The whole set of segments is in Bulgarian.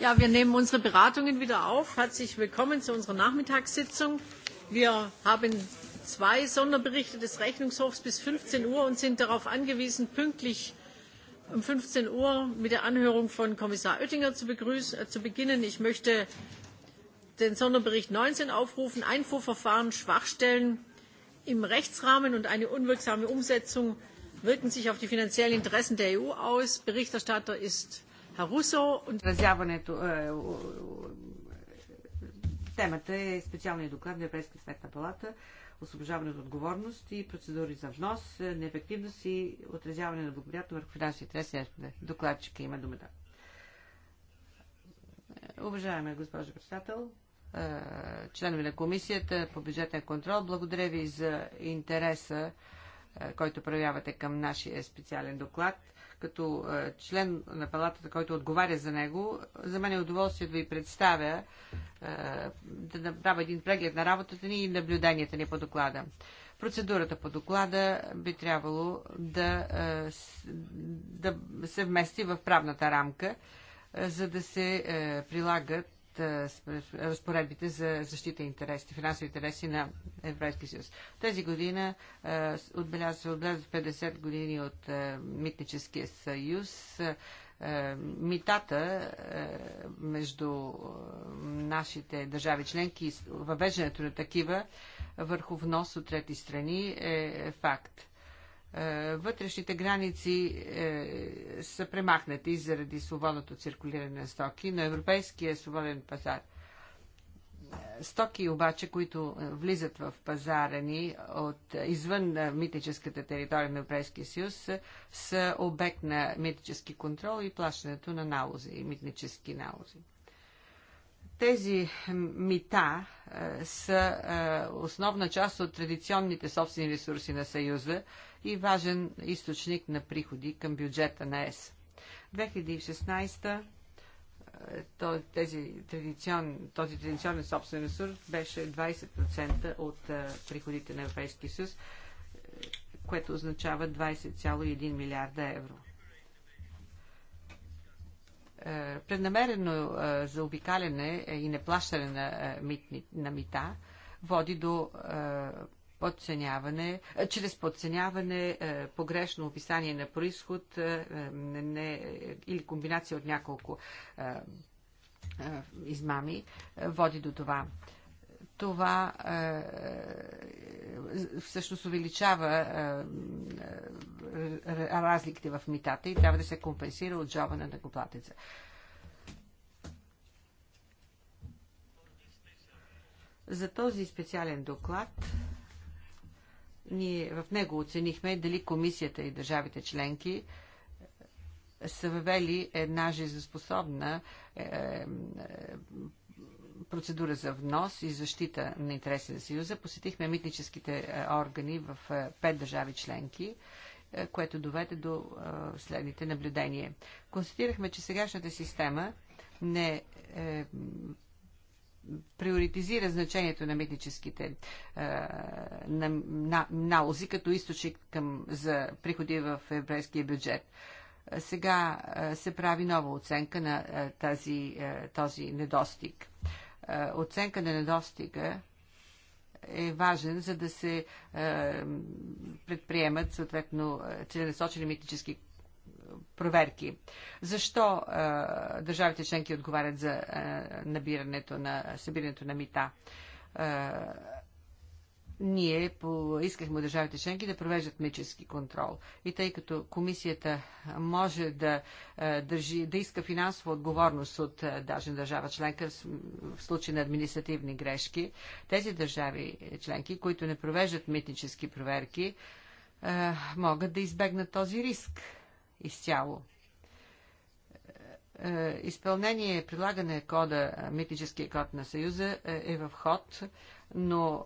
Ja, wir nehmen unsere Beratungen wieder auf. Herzlich willkommen zu unserer Nachmittagssitzung. Wir haben zwei Sonderberichte des Rechnungshofs bis 15 Uhr und sind darauf angewiesen, pünktlich um 15 Uhr mit der Anhörung von Kommissar Oettinger zu, zu beginnen. Ich möchte den Sonderbericht 19 aufrufen, Einfuhrverfahren, Schwachstellen im Rechtsrahmen und eine unwirksame Umsetzung wirken sich auf die finanziellen Interessen der EU aus. Berichterstatter ist Разяването, е, темата е специалния доклад на Европейска сметна палата, освобождаване от отговорност и процедури за внос, е, неефективност и отразяване на благоприятно върху финансови интереси. Докладчика има думата. Е, уважаема госпожа председател, е, членове на комисията по бюджетен контрол, благодаря ви за интереса, който проявявате към нашия специален доклад като член на палатата, който отговаря за него, за мен е удоволствие да ви представя, да направя един преглед на работата ни и наблюденията ни по доклада. Процедурата по доклада би трябвало да, да се вмести в правната рамка, за да се прилагат разпоредбите за защита интересите, финансови интереси на Европейския съюз. Тази година отбелязва, отбелязва 50 години от Митническия съюз. Митата между нашите държави членки и въвеждането на такива върху внос от трети страни е, е факт е, вътрешните граници е, са премахнати заради свободното циркулиране на стоки на европейския свободен пазар. Стоки обаче, които влизат в пазара ни от извън митническата територия на Европейския съюз, са, обект на митнически контрол и плащането на налози, митнически налози. Тези мита е, са е, основна част от традиционните собствени ресурси на Съюза и важен източник на приходи към бюджета на ЕС. 2016 е, този, тези традицион, този традиционен собствен ресурс беше 20% от приходите на Европейския съюз, което означава 20,1 милиарда евро. Е, преднамерено е, заобикаляне е, и неплащане на, на мита води до подценяване, чрез подценяване, погрешно описание на происход не, или комбинация от няколко измами води до това това е, е, всъщност увеличава е, е, разликите в митата и трябва да се компенсира от джоба на накоплатеца. За този специален доклад ние в него оценихме дали комисията и държавите членки е, са въвели една жизнеспособна е, е, процедура за внос и защита на интереси на Съюза. Посетихме митническите е, органи в е, пет държави членки, е, което доведе до следните наблюдения. Констатирахме, че сегашната система не е, приоритизира значението на митническите е, на, на, налози като източник към, за приходи в еврейския бюджет. Сега се прави нова оценка на тази, този недостиг. Е, оценка на недостига е важен, за да се е, предприемат съответно е, целенасочени митнически проверки. Защо държавите членки отговарят за набирането на, събирането на мита? ние поискахме държавите членки да провеждат митнически контрол. И тъй като комисията може да, е, държи, да иска финансова отговорност от е, даже държава членка в случай на административни грешки, тези държави е, членки, които не провеждат митнически проверки, могат да избегнат този риск изцяло изпълнение и прилагане кода, митническия код на Съюза е в ход, но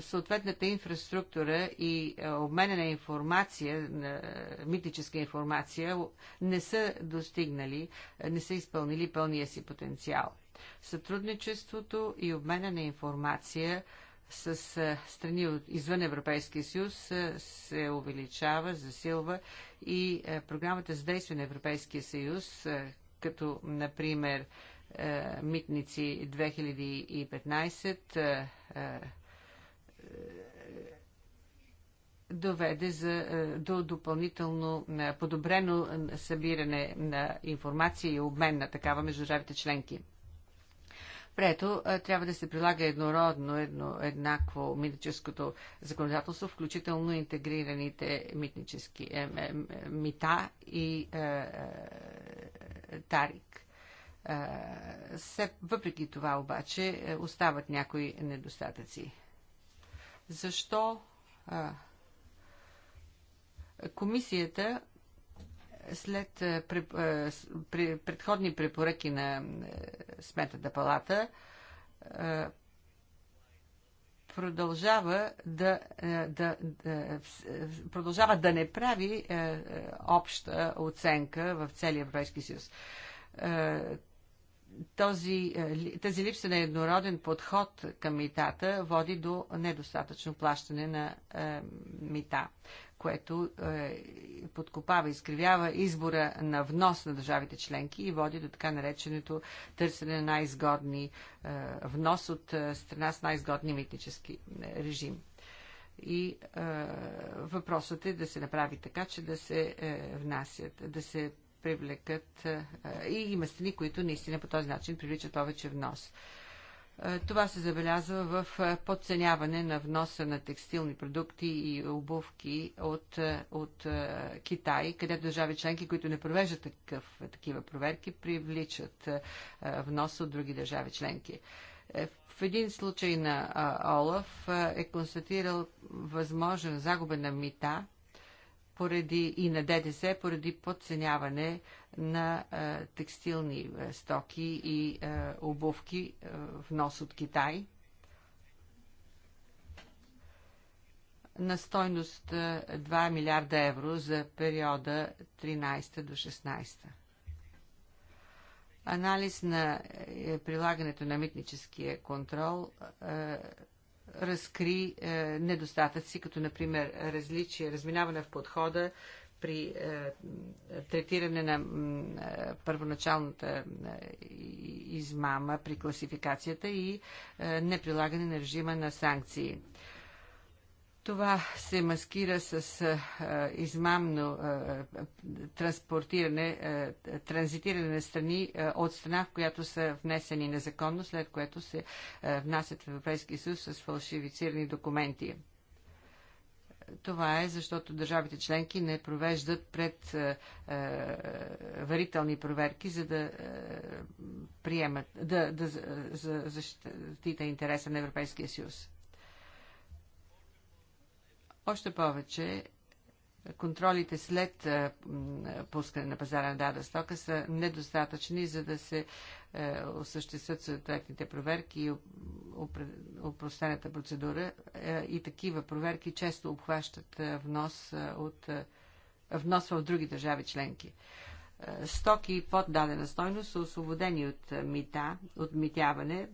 съответната инфраструктура и е, обмена на информация, на е, митническа информация, не са достигнали, е, не са изпълнили пълния си потенциал. Сътрудничеството и обмена на информация с страни от, извън Европейския съюз се увеличава, засилва и програмата за действие на Европейския съюз, като, например, Митници 2015, доведе за, е, до допълнително е, подобрено събиране на информация и обмен на такава между държавите членки. Прето, е, трябва да се прилага еднородно, едно, еднакво митническото законодателство, включително интегрираните митнически е, е, мита и е, е, тарик. Е, се, въпреки това обаче остават някои недостатъци защо а, комисията след а, при, а, при, предходни препоръки на а, сметата палата а, продължава да, да, да, продължава да не прави е, обща оценка в целия Европейски съюз. Е, този, е, тази липса на еднороден подход към митата води до недостатъчно плащане на е, мита, което е, подкопава, изкривява избора на внос на държавите членки и води до така нареченото търсене на най-изгодни е, внос от е, страна с най-изгодни митнически е, режим. И е, въпросът е да се направи така, че да се е, внасят, да се привлекат и има страни, които наистина по този начин привличат повече внос. Това се забелязва в подценяване на вноса на текстилни продукти и обувки от, от Китай, където държави членки, които не провеждат такъв, такива проверки, привличат внос от други държави членки. Е, в един случай на Олаф е констатирал възможен загуба на мита поради, и на ДДС поради подценяване на а, текстилни стоки и а, обувки в внос от Китай. на стойност 2 милиарда евро за периода 13 до 16. Анализ на е, прилагането на митническия контрол разкри е, недостатъци, като например различие, разминаване в подхода при е, третиране на е, първоначалната е, измама при класификацията и е, неприлагане на режима на санкции. Е, това се маскира с а, измамно а, транспортиране, а, транзитиране на страни а, от страна, в която са внесени незаконно, след което се а, внасят в Европейския съюз с фалшифицирани документи. Това е защото държавите членки не провеждат пред варителни проверки, за да приемат, да, да за, защита интереса на Европейския съюз. Още повече, контролите след пускане на пазара на дада стока са недостатъчни, за да се е, осъществят съответните проверки и упростената процедура. Е, и такива проверки често обхващат е, внос, от, внос в други държави членки. Стоки под дадена стойност са освободени от мита, от митяване.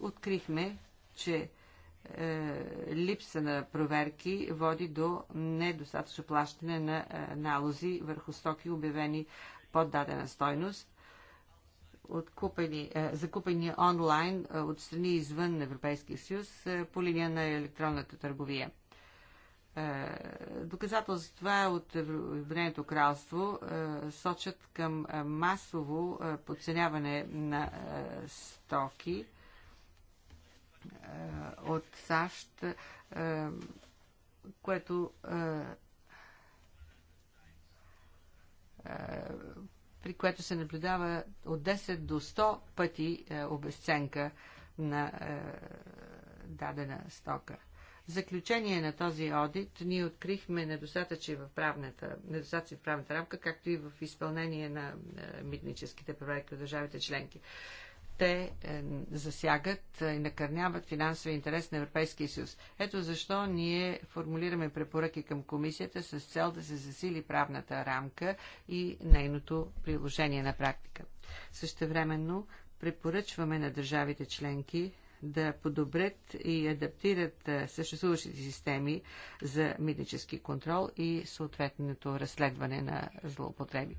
Открихме, че е, липса на проверки води до недостатъчно плащане на е, налози върху стоки, обявени под дадена стойност, откупени, е, закупени онлайн от страни извън Европейския съюз по линия на електронната търговия. Доказателства от Обединеното кралство сочат към масово подценяване на стоки, е, от САЩ, е, което е, при което се наблюдава от 10 до 100 пъти обесценка на дадена стока. В заключение на този одит ние открихме недостатъци в правната, недостатъци в правната рамка, както и в изпълнение на митническите проверки от държавите членки те е, засягат е, и накърняват финансовия интерес на Европейския съюз. Ето защо ние формулираме препоръки към комисията с цел да се засили правната рамка и нейното приложение на практика. Същевременно препоръчваме на държавите членки да подобрят и адаптират е, съществуващите системи за митнически контрол и съответното разследване на злоупотреби.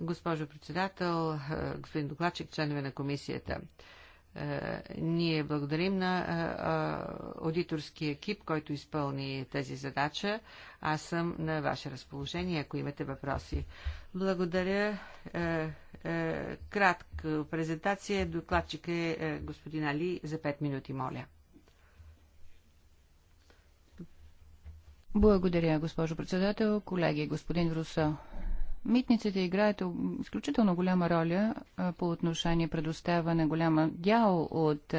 Госпожо председател, е, господин докладчик, членове на комисията. Е, ние благодарим на е, аудиторския екип, който изпълни тази задача. Аз съм на ваше разположение, ако имате въпроси. Благодаря. Кратка презентация. Докладчик е господин Али за 5 минути, моля. Благодаря, госпожо председател. Колеги, господин Русо, Митниците играят изключително голяма роля по отношение предоставяне голяма дял от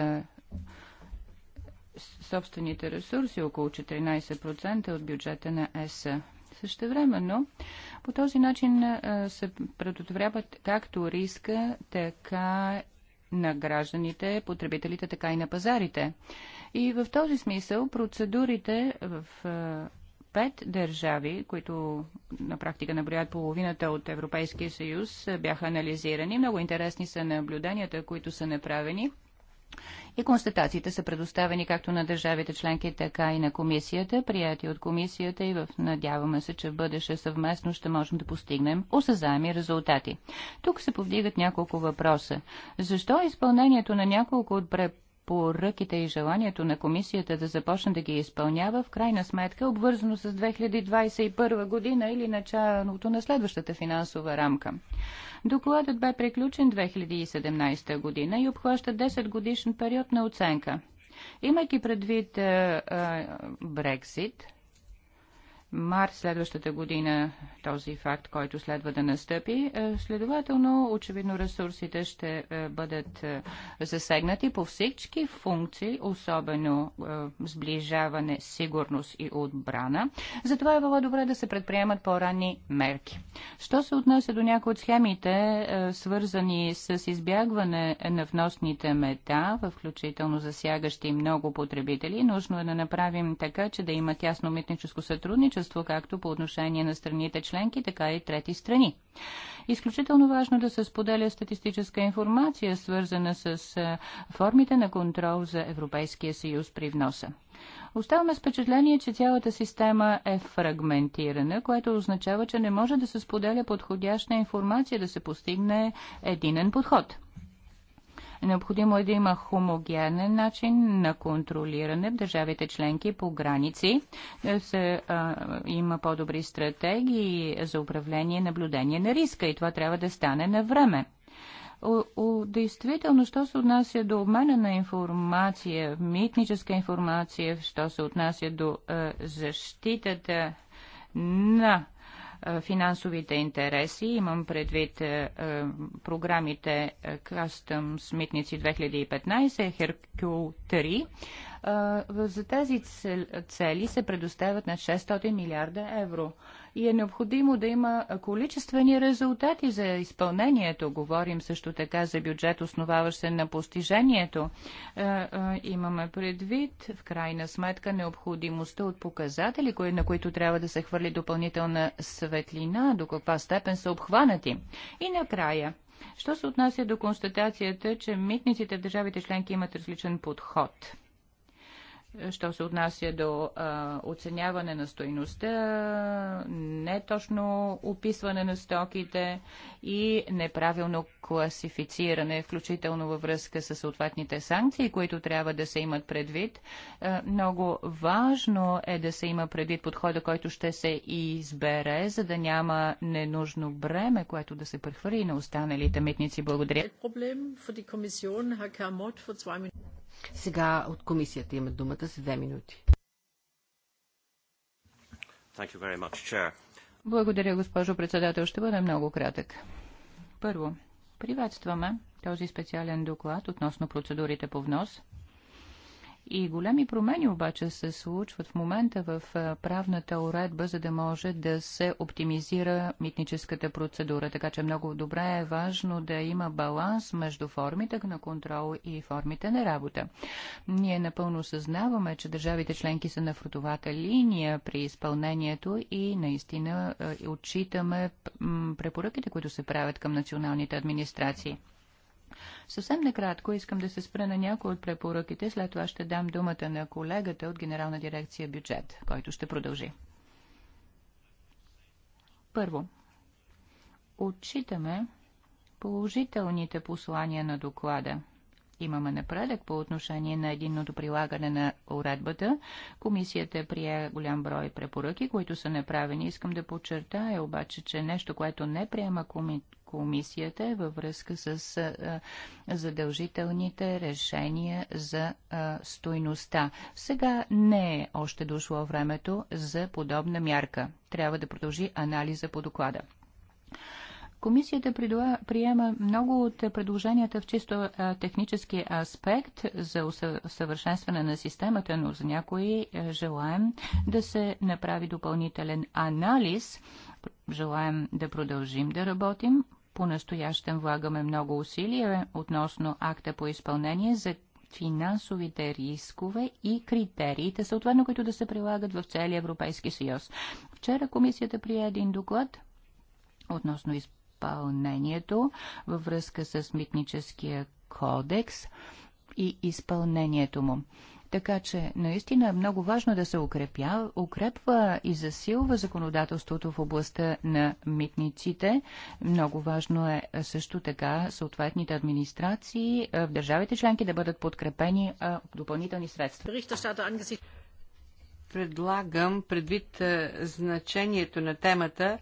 собствените ресурси, около 14% от бюджета на ЕС. също но по този начин се предотвряват както риска, така на гражданите, потребителите, така и на пазарите. И в този смисъл процедурите в пет държави, които на практика наброят половината от Европейския съюз, бяха анализирани. Много интересни са наблюденията, които са направени. И констатациите са предоставени както на държавите членки, така и на комисията, прияти от комисията и в надяваме се, че в бъдеще съвместно ще можем да постигнем осъзаеми резултати. Тук се повдигат няколко въпроса. Защо изпълнението на няколко от препоръките препоръките и желанието на комисията да започне да ги изпълнява, в крайна сметка обвързано с 2021 година или началото на следващата финансова рамка. Докладът бе приключен 2017 година и обхваща 10 годишен период на оценка. Имайки предвид е, е, Брексит, март следващата година този факт, който следва да настъпи. Е, следователно, очевидно ресурсите ще е, бъдат е, засегнати по всички функции, особено сближаване, сигурност и отбрана. Затова е било добре да се предприемат по-ранни мерки. Що се отнася до някои от схемите, свързани с избягване на вносните мета, включително засягащи много потребители, нужно е да направим така, че да има тясно митническо сътрудничество сътрудничество както по отношение на страните членки, така и трети страни. Изключително важно да се споделя статистическа информация, свързана с е, формите на контрол за Европейския съюз при вноса. Оставаме с впечатление, че цялата система е фрагментирана, което означава, че не може да се споделя подходяща информация да се постигне единен подход. Е необходимо е да има хомогенен начин на контролиране в държавите членки по граници, да е, се, а, има по-добри стратегии за управление и наблюдение на риска и това трябва да стане на време. О, о, действително, що се отнася до обмена на информация, митническа информация, що се отнася до е, защитата на финансовите интереси. Имам предвид програмите Customs Митници 2015, Hercule 3. За тези цели се предоставят на 600 милиарда евро и е необходимо да има количествени резултати за изпълнението. Говорим също така за бюджет, основаващ се на постижението. имаме предвид, в крайна сметка, необходимостта от показатели, на които трябва да се хвърли допълнителна светлина, до каква степен са обхванати. И накрая, що се отнася до констатацията, че митниците в държавите членки имат различен подход – що се отнася до а, оценяване на стойността, неточно описване на стоките и неправилно класифициране, включително във връзка с съответните санкции, които трябва да се имат предвид. А, много важно е да се има предвид подхода, който ще се избере, за да няма ненужно бреме, което да се прехвърли на останалите митници. Благодаря. Сега от комисията има думата за две минути. Much, Благодаря, госпожо председател. Ще бъда много кратък. Първо, приветстваме този специален доклад относно процедурите по внос и големи промени обаче се случват в момента в правната уредба, за да може да се оптимизира митническата процедура. Така че много добре е важно да има баланс между формите на контрол и формите на работа. Ние напълно съзнаваме, че държавите членки са на фрутовата линия при изпълнението и наистина отчитаме препоръките, които се правят към националните администрации. Съвсем накратко искам да се спра на някои от препоръките, след това ще дам думата на колегата от Генерална дирекция бюджет, който ще продължи. Първо, отчитаме положителните послания на доклада имаме напредък по отношение на единното прилагане на уредбата. Комисията прие голям брой препоръки, които са направени. Искам да подчертая обаче, че нещо, което не приема коми... комисията е във връзка с а, задължителните решения за а, стойността. Сега не е още дошло времето за подобна мярка. Трябва да продължи анализа по доклада. Комисията приема много от предложенията в чисто технически аспект за усъвършенстване на системата, но за някои е, желаем да се направи допълнителен анализ. Желаем да продължим да работим. По-настоящем влагаме много усилия относно акта по изпълнение за финансовите рискове и критериите, съответно, които да се прилагат в целия Европейски съюз. Вчера комисията прие един доклад относно изпълнението изпълнението във връзка с митническия кодекс и изпълнението му. Така че наистина е много важно да се укрепя, укрепва и засилва законодателството в областта на митниците. Много важно е също така съответните администрации в държавите членки да бъдат подкрепени в допълнителни средства. Предлагам предвид значението на темата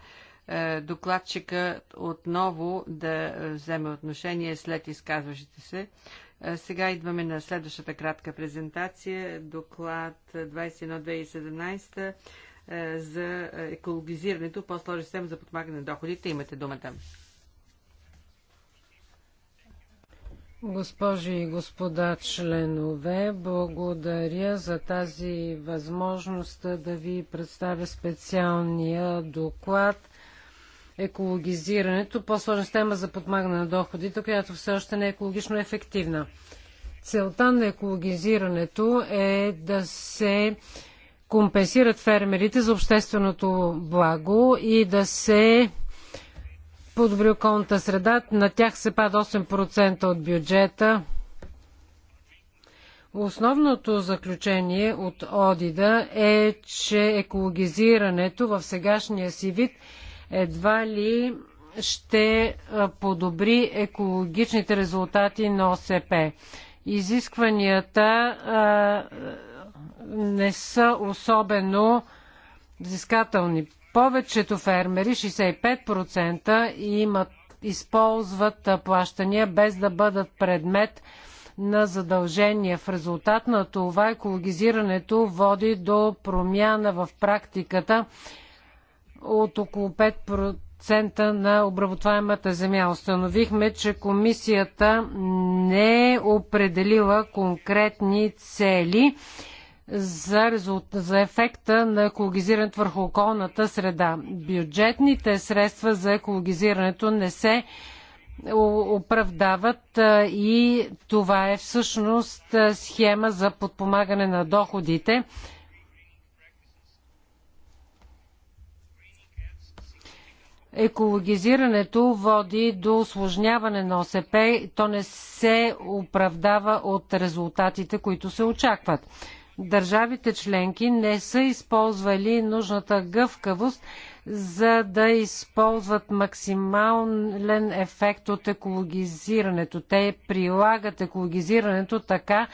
е, докладчика отново да вземе отношение след изказващите се. Е, сега идваме на следващата кратка презентация. Доклад 21-2017 е, за екологизирането по сложи система за подмагане на доходите. Имате думата. Госпожи и господа членове, благодаря за тази възможност да ви представя специалния доклад екологизирането, по-сложна система за подмагане на доходите, която все още не е екологично ефективна. Целта на екологизирането е да се компенсират фермерите за общественото благо и да се подобри околната среда. На тях се пада 8% от бюджета. Основното заключение от Одида е, че екологизирането в сегашния си вид – е едва ли ще подобри екологичните резултати на ОСП. Изискванията не са особено взискателни. Повечето фермери, 65%, имат, използват плащания без да бъдат предмет на задължения. В резултат на това екологизирането води до промяна в практиката от около 5% на обработваемата земя. Установихме, че комисията не е определила конкретни цели за, резулт... за ефекта на екологизирането върху околната среда. Бюджетните средства за екологизирането не се оправдават и това е всъщност схема за подпомагане на доходите Екологизирането води до осложняване на ОСП. То не се оправдава от резултатите, които се очакват. Държавите членки не са използвали нужната гъвкавост, за да използват максимален ефект от екологизирането. Те прилагат екологизирането така,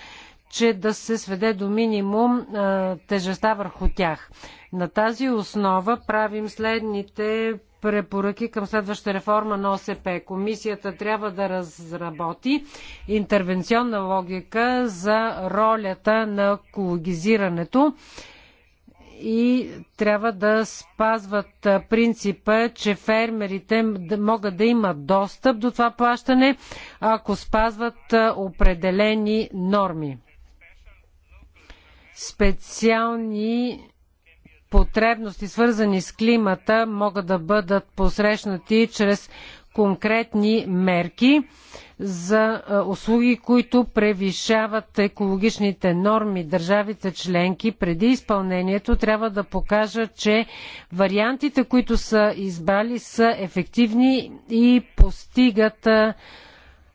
че да се сведе до минимум а, тежеста върху тях. На тази основа правим следните препоръки към следваща реформа на ОСП. Комисията трябва да разработи интервенционна логика за ролята на екологизирането и трябва да спазват принципа, че фермерите могат да имат достъп до това плащане, ако спазват определени норми. Специални потребности, свързани с климата, могат да бъдат посрещнати чрез конкретни мерки за услуги, които превишават екологичните норми. Държавите членки преди изпълнението трябва да покажат, че вариантите, които са избрали, са ефективни и постигат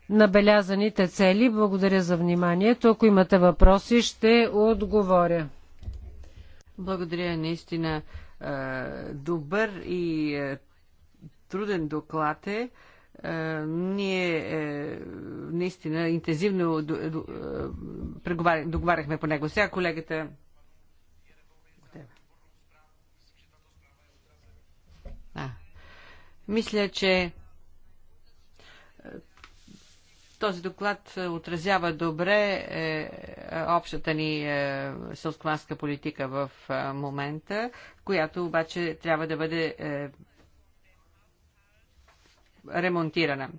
набелязаните цели. Благодаря за вниманието. Ако имате въпроси, ще отговоря. Благодаря наистина. Е, добър и е, труден доклад е. е ние наистина интензивно договаряхме по него. Сега колегата А. Мисля, че този доклад е, отразява добре е, е, общата ни е, селскоманска политика в е, момента, която обаче трябва да бъде е, ремонтирана.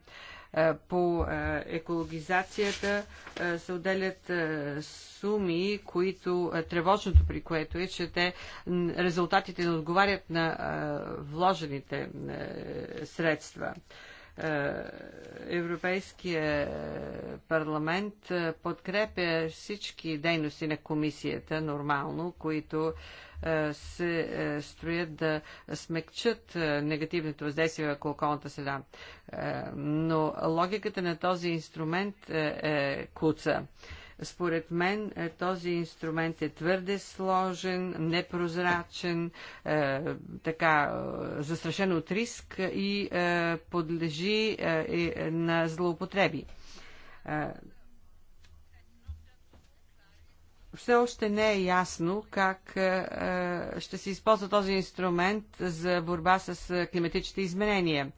Е, по е, екологизацията е, се отделят е, суми, които е, тревожното при което е, че те резултатите не отговарят на е, вложените е, средства. Е, е, Европейския парламент е, подкрепя всички дейности на комисията нормално, които е, се строят да смекчат негативното въздействие върху околната среда. Но логиката на този инструмент е куца. Според мен е, този инструмент е твърде сложен, непрозрачен, е, така е, застрашен от риск и е, подлежи е, е на злоупотреби. Все още не е ясно как ще се използва този инструмент за борба с климатичните изменения.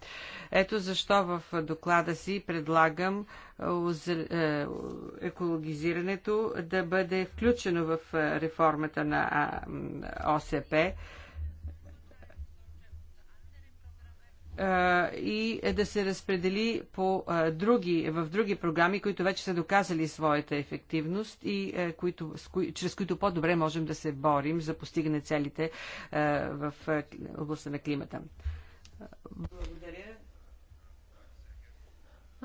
Ето защо в доклада си предлагам е, екологизирането да бъде включено в е, реформата на ОСП е, и да се разпредели по други, в други програми, които вече са доказали своята ефективност и които, чрез които по-добре можем да се борим за постигане целите в областта на климата. Благодаря.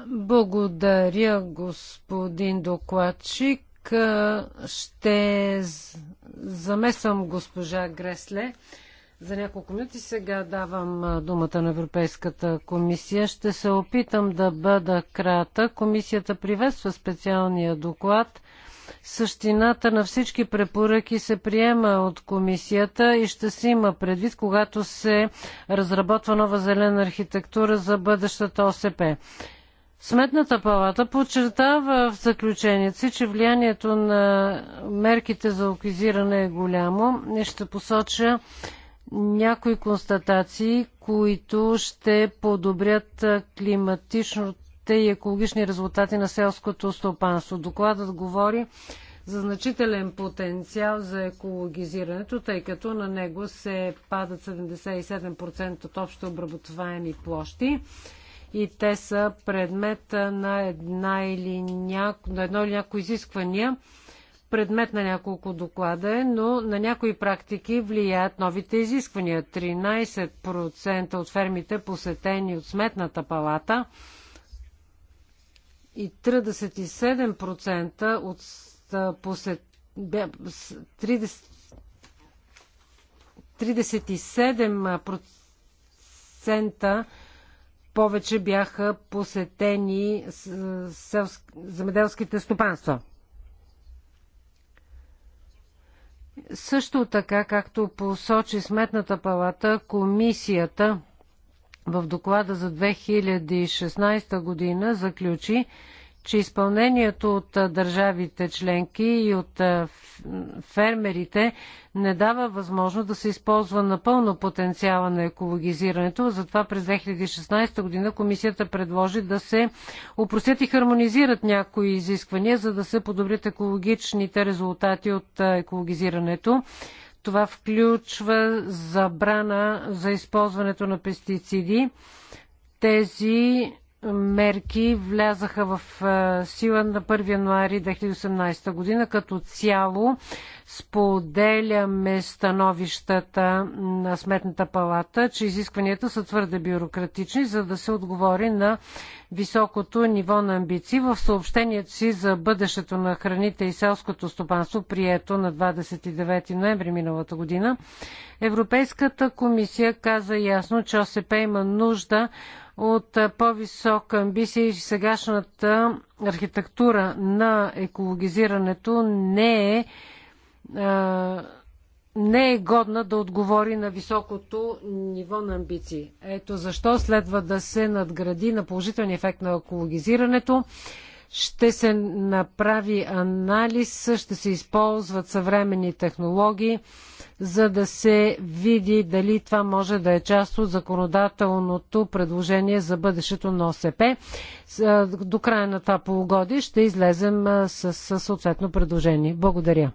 Благодаря, господин докладчик. Ще замесвам госпожа Гресле. За няколко минути сега давам думата на Европейската комисия. Ще се опитам да бъда крата. Комисията приветства специалния доклад. Същината на всички препоръки се приема от комисията и ще се има предвид, когато се разработва нова зелена архитектура за бъдещата ОСП. Сметната палата подчертава в заключението си, че влиянието на мерките за оквизиране е голямо. И ще посоча някои констатации, които ще подобрят климатичните и екологични резултати на селското стопанство. Докладът говори за значителен потенциал за екологизирането, тъй като на него се падат 77% от общо обработваеми площи и те са предмет на, една или няко, на едно или някои изисквания, предмет на няколко доклада е, но на някои практики влияят новите изисквания. 13% от фермите, посетени от Сметната палата, и 37% от посет... 30... 37% повече бяха посетени земеделските стопанства. Също така, както посочи Сметната палата, комисията в доклада за 2016 година заключи, че изпълнението от държавите членки и от фермерите не дава възможност да се използва напълно потенциала на екологизирането. Затова през 2016 година комисията предложи да се опростят и хармонизират някои изисквания, за да се подобрят екологичните резултати от екологизирането. Това включва забрана за използването на пестициди. Тези мерки влязаха в е, сила на 1 януари 2018 година. Като цяло споделяме становищата на Сметната палата, че изискванията са твърде бюрократични, за да се отговори на високото ниво на амбиции. В съобщението си за бъдещето на храните и селското стопанство, прието на 29 ноември миналата година, Европейската комисия каза ясно, че ОСП има нужда от по-висока амбиция и сегашната архитектура на екологизирането не е, не е годна да отговори на високото ниво на амбиции. Ето защо следва да се надгради на положителния ефект на екологизирането ще се направи анализ, ще се използват съвременни технологии, за да се види дали това може да е част от законодателното предложение за бъдещето на ОСП. До края на това полугодие ще излезем с, с съответно предложение. Благодаря.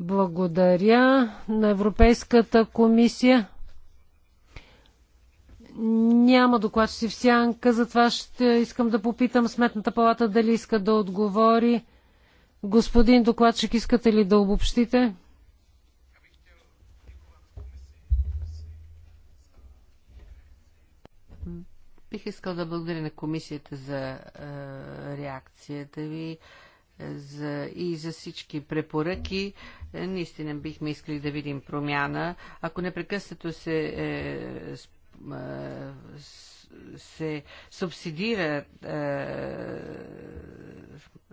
Благодаря на Европейската комисия няма си в сянка, затова ще искам да попитам Сметната палата дали иска да отговори. Господин докладчик, искате ли да обобщите? Бих искал да благодаря на комисията за е, реакцията ви е, за, и за всички препоръки. Е, наистина бихме искали да видим промяна. Ако непрекъснато се е, е, се субсидира е,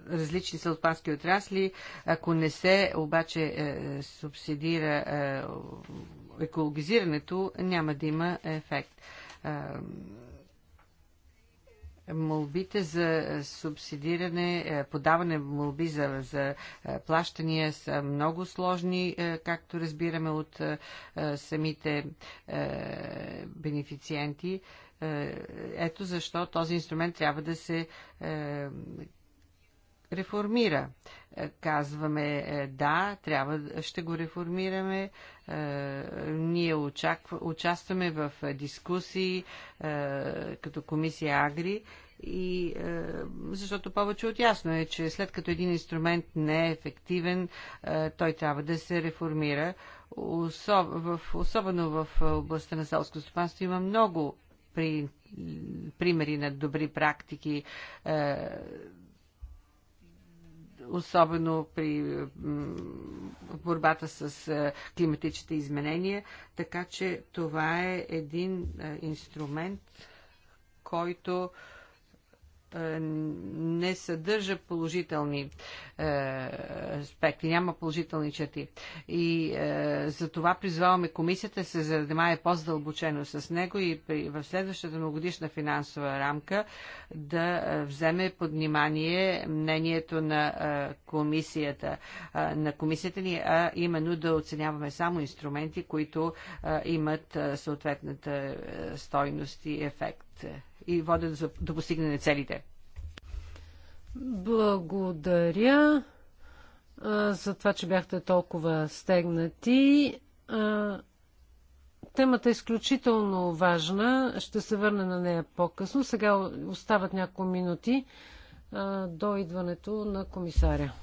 различни селпански отрасли, ако не се обаче е, субсидира екологизирането, няма да има ефект молбите за субсидиране, е, подаване молби за, за е, плащания са много сложни, е, както разбираме от самите бенефициенти. Ето защо този инструмент трябва да се реформира. Е, казваме е, да, трябва, ще го реформираме. Е, ние очаква, участваме в дискусии като комисия Агри и защото повече от ясно е, че след като един инструмент не е ефективен, той трябва да се реформира. Особ, в, особено в областта на селско стопанство има много при, примери на добри практики особено при борбата с е, климатичните изменения. Така че това е един е, инструмент, който е, не съдържа положителни е, аспекти, няма положителни черти. И е, за това призваваме комисията се занимае по-задълбочено с него и при, в следващата многогодишна финансова рамка да е, вземе под внимание мнението на е, комисията, е, на комисията ни, а именно да оценяваме само инструменти, които е, имат е, съответната е, стойност и ефект и водят за, до постигане на целите. Благодаря а, за това, че бяхте толкова стегнати. А, темата е изключително важна. Ще се върна на нея по-късно. Сега остават няколко минути а, до идването на комисаря.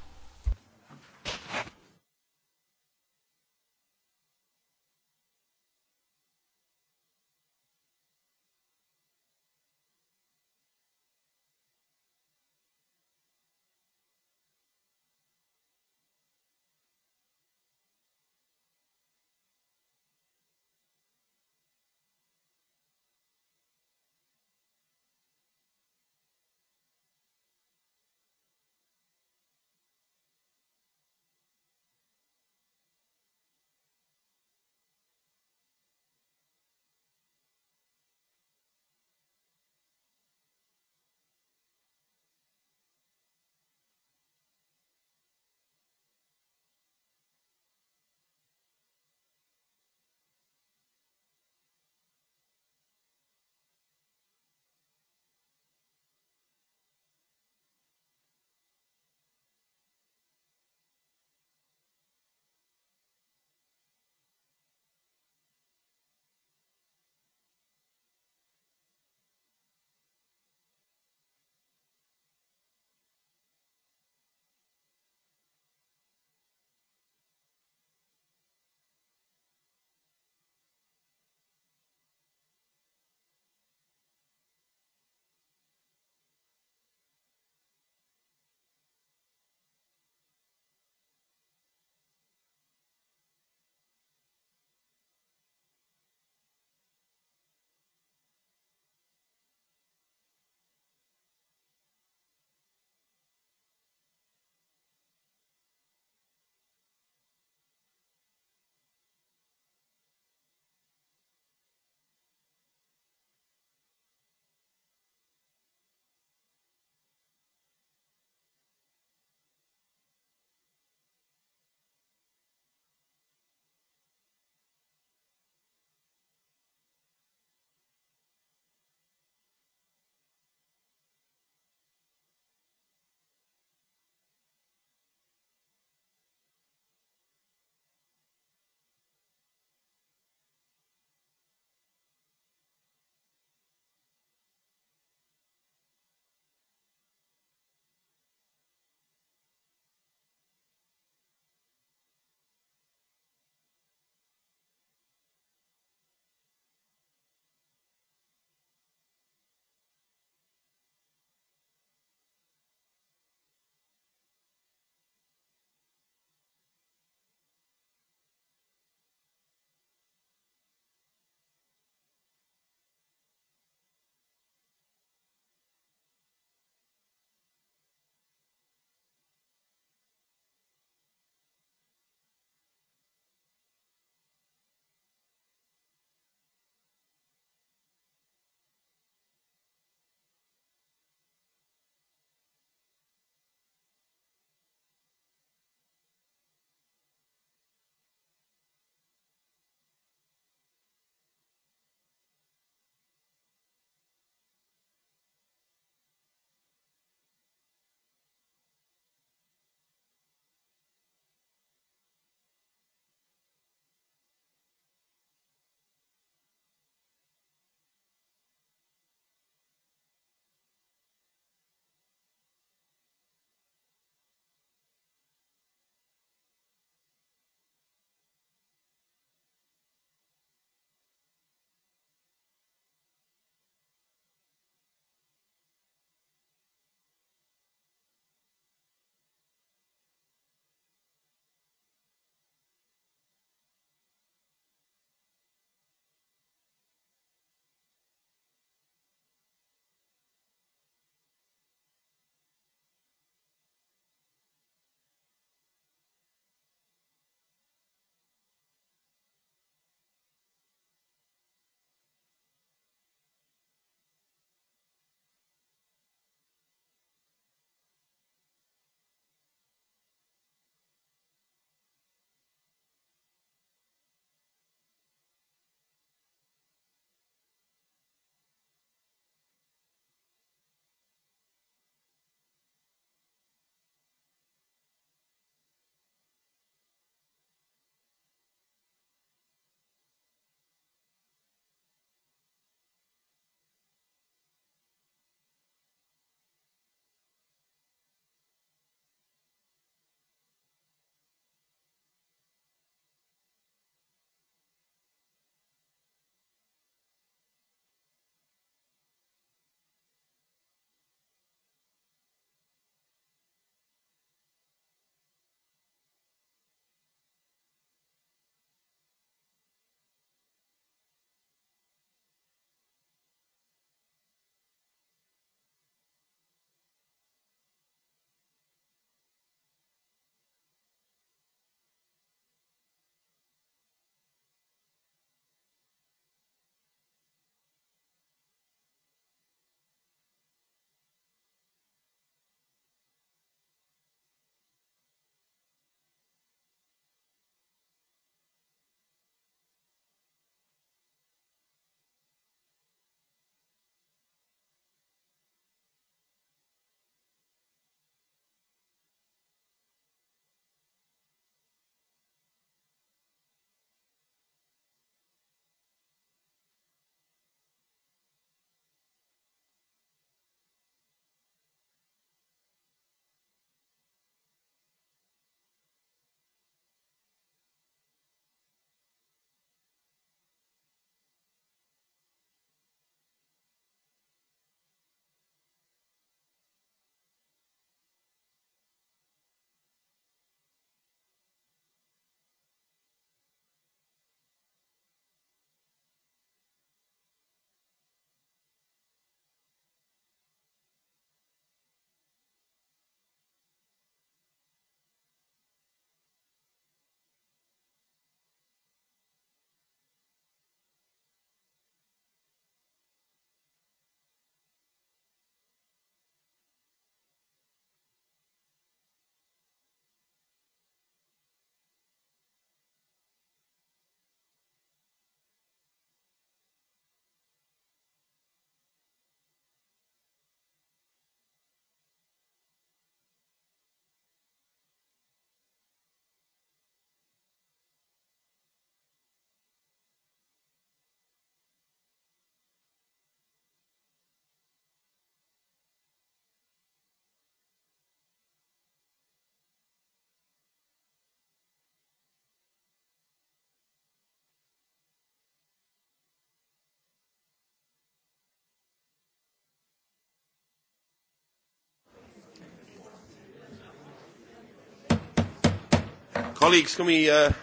Uh,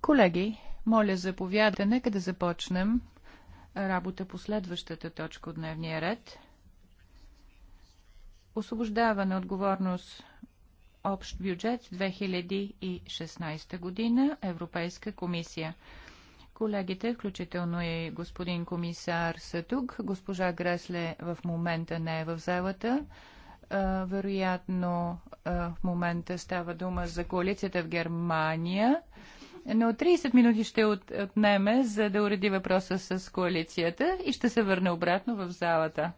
Колеги, моля заповядате, Нека да започнем работа по следващата точка от дневния ред. Освобождаване отговорност Общ бюджет 2016 година Европейска комисия. Колегите, включително и господин комисар са тук. Госпожа Гресле в момента не е в залата вероятно в момента става дума за коалицията в Германия. Но 30 минути ще отнеме, за да уреди въпроса с коалицията и ще се върне обратно в залата.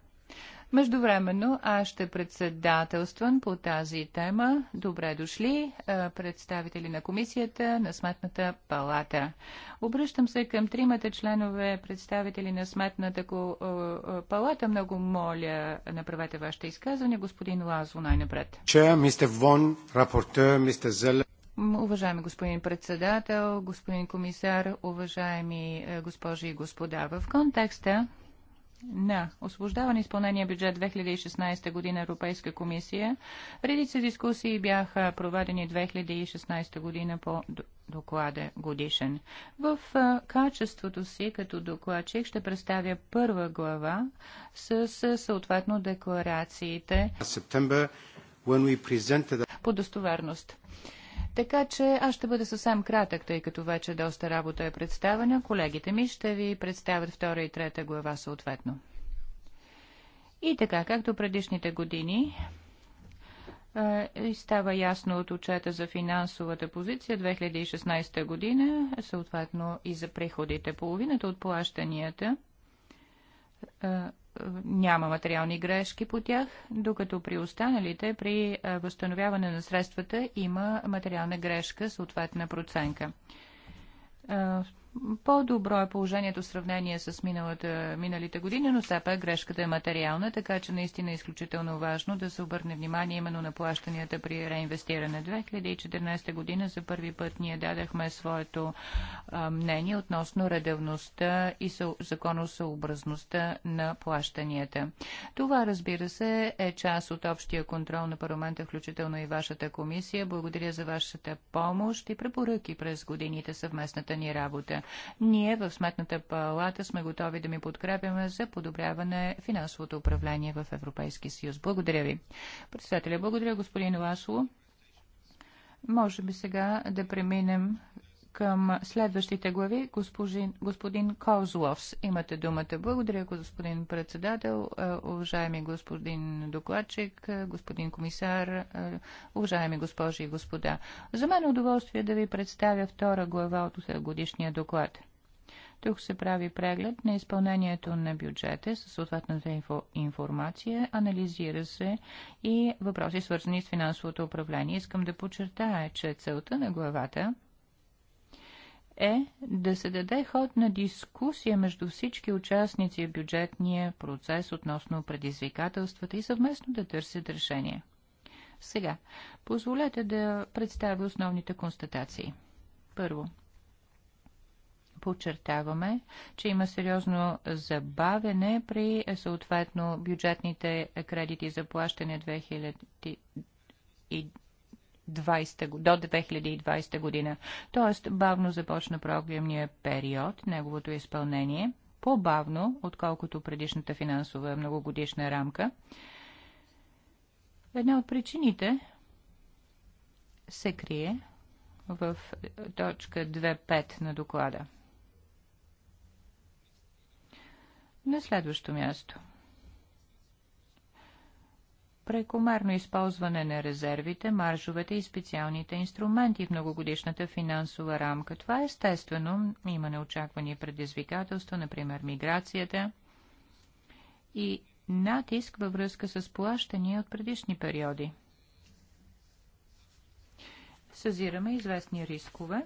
Междувременно аз ще председателствам по тази тема. Добре дошли представители на комисията на Сметната палата. Обръщам се към тримата членове представители на Сметната палата. Много моля, направете вашето изказване. Господин Лазо най-напред. Че, мистер Вон, рапортер, мистер Зеле. Уважаеми господин председател, господин комисар, уважаеми госпожи и господа, в контекста на освобождаване изпълнение бюджет 2016 година Европейска комисия. Редица дискусии бяха проведени 2016 година по доклада годишен. В качеството си като докладчик ще представя първа глава с съответно декларациите по достоверност. Така че аз ще бъда съвсем кратък, тъй като вече доста работа е представена. Колегите ми ще ви представят втора и трета глава съответно. И така, както предишните години, и става ясно от отчета за финансовата позиция 2016 година, съответно и за приходите. Половината от плащанията – е, е, няма материални грешки по тях, докато при останалите, при е, възстановяване на средствата, има материална грешка, съответна проценка. По-добро е положението в сравнение с миналата, миналите години, но все пак грешката е материална, така че наистина е изключително важно да се обърне внимание именно на плащанията при реинвестиране. 2014 година за първи път ние дадахме своето а, мнение относно редовността и законосъобразността на плащанията. Това, разбира се, е част от общия контрол на парламента, включително и вашата комисия. Благодаря за вашата помощ и препоръки през годините съвместната ни работа. Ние в Сметната палата сме готови да ми подкрепяме за подобряване финансовото управление в Европейския съюз. Благодаря ви. Председателя, благодаря господин Ласло. Може би сега да преминем към следващите глави. Господин, господин Козловс, имате думата. Благодаря, господин председател, е, уважаеми господин докладчик, е, господин комисар, е, уважаеми госпожи и господа. За мен е удоволствие да ви представя втора глава от годишния доклад. Тук се прави преглед на изпълнението на бюджета със съответната инфо, информация, анализира се и въпроси свързани с финансовото управление. Искам да подчертая, че целта на главата – е да се даде ход на дискусия между всички участници в бюджетния процес относно предизвикателствата и съвместно да търсят решение. Сега, позволете да представя основните констатации. Първо, подчертаваме, че има сериозно забавене при е, съответно бюджетните кредити за плащане 2000 2020, до 2020 година. Тоест, бавно започна програмния период, неговото изпълнение, по-бавно, отколкото предишната финансова многогодишна рамка. Една от причините се крие в е, точка 2.5 на доклада. На следващо място – прекомерно използване на резервите, маржовете и специалните инструменти в многогодишната финансова рамка. Това е естествено има неочаквани предизвикателства, например миграцията и натиск във връзка с плащания от предишни периоди. Съзираме известни рискове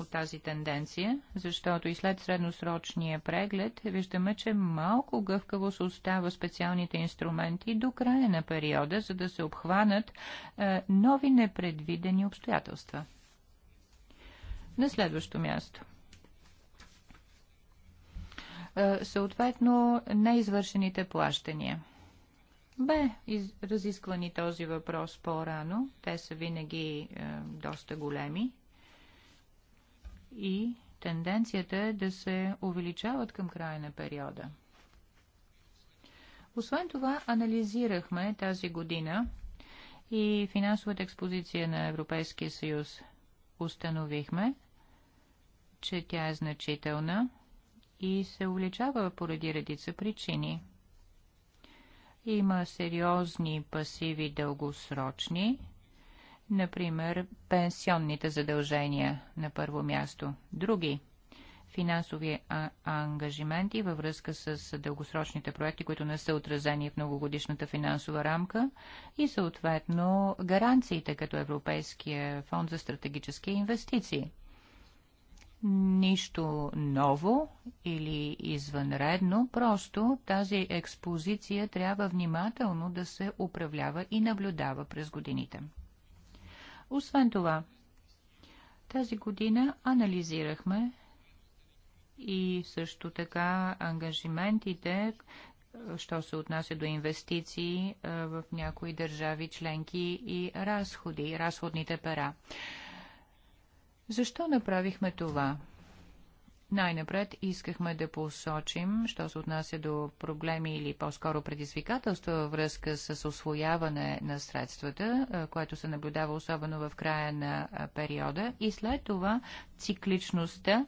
от тази тенденция, защото и след средносрочния преглед виждаме, че малко гъвкаво се остава специалните инструменти до края на периода, за да се обхванат е, нови непредвидени обстоятелства. На следващо място е, съответно неизвършените плащания. Бе из... разисквани този въпрос по-рано. Те са винаги е, доста големи и тенденцията е да се увеличават към края на периода. Освен това, анализирахме тази година и финансовата експозиция на Европейския съюз. Установихме, че тя е значителна и се увеличава поради редица причини. Има сериозни пасиви дългосрочни, Например, пенсионните задължения на първо място. Други финансови ангажименти във връзка с дългосрочните проекти, които не са отразени в многогодишната финансова рамка и съответно гаранциите като Европейския фонд за стратегически инвестиции. Нищо ново или извънредно, просто тази експозиция трябва внимателно да се управлява и наблюдава през годините. Освен това, тази година анализирахме и също така ангажиментите, що се отнася до инвестиции е, в някои държави членки и разходи, разходните пера. Защо направихме това? Най-напред искахме да посочим, що се отнася до проблеми или по-скоро предизвикателства във връзка с освояване на средствата, което се наблюдава особено в края на периода и след това цикличността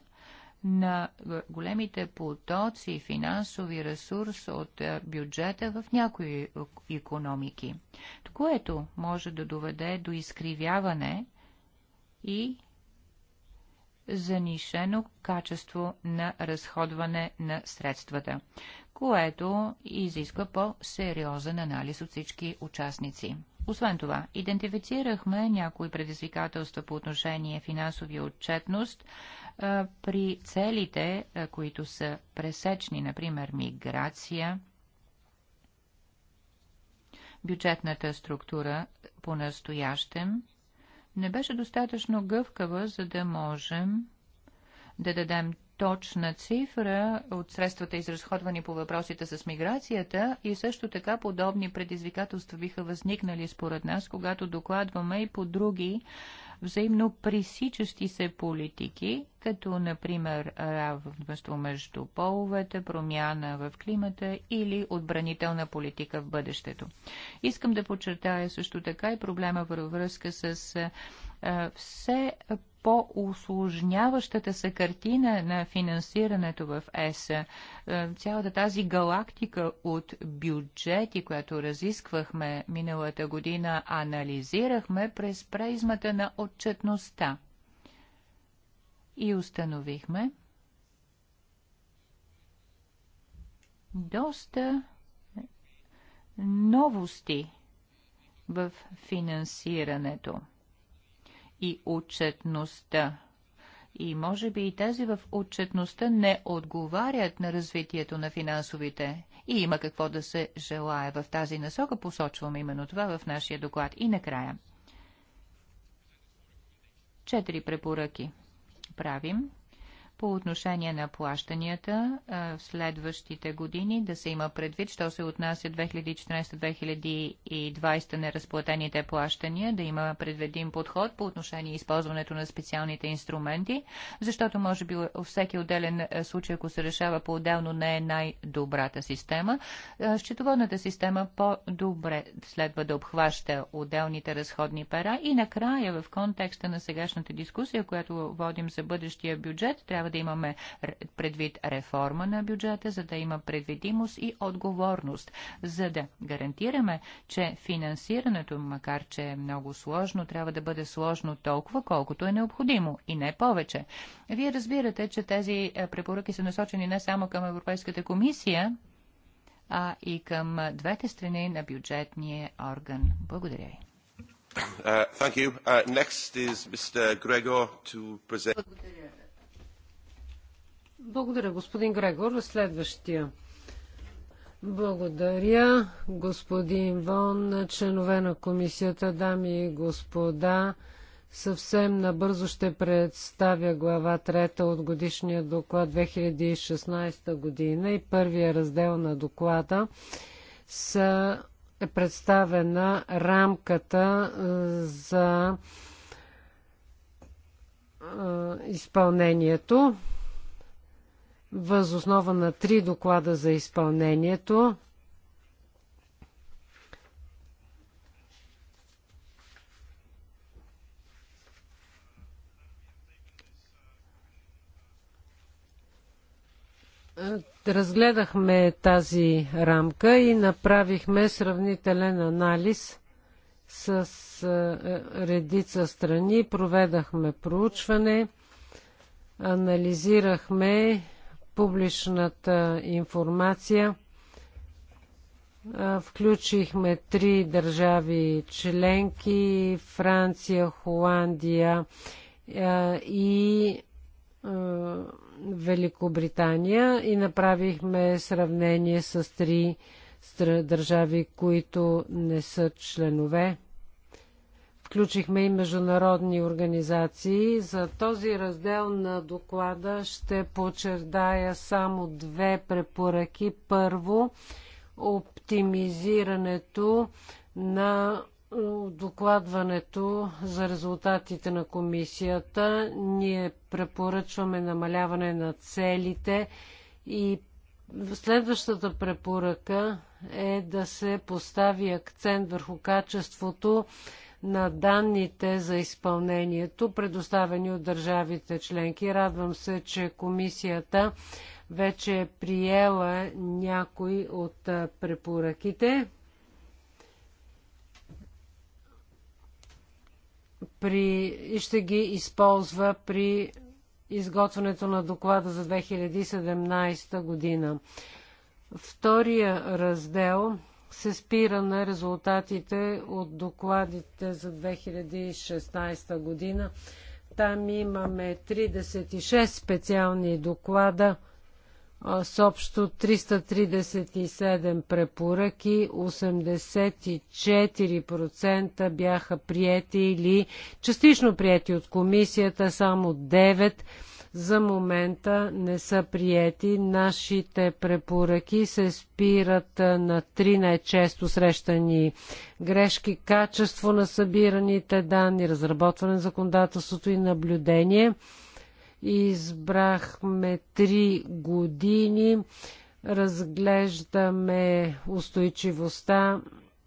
на големите потоци финансови ресурс от бюджета в някои економики, което може да доведе до изкривяване и занишено качество на разходване на средствата, което изисква по-сериозен анализ от всички участници. Освен това, идентифицирахме някои предизвикателства по отношение финансовия отчетност а, при целите, а, които са пресечни, например миграция, бюджетната структура по настоящем не беше достатъчно гъвкава, за да можем да дадем точна цифра от средствата, изразходвани по въпросите с миграцията и също така подобни предизвикателства биха възникнали според нас, когато докладваме и по други взаимно пресичащи се политики, като например равенство между половете, промяна в климата или отбранителна политика в бъдещето. Искам да подчертая също така и проблема във връзка с е, все по-усложняващата се картина на финансирането в ЕСА, е, цялата тази галактика от бюджети, която разисквахме миналата година, анализирахме през преизмата на отчетността. И установихме доста новости в финансирането – и отчетността. И може би и тези в отчетността не отговарят на развитието на финансовите. И има какво да се желая. В тази насока посочвам именно това в нашия доклад. И накрая. Четири препоръки правим по отношение на плащанията в следващите години да се има предвид, що се отнася 2014-2020 неразплатените плащания, да има предвидим подход по отношение използването на специалните инструменти, защото може би всеки отделен случай, ако се решава по-отделно, не е най-добрата система. Счетоводната система по-добре следва да обхваща отделните разходни пера и накрая в контекста на сегашната дискусия, която водим за бъдещия бюджет, трябва да имаме предвид реформа на бюджета, за да има предвидимост и отговорност, за да гарантираме, че финансирането, макар че е много сложно, трябва да бъде сложно толкова, колкото е необходимо и не повече. Вие разбирате, че тези е, препоръки са насочени не само към Европейската комисия, а и към е, двете страни на бюджетния орган. Благодаря ви. Uh, uh, Благодаря. Благодаря, господин Грегор. Следващия. Благодаря, господин Вон, членове на комисията, дами и господа. Съвсем набързо ще представя глава 3 от годишния доклад 2016 година и първия раздел на доклада са, е представена рамката за изпълнението възоснова на три доклада за изпълнението. Разгледахме тази рамка и направихме сравнителен анализ с е, редица страни, проведахме проучване, анализирахме публичната информация. Включихме три държави членки Франция, Холандия и Великобритания и направихме сравнение с три държави, които не са членове. Включихме и международни организации. За този раздел на доклада ще подчертая само две препоръки. Първо, оптимизирането на докладването за резултатите на комисията. Ние препоръчваме намаляване на целите и следващата препоръка е да се постави акцент върху качеството на данните за изпълнението, предоставени от държавите членки. Радвам се, че комисията вече е приела някои от препоръките. При, и ще ги използва при изготвянето на доклада за 2017 година. Втория раздел се спира на резултатите от докладите за 2016 година. Там имаме 36 специални доклада с общо 337 препоръки, 84% бяха приети или частично приети от комисията, само 9% за момента не са приети. Нашите препоръки се спират на три най-често срещани грешки, качество на събираните данни, разработване на законодателството и наблюдение. Избрахме три години. Разглеждаме устойчивостта,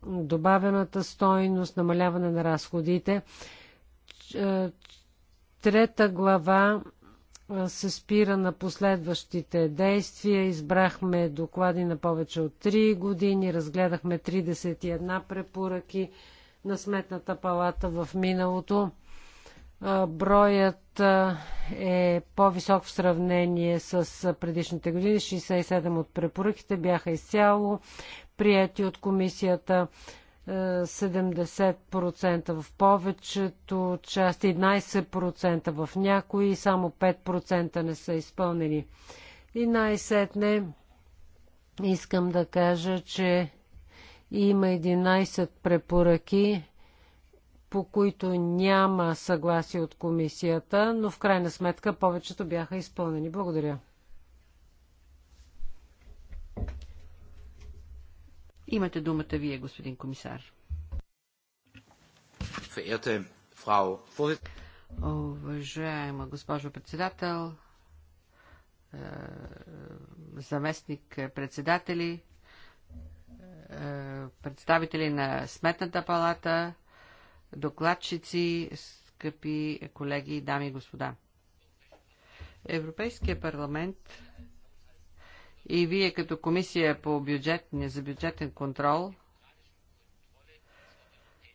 добавената стойност, намаляване на разходите. Трета глава се спира на последващите действия. Избрахме доклади на повече от 3 години, разгледахме 31 препоръки на Сметната палата в миналото. Броят е по-висок в сравнение с предишните години. 67 от препоръките бяха изцяло прияти от комисията. 70% в повечето части, 11% в някои, само 5% не са изпълнени. И най-сетне искам да кажа, че има 11 препоръки, по които няма съгласие от комисията, но в крайна сметка повечето бяха изпълнени. Благодаря. Имате думата вие, господин комисар. Уважаема госпожо председател, е, заместник председатели, е, представители на Сметната палата, докладчици, скъпи колеги, дами и господа. Европейския парламент и вие като комисия по бюджет, не за бюджетен контрол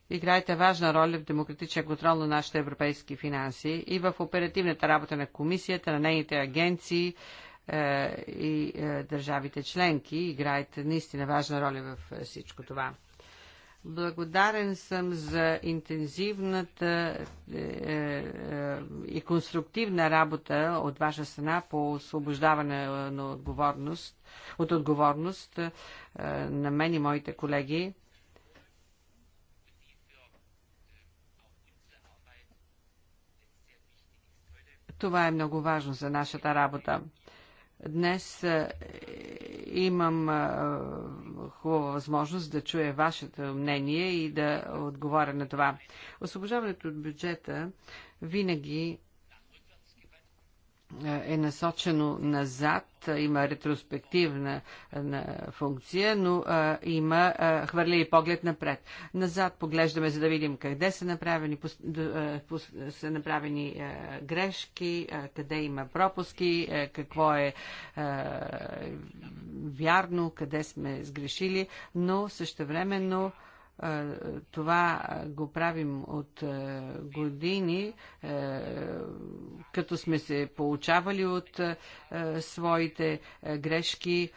играете важна роля в демократичен контрол на нашите европейски финанси и в оперативната работа на комисията, на нейните агенции е, и е, държавите членки. Играете наистина важна роля в е, всичко това. Благодарен съм за интензивната е, е, е, и конструктивна работа от ваша страна по освобождаване на отговорност, от отговорност на мен и моите колеги. Това е много важно за нашата работа. Днес е, имам е, хубава възможност да чуя вашето мнение и да отговоря на това. Освобождаването от бюджета винаги е насочено назад, има ретроспективна функция, но има а, хвърля и поглед напред. Назад поглеждаме, за да видим къде са направени, са направени грешки, къде има пропуски, какво е вярно, къде сме сгрешили, но същевременно времено това го правим от е, години, е, като сме се получавали от е, своите грешки,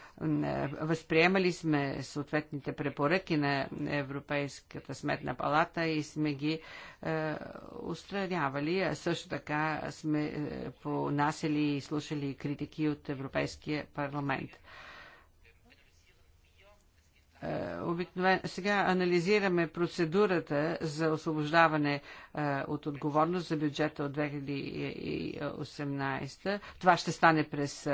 възприемали сме съответните препоръки на Европейската сметна палата и сме ги устранявали, също така сме понасяли и слушали критики от Европейския парламент. Е, Обикновено Сега анализираме процедурата за освобождаване е, от отговорност за бюджета от 2018. Това ще стане през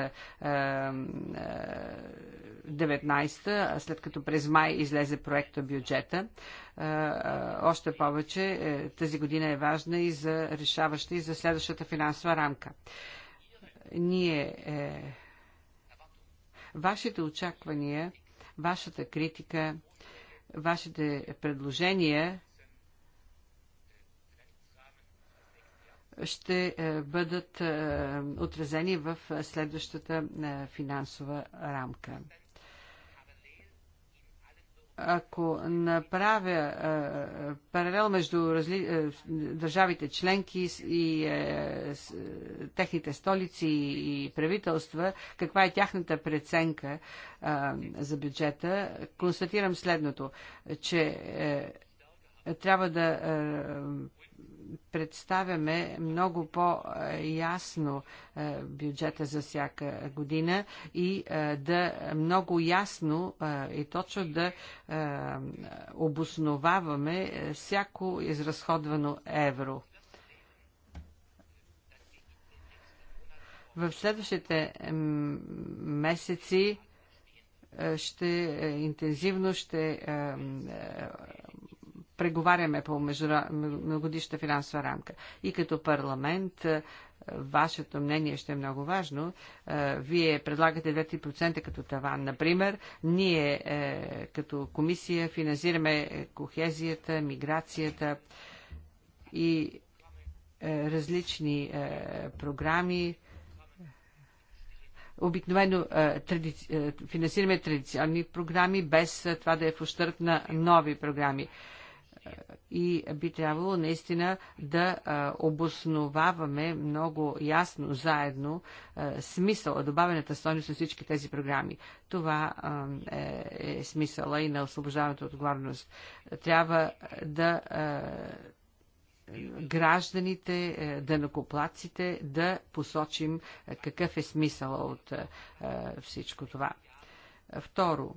19, е, след като през май излезе проекта бюджета. Още повече тази година е важна и за решаваща и за следващата финансова рамка. Ние Вашите очаквания вашата критика, вашите предложения ще е, бъдат е, отразени в е, следващата финансова рамка ако направя а, е, е, паралел между разли... а, е, държавите членки и а, с, техните столици и правителства, каква е тяхната преценка а, за бюджета, констатирам следното, че а, трябва да а, представяме много по-ясно е, бюджета за всяка година и е, да много ясно е, и точно да обосноваваме всяко изразходвано евро. В следващите месеци ще интензивно ще преговаряме по многогодишната финансова рамка. И като парламент, е, вашето мнение ще е много важно. Е, вие предлагате 2-3% като таван, например. Ние е, като комисия финансираме кохезията, миграцията и различни програми, обикновено тради... финансираме традиционни програми, без това да е в ущърп на нови програми и би трябвало наистина да обосноваваме много ясно заедно смисъл, добавената стойност на всички тези програми. Това е, е смисъла и на освобождаването от отговорност. Трябва да гражданите, е, дънакоплаците да посочим е, какъв е смисъл от всичко това. Второ,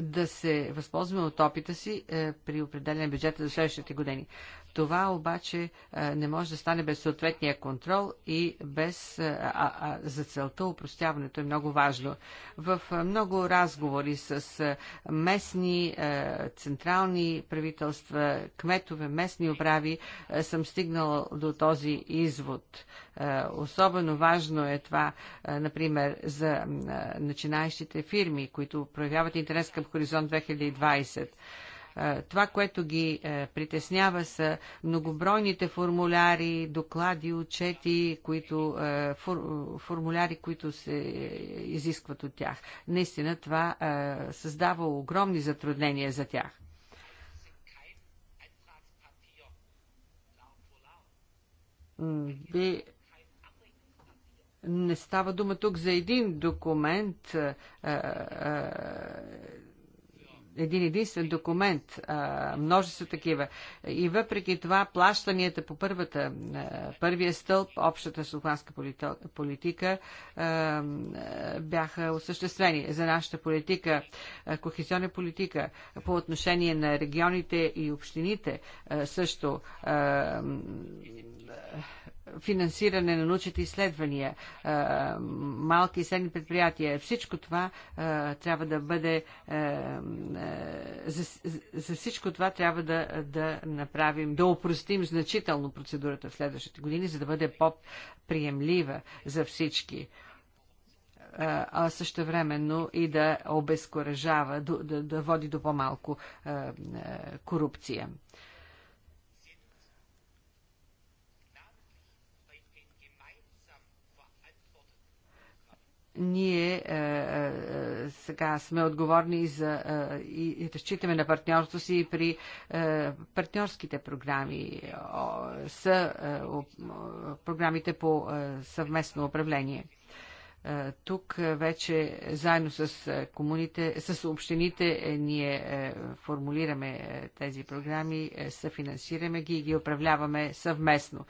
да се възползваме от опита си е, при определен бюджет за следващите години. Това обаче е, не може да стане без съответния контрол и без е, а, а, за целта упростяването е много важно. В е, много разговори с местни, централни правителства, кметове, местни управи съм стигнал до този извод. Особено важно е това, например, за начинаещите фирми, които проявяват интерес към Хоризонт 2020. Това, което ги е, притеснява са многобройните формуляри, доклади, отчети, които, е, формуляри, които се е, изискват от тях. Наистина това създава огромни затруднения за тях. Би... Не става дума тук за един документ, а, а, един единствен документ, множество такива. И въпреки това плащанията по първата, първия стълб, общата слуханска политика, бяха осъществени. За нашата политика, кохезионна политика, по отношение на регионите и общините, също финансиране на научните изследвания, малки и средни предприятия. Всичко това трябва да бъде. За, за всичко това трябва да, да направим, да опростим значително процедурата в следващите години, за да бъде по-приемлива за всички а също времено и да обезкуражава, да, да, да води до по-малко корупция. ние е, е, е, сега сме отговорни за, е, и, и разчитаме на партньорство си и при партньорските програми, о, о, програмите по съвместно управление. тук вече заедно с, комуните, с общините ние формулираме тези програми, съфинансираме ги и ги управляваме съвместно.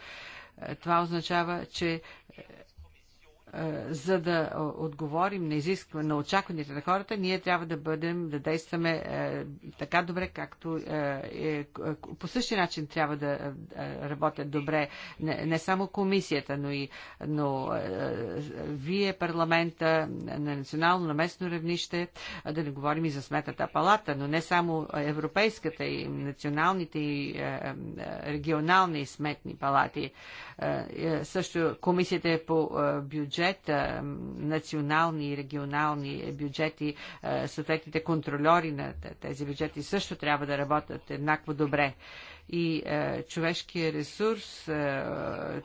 това означава, че за да отговорим на изисква, на очакванията на хората, ние трябва да бъдем, да действаме е, така добре, както е, е, по същия начин трябва да работят добре не, не само комисията, но и но, вие, парламента, на национално, на местно равнище, да не говорим и за сметата палата, но не само европейската и националните и регионални сметни палати. Е, също комисията е по бюджет бюджет, национални и регионални бюджети, е, съответните контролери на тези бюджети също трябва да работят еднакво добре и е, човешкия ресурс е,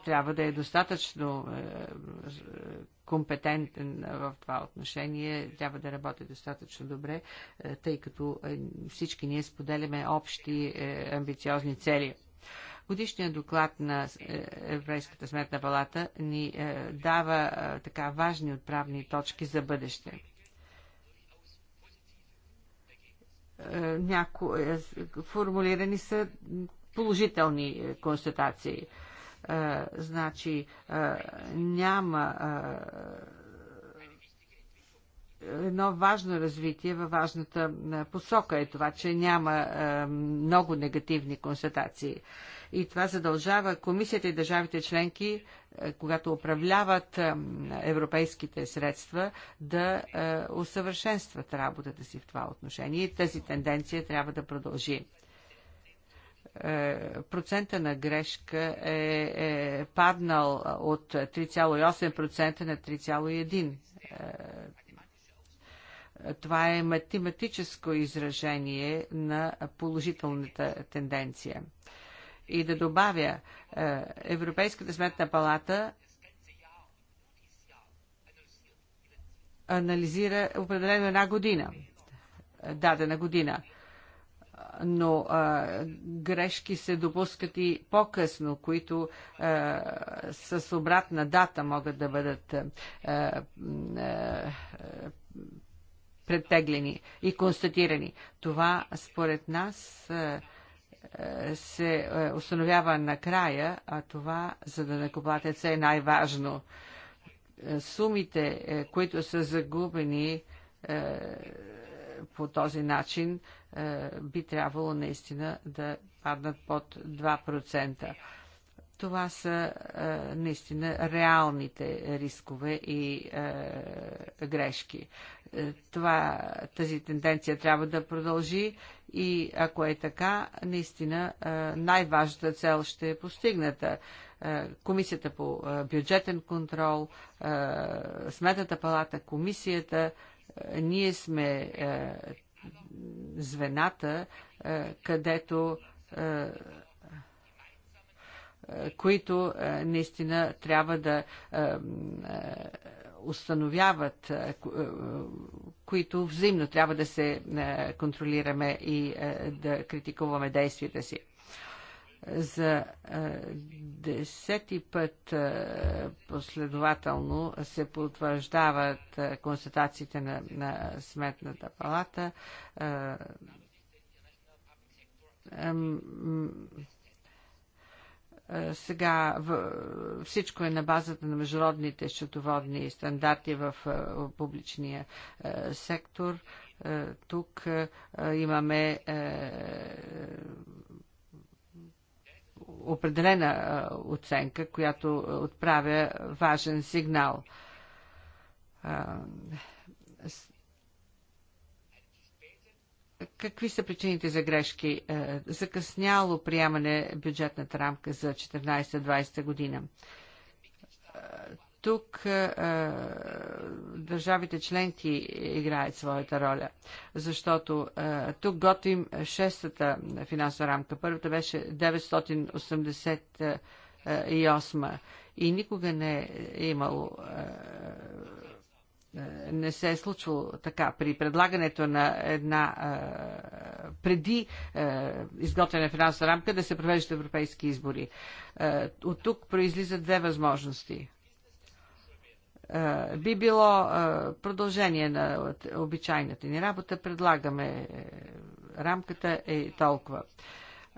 трябва да е достатъчно е, компетентен в това отношение, трябва да работи достатъчно добре, е, тъй като е, всички ние споделяме общи е, амбициозни цели. Годишният доклад на е, Европейската сметна палата ни е, дава е, така важни отправни точки за бъдеще. Няко... Формулирани са положителни констатации. Значи няма едно важно развитие във важната посока е това, че няма много негативни констатации и това задължава комисията и държавите членки, е, когато управляват европейските средства, да е, усъвършенстват работата си в това отношение. И тази тенденция трябва да продължи е, процента на грешка е, паднал от 3,8% на 3,1%. Това е математическо изражение на положителната тенденция и да добавя е, Европейската сметна палата анализира определено една година, дадена година. Но а, е, грешки се допускат и по-късно, които а, е, с обратна дата могат да бъдат а, а, претеглени и констатирани. Това, според нас, а, се е, установява накрая, а това за да накоплатеца е най-важно. Е, сумите, е, които са загубени по този начин, би трябвало наистина да паднат под 2%. Това са а, е, наистина реалните рискове и а, е, грешки. Е, това, тази тенденция трябва да продължи и ако е така, наистина най-важната цел ще е постигната. Комисията по бюджетен контрол, Сметната палата, комисията, ние сме звената, където които е, наистина трябва да е, е, установяват, които взаимно трябва да се контролираме и да критикуваме действията си. За десети път последователно се потвърждават констатациите на, на Сметната палата е, сега всичко е на базата на международните счетоводни стандарти в е, публичния е, сектор. Тук имаме определена оценка, която отправя важен сигнал Какви са причините за грешки? Е, закъсняло приемане бюджетната рамка за 14-20 година. Е, тук е, държавите членки играят своята роля, защото тук готвим шестата финансова рамка. Първата беше 988 и никога не е имало е, не се е случвало така. При предлагането на една е, преди е, изготвяне на финансова рамка да се провеждат европейски избори. от тук произлизат две възможности. би било продължение на обичайната ни работа. Предлагаме рамката е толкова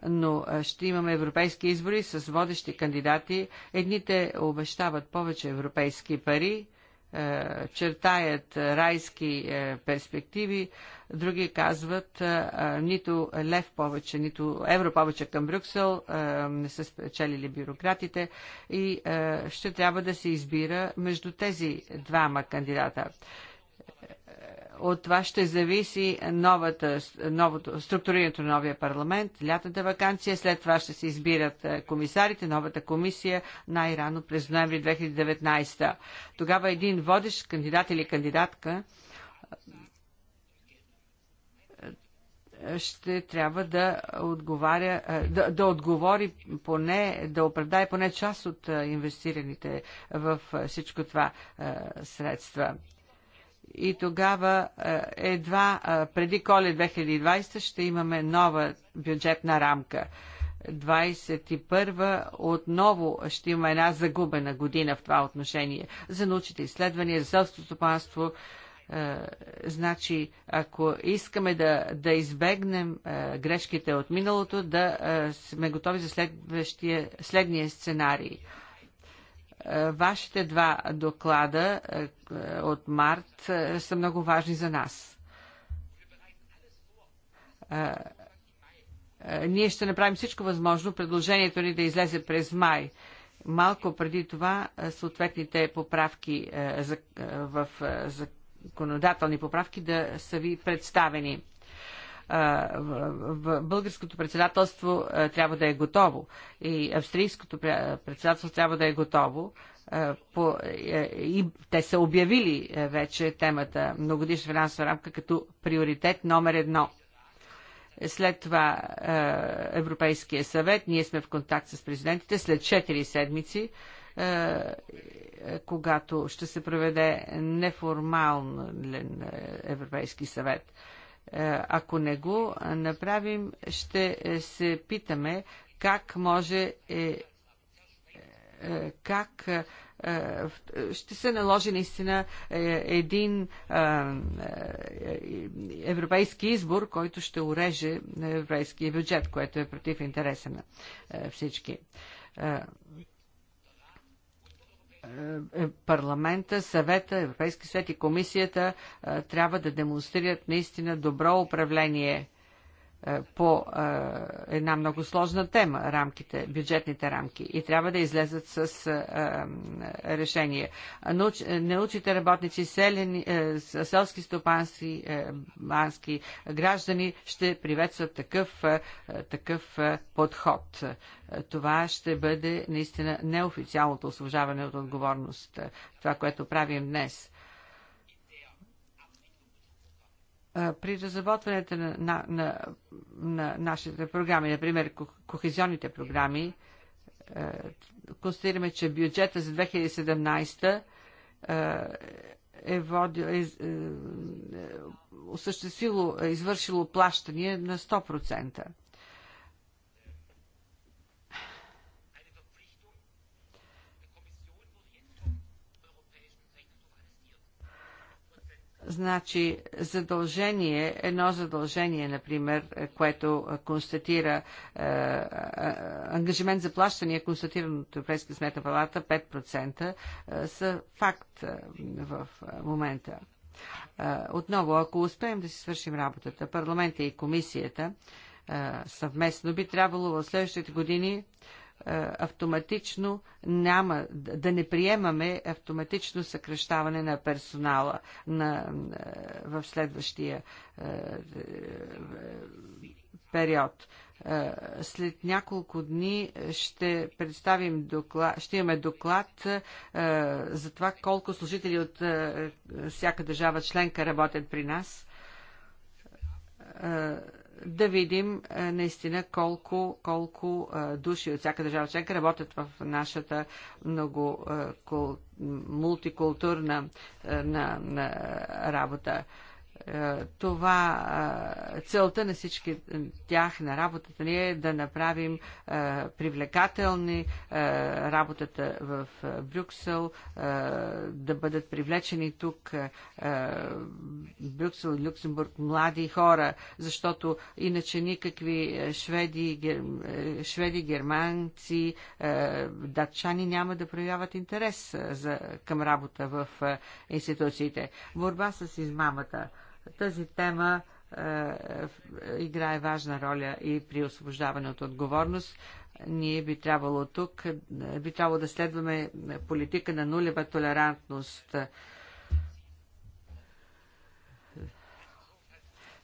но ще имаме европейски избори с водещи кандидати. Едните обещават повече европейски пари, е, чертаят райски е, перспективи, други казват е, нито лев повече, нито евро повече към Брюксел, не са спечелили бюрократите и ще трябва да се избира между тези двама кандидата от това ще зависи новата, новото, структурирането на новия парламент, лятната вакансия, след това ще се избират е, комисарите, новата комисия най-рано през ноември 2019. Тогава един водещ кандидат или кандидатка е, ще трябва да отговаря, е, да, да отговори поне, да оправдае поне част от инвестираните в всичко това средства и тогава е, едва е, преди коле 2020 ще имаме нова бюджетна рамка. 21 отново ще има една загубена година в това отношение за научните изследвания, за селското стопанство. Е, значи, ако искаме да, да избегнем грешките от миналото, да сме готови за следващия, следния сценарий. Е, вашите два доклада е, е, от март са много важни за нас. Ние ще направим всичко възможно предложението ни да излезе през май. Малко преди това съответните поправки в законодателни поправки да са ви представени българското председателство трябва да е готово и австрийското председателство трябва да е готово. По, е, и те са обявили е, вече темата многодишна финансова рамка като приоритет номер едно. След това е, Европейския съвет, ние сме в контакт с президентите след 4 седмици когато ще се проведе неформален Европейски съвет. Е, ако не го направим, ще е, се питаме как може е, е как ще се наложи наистина един европейски избор, който ще уреже европейския бюджет, което е против интереса на всички. Е, е, парламента, съвета, Европейски съвет и комисията е, трябва да демонстрират наистина добро управление е, по е, една много сложна тема рамките, бюджетните рамки и трябва да излезат с е, решение. научите работници, селени, селски стопански, мански граждани ще приветстват такъв, такъв подход. Това ще бъде наистина неофициалното освобождаване от отговорност, това, което правим днес при разработването на, на, на, на нашите програми, например кохезионните програми, констатираме, че бюджета за 2017 е, водил, е, е осъществило, е извършило плащания на 100%. Значи задължение, едно задължение, например, което констатира е, е ангажимент за плащания, констатиран от Европейска смета палата 5%, е, са факт е, в е, момента. Е, отново, ако успеем да си свършим работата, парламента и комисията е, съвместно би трябвало в следващите години е, е, автоматично няма, да не приемаме автоматично съкръщаване на персонала на, е, в следващия е, период. След няколко дни ще представим доклад, ще имаме доклад за това колко служители от всяка държава членка работят при нас да видим е, наистина колко, колко е, души от всяка държава членка работят в нашата много е, мултикултурна на, на работа. Е, това, е, целта на всички тях, на работата ни е да направим е, привлекателни работата в Брюксел, да бъдат привлечени тук Брюксел и Люксембург млади хора, защото иначе никакви шведи, шведи германци, датчани няма да проявяват интерес за... към работа в институциите. Борба с измамата тази тема е, играе важна роля и при освобождаване от отговорност. Ние би трябвало тук, е, би трябвало да следваме политика на нулева толерантност.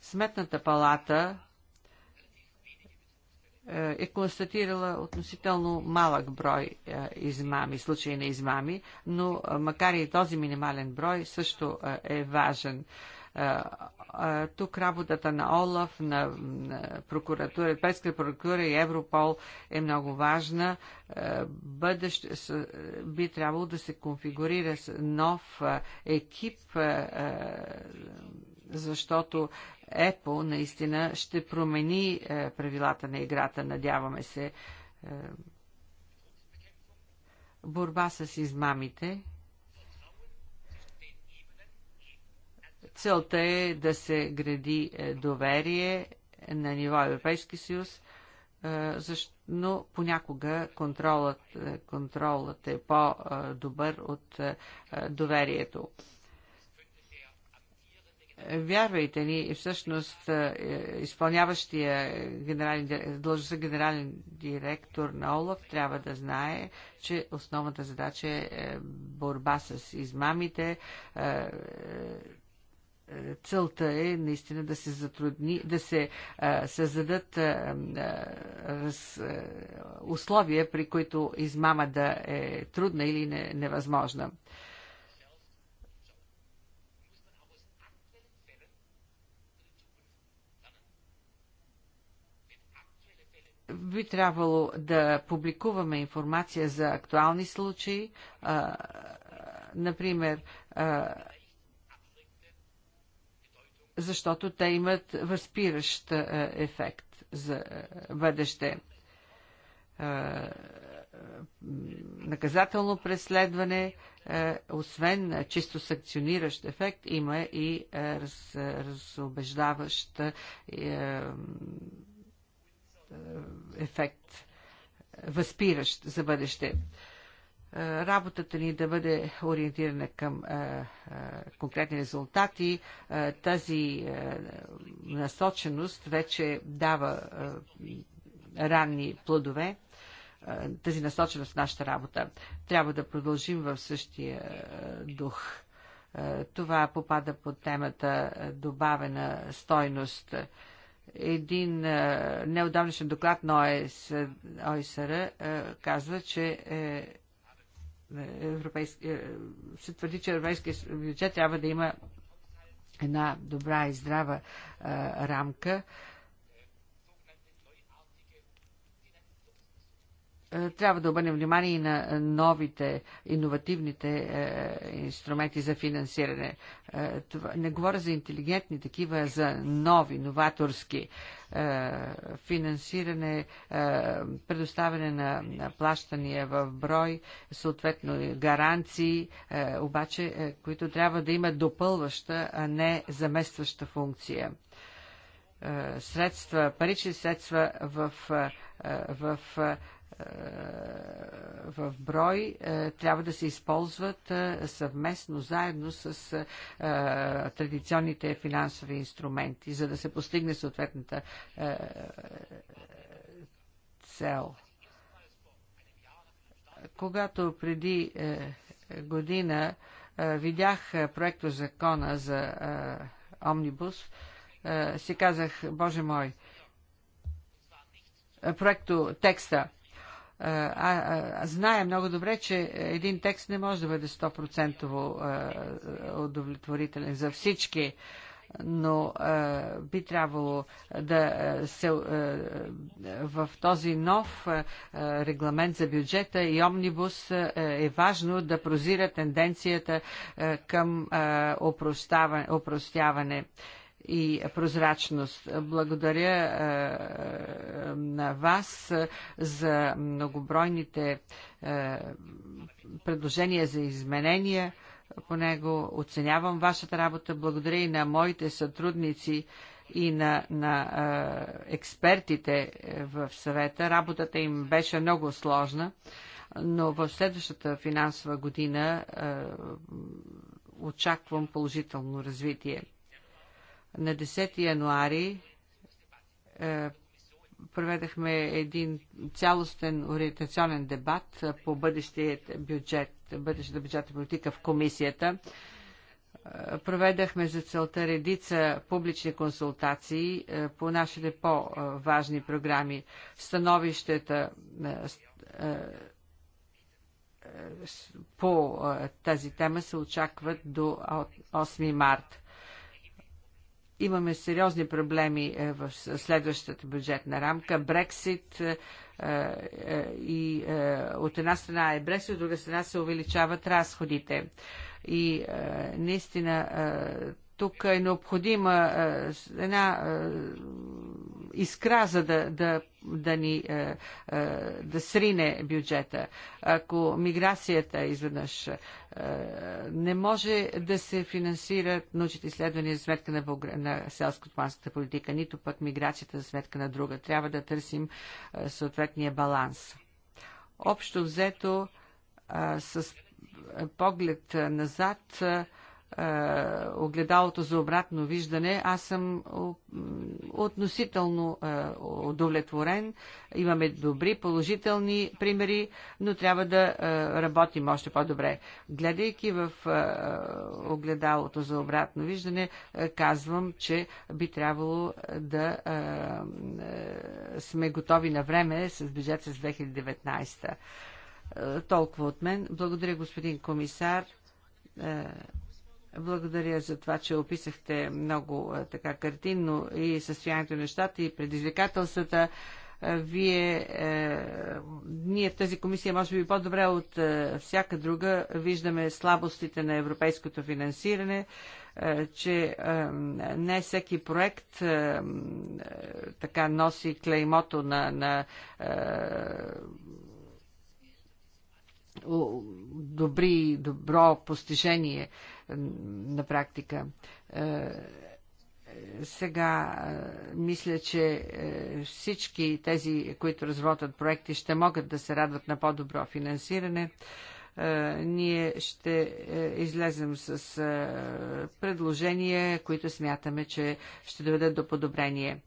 Сметната палата е, е констатирала относително малък брой измами, случаи на измами, но макар и този минимален брой също е важен. Тук работата на ОЛАФ, на прокуратура, Европейската прокуратура и Европол е много важна. Бъдещ, би трябвало да се конфигурира с нов екип, защото ЕПО наистина ще промени правилата на играта, надяваме се борба с измамите, Целта е да се гради е, доверие на ниво Европейски съюз, е, но понякога контролът, е, контролът е по-добър от доверието. Вярвайте ни, всъщност изпълняващия генерален, длъжността генерален директор на ОЛАФ трябва да знае, че основната задача е борба с измамите, целта е наистина да се затрудни, да се а, създадат а, раз, а, условия, при които измама да е трудна или не, невъзможна. би трябвало да публикуваме информация за актуални случаи. А, например, а, защото те имат възпиращ е, ефект за е, бъдеще. Е, наказателно преследване, освен чисто санкциониращ ефект, има и раз, разобеждаващ ефект, възпиращ за бъдеще. Е, работата ни е да бъде ориентирана към е, конкретни резултати. Тази насоченост вече дава ранни плодове тази насоченост в нашата работа. Трябва да продължим в същия дух. Това попада под темата добавена стойност. Един неодавнишен доклад на ОСР казва, че европейски, е, се твърди, че европейския бюджет трябва да има една добра и здрава а, е, рамка. трябва да обърнем внимание и на новите, иновативните е, инструменти за финансиране. Е, това, не говоря за интелигентни такива, а за нови, новаторски е, финансиране, предоставяне на, на плащания в брой, съответно гаранции, обаче, които трябва да имат допълваща, а не заместваща функция средства, парични средства в, в, в в брой е, трябва да се използват е, съвместно, заедно с е, традиционните финансови инструменти, за да се постигне съответната цел. Когато преди година видях проекто закона за Омнибус, си казах, Боже мой, проекто текста – а, а, зная много добре, че един текст не може да бъде 100% удовлетворителен за всички, но а, би трябвало да се а, в този нов а, регламент за бюджета и омнибус а, е важно да прозира тенденцията а, към а, опростяване и прозрачност. Благодаря е, на вас е, за многобройните е, предложения за изменения по него. Оценявам вашата работа. Благодаря и на моите сътрудници и на, на експертите в съвета. Работата им беше много сложна, но в следващата финансова година очаквам положително развитие. На 10 януари е, проведахме един цялостен ориентационен дебат е, по бъдещият бюджет, бъдещата бюджетна политика в комисията. Е, проведахме за целта редица публични консултации е, по нашите по-важни програми. Становищата по тази тема се очакват до 8 март. Имаме сериозни проблеми е, в следващата бюджетна рамка. Брексит е, е, и от една страна е Брексит, от друга страна се увеличават разходите. И наистина тук е необходима една искра, за да, да, да ни е, е, да срине бюджета. Ако миграцията изведнъж е, не може да се финансират научните изследвания за сметка на, Българ... на селско-тманската политика, нито пък миграцията за сметка на друга. Трябва да търсим съответния баланс. Общо взето, с поглед назад, е, огледалото за обратно виждане, аз съм относително е, удовлетворен. Имаме добри, положителни примери, но трябва да е, работим още по-добре. Гледайки в огледалото за обратно виждане, казвам, че би трябвало да сме готови на време с бюджет с 2019. Толкова от мен. Благодаря, господин комисар. Благодаря за това, че описахте много така картинно и състоянието на нещата и предизвикателствата. Вие, е, ние в тази комисия, може би по-добре от е, всяка друга, виждаме слабостите на европейското финансиране, е, че е, не всеки проект е, е, така носи клеймото на, на добри, добро постижение на практика. Е, сега е, мисля, че е, всички тези, които разработват проекти, ще могат да се радват на по-добро финансиране ние ще излезем с предложения, които смятаме, че ще доведат до подобрение.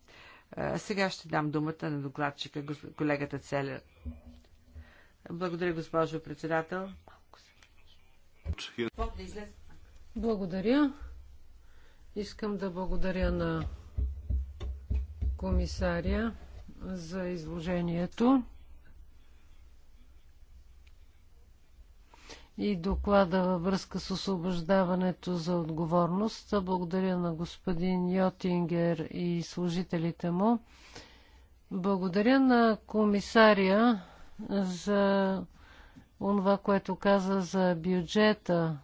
Сега ще дам думата на докладчика, колегата Целер. Благодаря, госпожо председател. Мога да излезе. Благодаря. Искам да благодаря на комисаря за изложението и доклада във връзка с освобождаването за отговорност. Благодаря на господин Йотингер и служителите му. Благодаря на комисаря за това, което каза за бюджета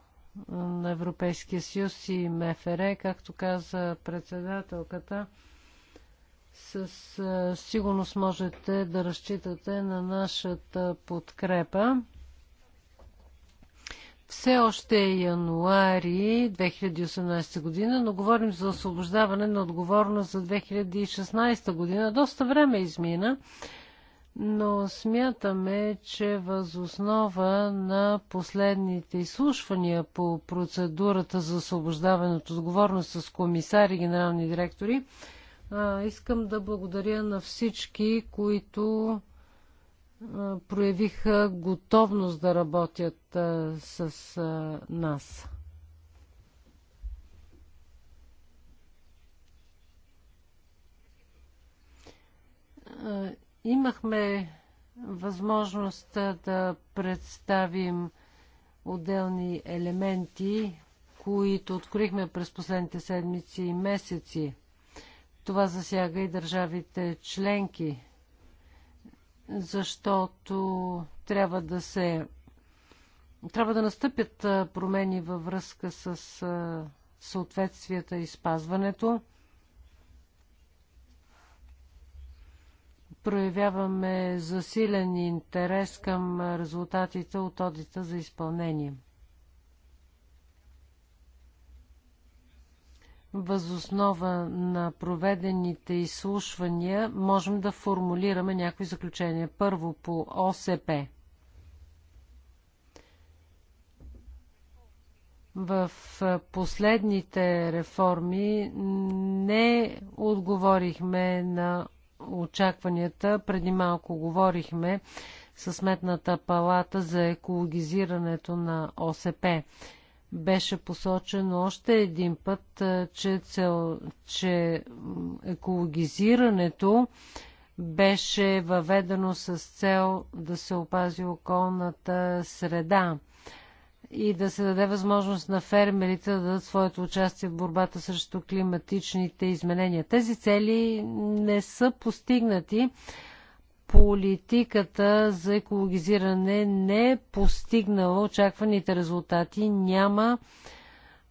на Европейския съюз и МФР, както каза председателката, с сигурност можете да разчитате на нашата подкрепа. Все още е януари 2018 година, но говорим за освобождаване на отговорност за 2016 година. Доста време измина но смятаме, че възоснова на последните изслушвания по процедурата за освобождаване от отговорност с комисари и генерални директори, искам да благодаря на всички, които проявиха готовност да работят с нас. Uh, Имахме възможност да представим отделни елементи, които открихме през последните седмици и месеци. Това засяга и държавите членки, защото трябва да се трябва да настъпят промени във връзка с съответствията и спазването. проявяваме засилен интерес към резултатите от одита за изпълнение. Възоснова на проведените изслушвания можем да формулираме някои заключения. Първо по ОСП. в последните реформи не отговорихме на очакванията. Преди малко говорихме със Сметната палата за екологизирането на ОСП. Беше посочено още един път, че, цел, че екологизирането беше въведено с цел да се опази околната среда и да се даде възможност на фермерите да дадат своето участие в борбата срещу климатичните изменения. Тези цели не са постигнати. Политиката за екологизиране не е постигнала очакваните резултати. Няма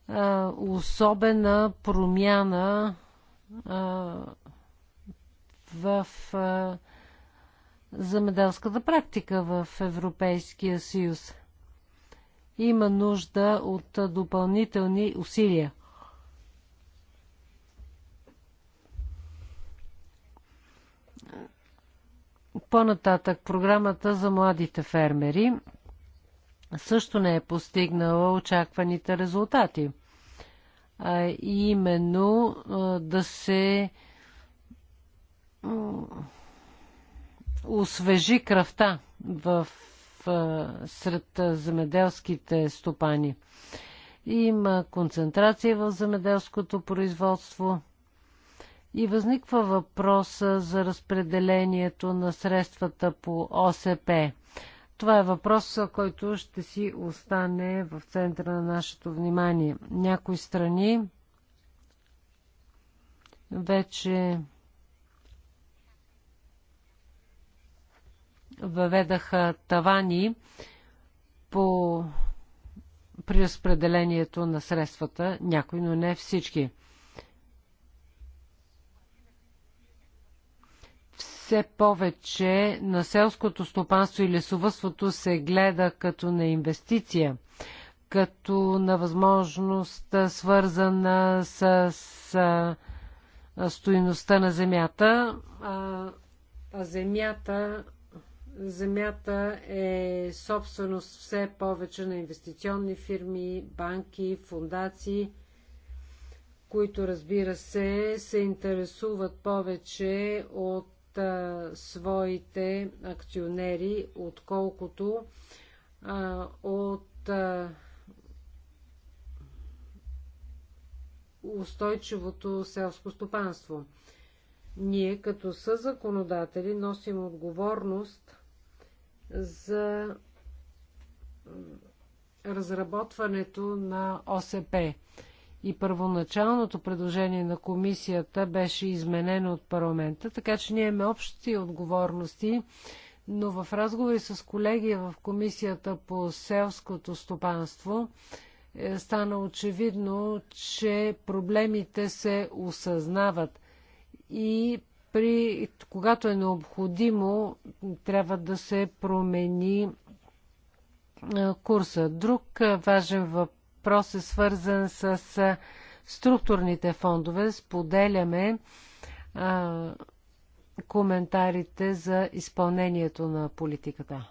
а, особена промяна а, в а, замеделската практика в Европейския съюз има нужда от допълнителни усилия. По-нататък програмата за младите фермери също не е постигнала очакваните резултати. А именно да се освежи кръвта в сред земеделските стопани. Има концентрация в земеделското производство и възниква въпроса за разпределението на средствата по ОСП. Това е въпрос, който ще си остане в центъра на нашето внимание. Някои страни вече въведаха тавани по при разпределението на средствата, някои, но не всички. Все повече на селското стопанство и лесовътството се гледа като на инвестиция, като на възможност свързана с, с стоиността на земята, а, а земята Земята е собственост все повече на инвестиционни фирми, банки, фундации, които разбира се се интересуват повече от а, своите акционери, отколкото а, от а, устойчивото селско стопанство. Ние като съзаконодатели носим отговорност за разработването на ОСП. И първоначалното предложение на комисията беше изменено от парламента, така че ние имаме общи отговорности, но в разговори с колеги в комисията по селското стопанство е стана очевидно, че проблемите се осъзнават и при, когато е необходимо, трябва да се промени курса. Друг важен въпрос е свързан с структурните фондове. Споделяме коментарите за изпълнението на политиката.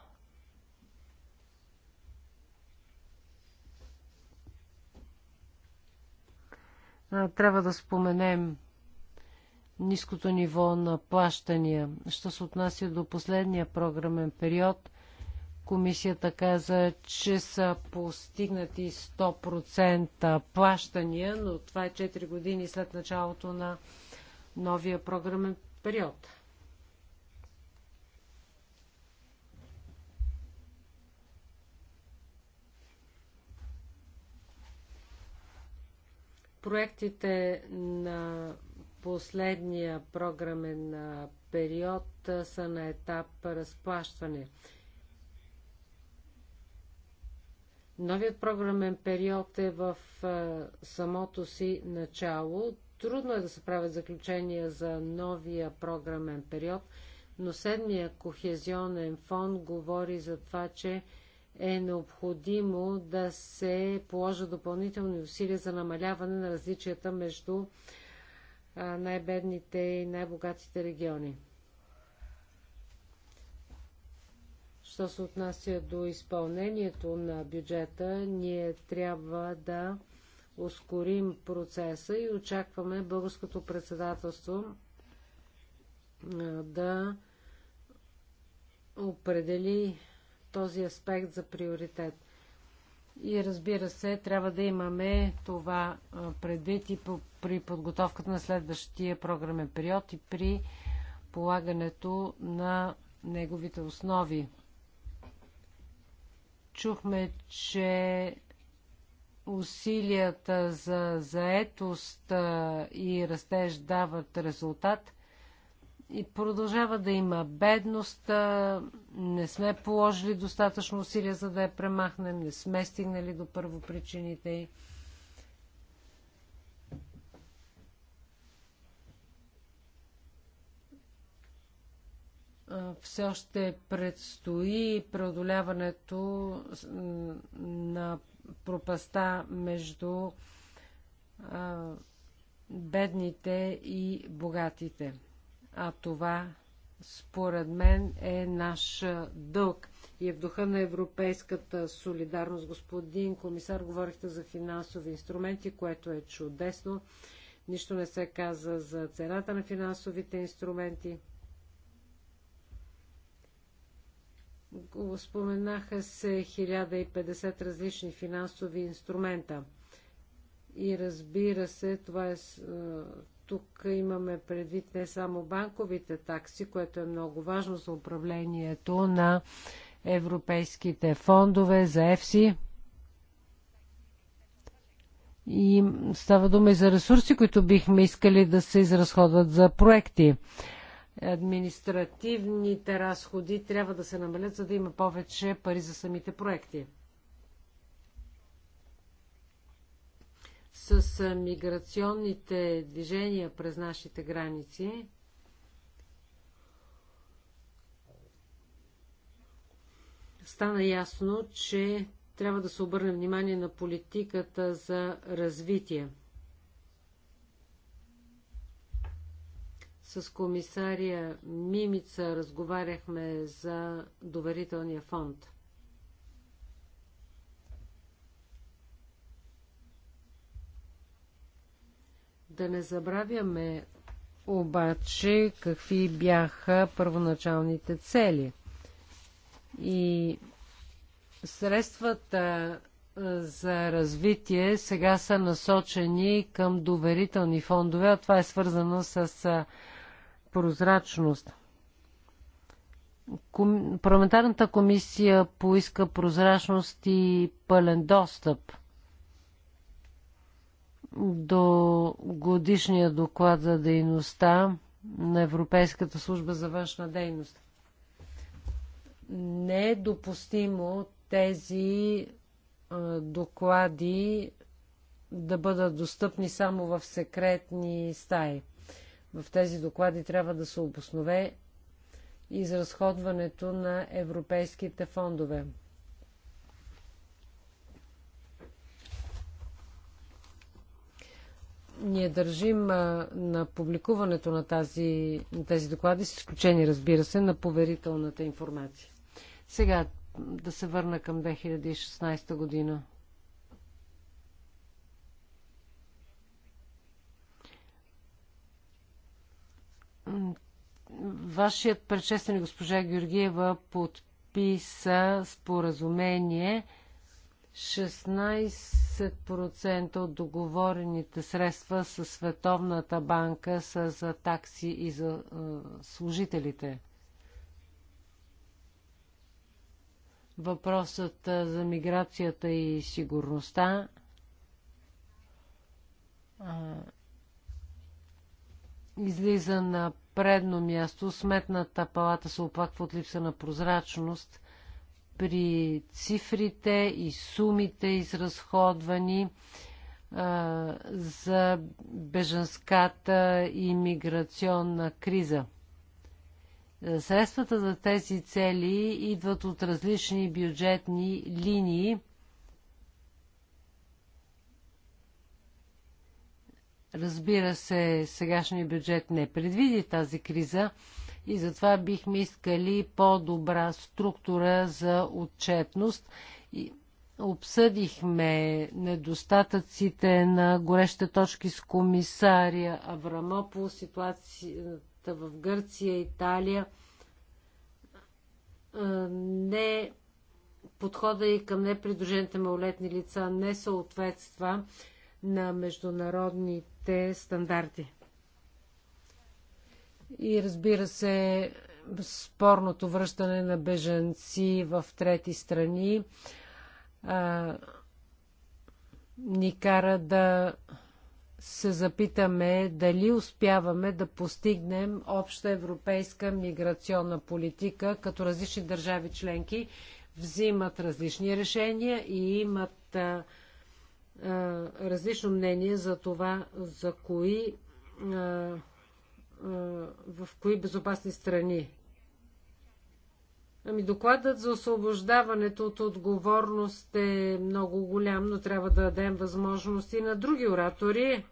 Трябва да споменем ниското ниво на плащания. Що се отнася до последния програмен период, комисията каза, че са постигнати 100% плащания, но това е 4 години след началото на новия програмен период. Проектите на последния програмен период са на етап разплащане. Новият програмен период е в самото си начало. Трудно е да се правят заключения за новия програмен период, но седмия кохезионен фонд говори за това, че е необходимо да се положат допълнителни усилия за намаляване на различията между най-бедните и най-богатите региони. Що се отнася до изпълнението на бюджета, ние трябва да ускорим процеса и очакваме българското председателство да определи този аспект за приоритет. И разбира се, трябва да имаме това предвид и при подготовката на следващия програмен период и при полагането на неговите основи. Чухме, че усилията за заетост и растеж дават резултат и продължава да има бедност, не сме положили достатъчно усилия за да я премахнем, не сме стигнали до първопричините й. все още предстои преодоляването на пропаста между бедните и богатите а това според мен е наш дълг и е в духа на европейската солидарност. Господин комисар, говорихте за финансови инструменти, което е чудесно. Нищо не се каза за цената на финансовите инструменти. Споменаха се 1050 различни финансови инструмента. И разбира се, това е тук имаме предвид не само банковите такси, което е много важно за управлението на европейските фондове, за ЕФСИ. И става дума и за ресурси, които бихме искали да се изразходват за проекти. Административните разходи трябва да се намалят, за да има повече пари за самите проекти. с миграционните движения през нашите граници. Стана ясно, че трябва да се обърне внимание на политиката за развитие. С комисария Мимица разговаряхме за доверителния фонд – Да не забравяме обаче какви бяха първоначалните цели. И средствата за развитие сега са насочени към доверителни фондове, а това е свързано с прозрачност. Парламентарната комисия поиска прозрачност и пълен достъп – до годишния доклад за дейността на Европейската служба за външна дейност. Не е допустимо тези доклади да бъдат достъпни само в секретни стаи. В тези доклади трябва да се обоснове изразходването на европейските фондове. Ние държим на публикуването на, тази, на тези доклади, с изключение, разбира се, на поверителната информация. Сега да се върна към 2016 година. Вашият предшественик госпожа Георгиева подписа споразумение 16% от договорените средства със Световната банка са за такси и за е, служителите. Въпросът за миграцията и сигурността. е, излиза на предно място. Сметната палата се оплаква от липса на прозрачност – при цифрите и сумите изразходвани а, за беженската иммиграционна криза. Средствата за тези цели идват от различни бюджетни линии. Разбира се, сегашният бюджет не предвиди тази криза, и затова бихме искали по-добра структура за отчетност. И обсъдихме недостатъците на горещите точки с комисария Аврамопол, ситуацията в Гърция, Италия. Не подхода и към непридружените малолетни лица не съответства на международните стандарти и разбира се спорното връщане на бежанци в трети страни а, ни кара да се запитаме дали успяваме да постигнем обща европейска миграционна политика, като различни държави членки взимат различни решения и имат а, а, различно мнение за това, за кои а, в кои безопасни страни? Ами докладът за освобождаването от отговорност е много голям, но трябва да дадем възможности на други оратори.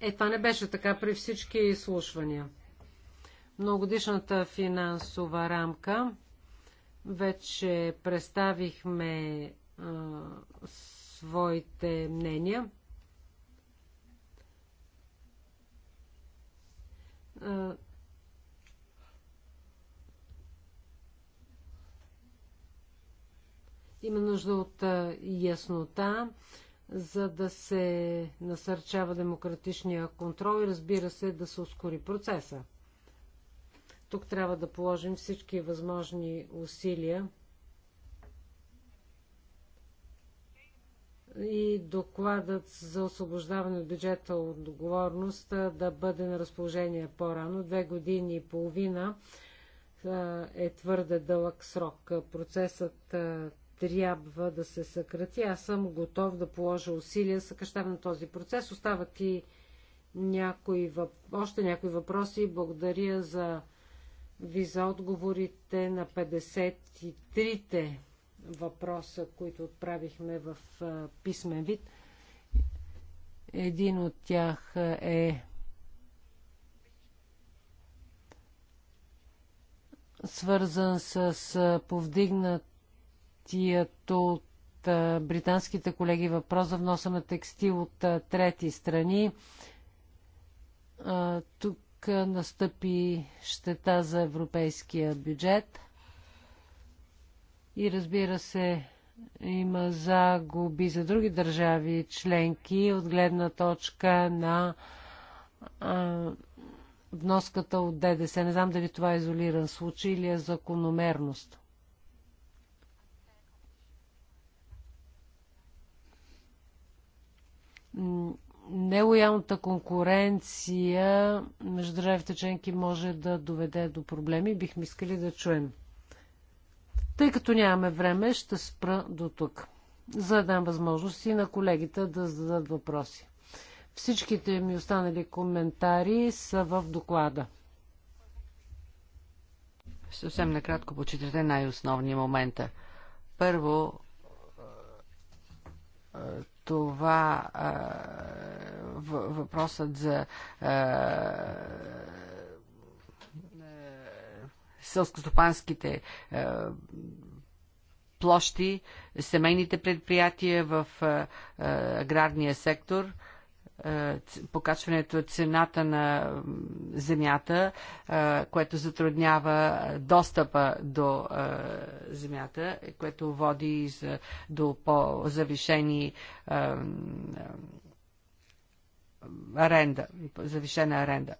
Е, това не беше така при всички изслушвания. Многодишната финансова рамка вече представихме а, своите мнения. има нужда от яснота, за да се насърчава демократичния контрол и разбира се да се ускори процеса. Тук трябва да положим всички възможни усилия и докладът за освобождаване от бюджета от договорност да бъде на разположение по-рано. Две години и половина е твърде дълъг срок. Процесът трябва да се съкрати. Аз съм готов да положа усилия съкръщаване на този процес. Остават и някои въп... още някои въпроси. Благодаря за ви за отговорите на 53-те въпроса, които отправихме в писмен вид. Един от тях е свързан с повдигнатият от британските колеги въпрос за вноса на текстил от трети страни. Тук настъпи щета за европейския бюджет – и разбира се, има загуби за други държави членки от гледна точка на а, вноската от ДДС. Не знам дали това е изолиран случай или е закономерност. Нелоялната конкуренция между държавите членки може да доведе до проблеми. Бихме искали да чуем. Тъй като нямаме време, ще спра до тук, за да дам възможности на колегите да зададат въпроси. Всичките ми останали коментари са в доклада. Съвсем накратко по четирите най-основни момента. Първо, е, това е, въпросът за е, селскостопанските е, площи, семейните предприятия в е, е аграрния сектор, е, покачването цената на земята, е, което затруднява достъпа до е, земята, което води за, до по-завишени е, е аренда, завишена аренда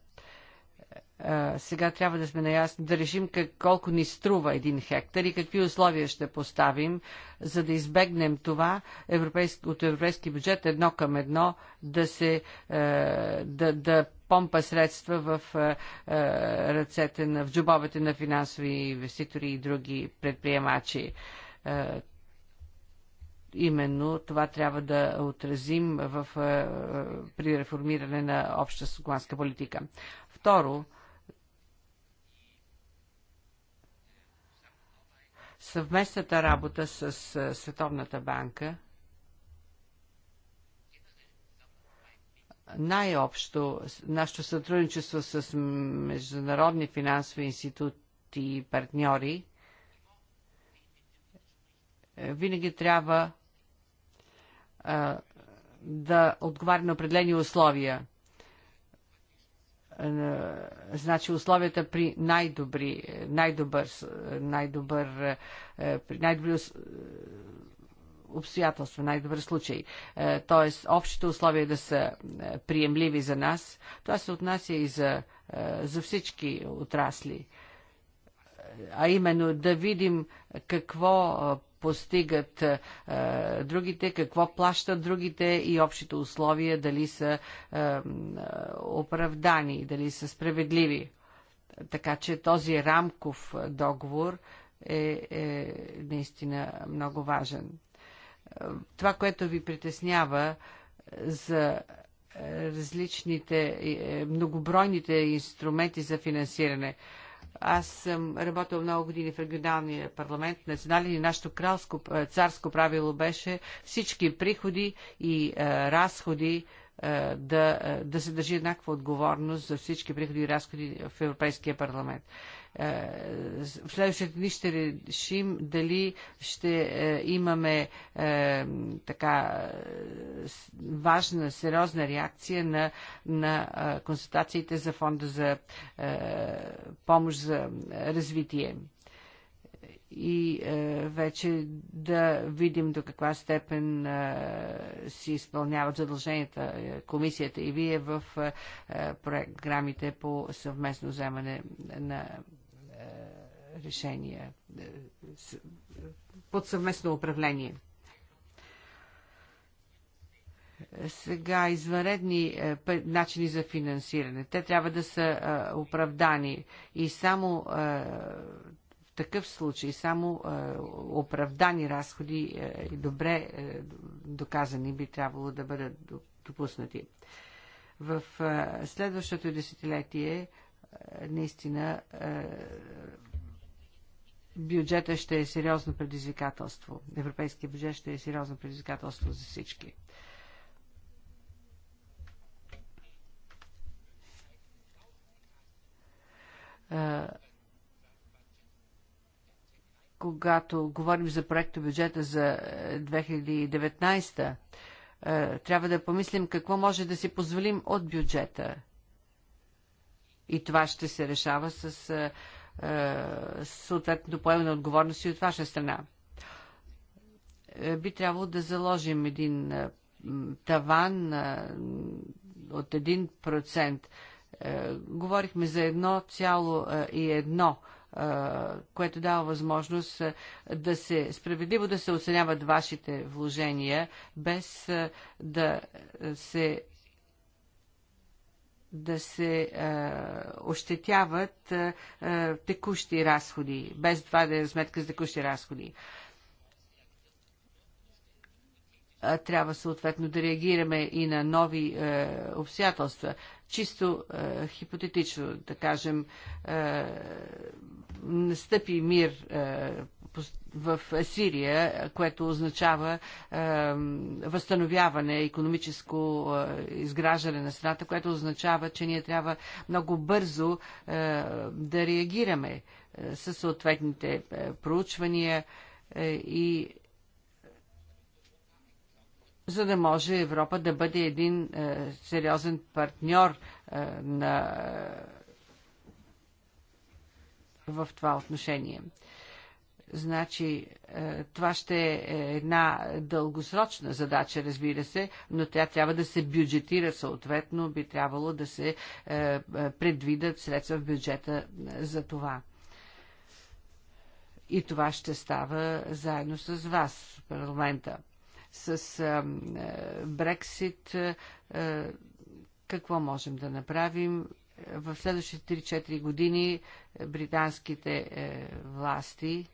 сега трябва да сме наясни, да решим как, колко ни струва един хектар и какви условия ще поставим, за да избегнем това европейски, от европейски бюджет едно към едно да се да, да помпа средства в ръцете на, в джобовете на финансови инвеститори и други предприемачи. Именно това трябва да отразим в, при реформиране на обща стопанска политика. Второ, съвместната работа с Световната банка най-общо нашето сътрудничество с международни финансови институти и партньори е, винаги трябва а, да отговаря на определени условия. Е, значи условията при най-добри, най-добър, най-добър, е, при най-добри е, обстоятелства, най-добър случай. Тоест, общите условия да са приемливи за нас, това се отнася и за, за всички отрасли. А именно да видим какво постигат а, другите, какво плащат другите и общите условия, дали са а, оправдани, дали са справедливи. Така че този рамков договор е, е наистина много важен. Това, което ви притеснява за различните, е, многобройните инструменти за финансиране – аз съм работил много години в регионалния парламент, национален и нашето кралско, е, царско правило беше всички приходи и а, е, разходи е, да, да се държи еднаква отговорност за всички приходи и разходи в Европейския парламент. Е, в следващите дни ще решим дали ще е, имаме е, така важна, сериозна реакция на, на консултациите за фонда за помощ за развитие и е, вече да видим до каква степен е, си изпълняват задълженията е, комисията и вие в е, програмите по съвместно вземане на решения е, е, под съвместно управление. Сега извънредни е, начини за финансиране. Те трябва да са оправдани и само в такъв случай, само оправдани разходи и добре доказани би трябвало да бъдат допуснати. В следващото десетилетие наистина бюджета ще е сериозно предизвикателство. Европейския бюджет ще е сериозно предизвикателство за всички. Когато говорим за проекта бюджета за 2019, е, е, трябва да помислим какво може да си позволим от бюджета. И това ще се решава с е, е, съответното поемане отговорност и от ваша страна. Е, би трябвало да заложим един е, таван от 1%. Говорихме за едно цяло и едно, което дава възможност да се справедливо да се оценяват вашите вложения, без да се да се а, е, ощетяват а, е, е, текущи разходи, без това да е сметка за текущи разходи. Трябва съответно да реагираме и на нови а, обстоятелства. Чисто а, хипотетично, да кажем, а, настъпи мир а, в Сирия, което означава е, възстановяване, економическо е, изграждане на страната, което означава, че ние трябва много бързо е, да реагираме е, със съответните е, проучвания е, и за да може Европа да бъде един е, сериозен партньор е, на, е, в това отношение. Значи, е, това ще е една дългосрочна задача, разбира се, но тя трябва да се бюджетира съответно, би трябвало да се е, е, предвидят средства в бюджета за това. И това ще става заедно с вас парламента. С Брексит какво можем да направим? В следващите 3-4 години британските власти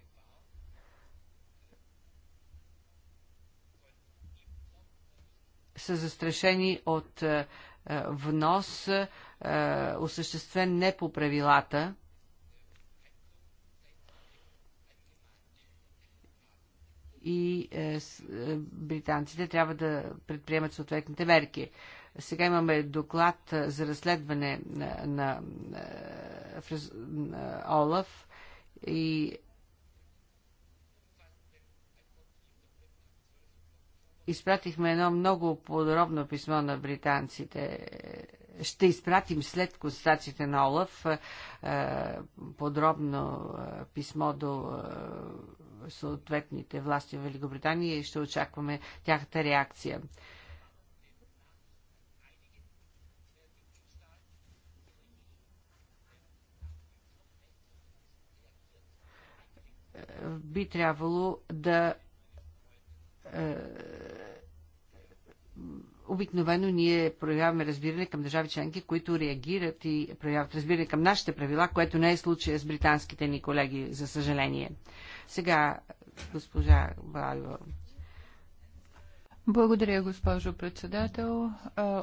са застрашени от е, е, внос, е, осъществен не по правилата. И британците трябва да предприемат съответните мерки. Сега имаме доклад за разследване на, на, на, на Олаф и Изпратихме едно много подробно писмо на британците. Ще изпратим след констатациите на Олаф е, подробно е, писмо до е, съответните власти в Великобритания и ще очакваме тяхната реакция. би трябвало да е, обикновено ние проявяваме разбиране към държави членки, които реагират и проявяват разбиране към нашите правила, което не е случая с британските ни колеги, за съжаление. Сега госпожа Балива благодаря, госпожо председател.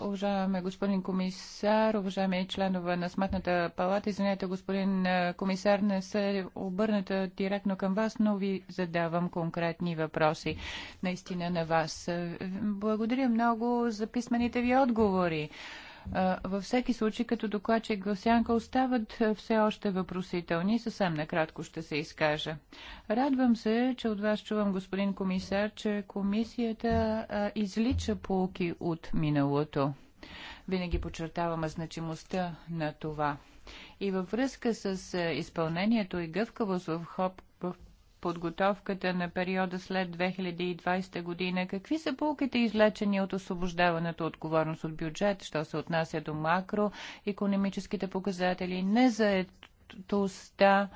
Уважаеми господин комисар, уважаеми членове на Сметната палата, извинете, господин комисар, не се обърната директно към вас, но ви задавам конкретни въпроси наистина на вас. Благодаря много за писмените ви отговори. Във всеки случай, като докладчик Гласянка, остават все още въпросителни. Съвсем накратко ще се изкажа. Радвам се, че от вас чувам, господин комисар, че комисията излича полки от миналото. Винаги подчертаваме значимостта на това. И във връзка с изпълнението и гъвкавост в ХОП подготовката на периода след 2020 година, какви са полките излечени от освобождаването отговорност от бюджет, що се отнася до макроекономическите показатели, не заетостта,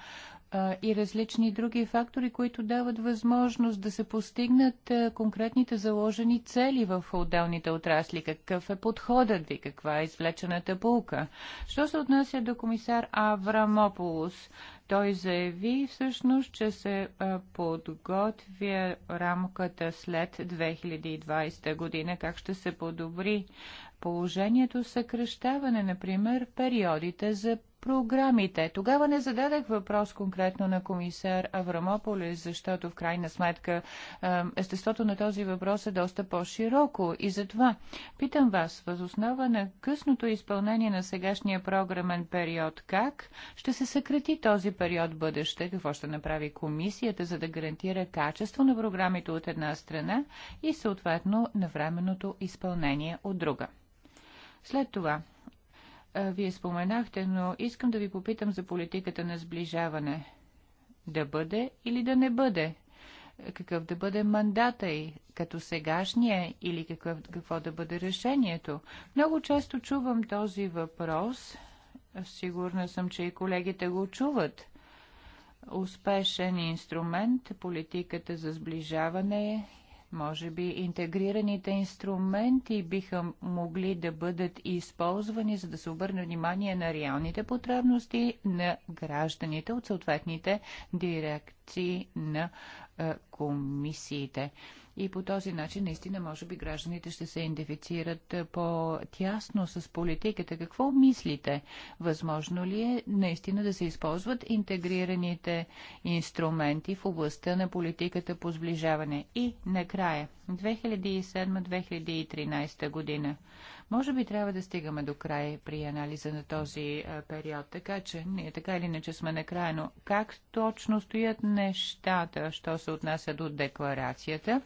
а, и различни други фактори, които дават възможност да се постигнат а, конкретните заложени цели в отделните отрасли. Какъв е подходът ви? Каква е извлечената полка? Що се отнася до комисар Аврамополус? Той заяви всъщност, че се подготвя рамката след 2020 година, как ще се подобри положението, съкръщаване, например, периодите за програмите. Тогава не зададах въпрос конкретно на комисар Аврамополис, защото в крайна сметка естеството на този въпрос е доста по-широко. И затова питам вас, възоснова на късното изпълнение на сегашния програмен период, как ще се съкрати този период бъдеще? Какво ще направи комисията, за да гарантира качество на програмите от една страна и съответно на временното изпълнение от друга? След това, вие споменахте, но искам да ви попитам за политиката на сближаване. Да бъде или да не бъде? Какъв да бъде мандата й, като сегашния, или какъв, какво да бъде решението? Много често чувам този въпрос. Сигурна съм, че и колегите го чуват. Успешен инструмент, политиката за сближаване може би интегрираните инструменти биха могли да бъдат използвани, за да се обърне внимание на реалните потребности на гражданите от съответните дирекции на е, комисиите и по този начин наистина може би гражданите ще се идентифицират е, по-тясно с политиката. Какво мислите? Възможно ли е наистина да се използват интегрираните инструменти в областта на политиката по сближаване? И накрая, 2007-2013 година. Може би трябва да стигаме до край при анализа на този е, период, така че ние така или иначе сме на края, но как точно стоят нещата, що се отнася до декларацията?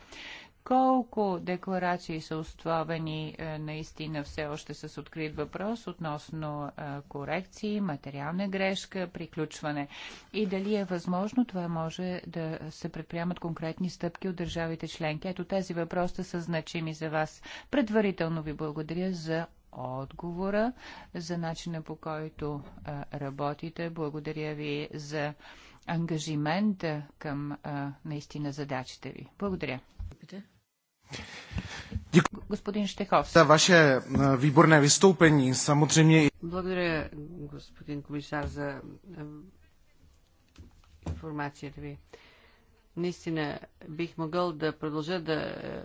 колко декларации са оставени е, наистина все още с открит въпрос относно е, корекции, материална грешка, приключване и дали е възможно това може да се предприемат конкретни стъпки от държавите членки. Ето тези въпроси са значими за вас. Предварително ви благодаря за отговора, за начина по който е, работите. Благодаря ви за ангажимента към наистина задачите ви. Благодаря. Господин ваше eh, Благодаря, господин комисар, за э, информацията ви. Наистина бих могъл да продължа да э,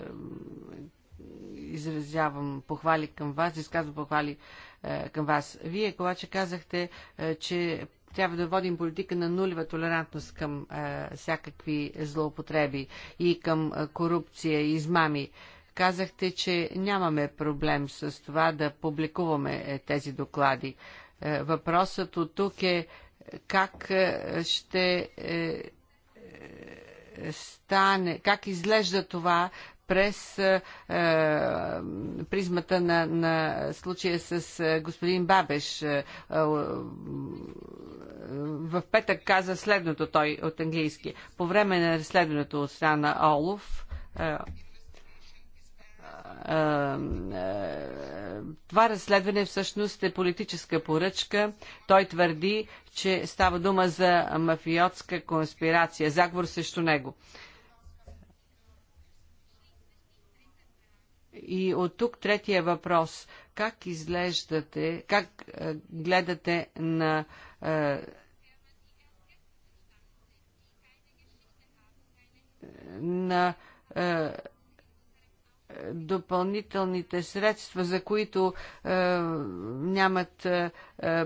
изразявам похвали към вас, изказвам похвали э, към вас. Вие, когато казахте, че трябва да водим политика на нулева толерантност към а, е, всякакви злоупотреби и към е, корупция и измами. Казахте, че нямаме проблем с това да публикуваме е, тези доклади. въпросът от тук е как ще. стане, как изглежда това през е, е, призмата на, на случая с е, господин Бабеш. Е, в петък каза следното той от английски. По време на разследването от страна Олов, е, това разследване всъщност е политическа поръчка. Той твърди, че става дума за мафиотска конспирация, заговор срещу него. И от тук третия въпрос. Как изглеждате, как е, гледате на е, на е, допълнителните средства, за които е, нямат е,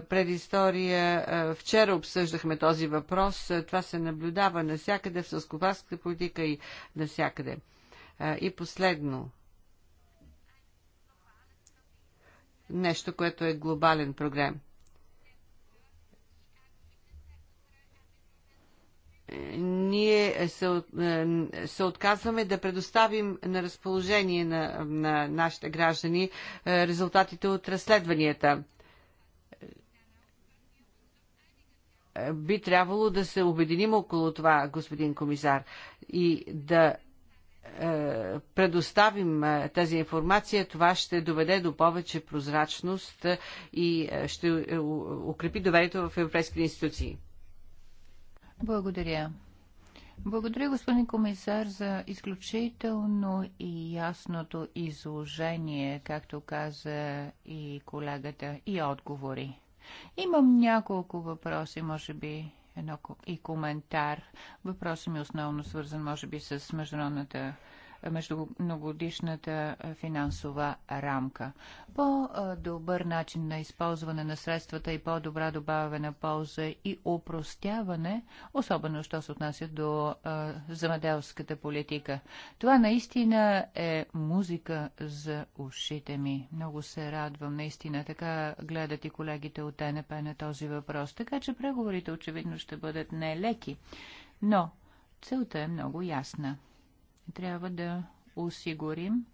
предистория. Вчера обсъждахме този въпрос. Това се наблюдава навсякъде в сълскопарската политика и навсякъде. Е, и последно, нещо, което е глобален проблем. ние се, е, се отказваме да предоставим на разположение на, на нашите граждани е, резултатите от разследванията. Е, би трябвало да се обединим около това, господин комисар, и да е, предоставим е, тази информация, това ще доведе до повече прозрачност е, и ще укрепи доверието в европейските институции. Благодаря. Благодаря, господин комисар, за изключително и ясното изложение, както каза и колегата, и отговори. Имам няколко въпроси, може би едно и коментар. Въпросът ми е основно свързан, може би, с международната между многодишната финансова рамка. По-добър начин на използване на средствата и по-добра добавена полза и упростяване, особено що се отнася до а, замеделската политика. Това наистина е музика за ушите ми. Много се радвам, наистина. Така гледат и колегите от ТНП на този въпрос. Така че преговорите очевидно ще бъдат нелеки. Но целта е много ясна трябва да осигурим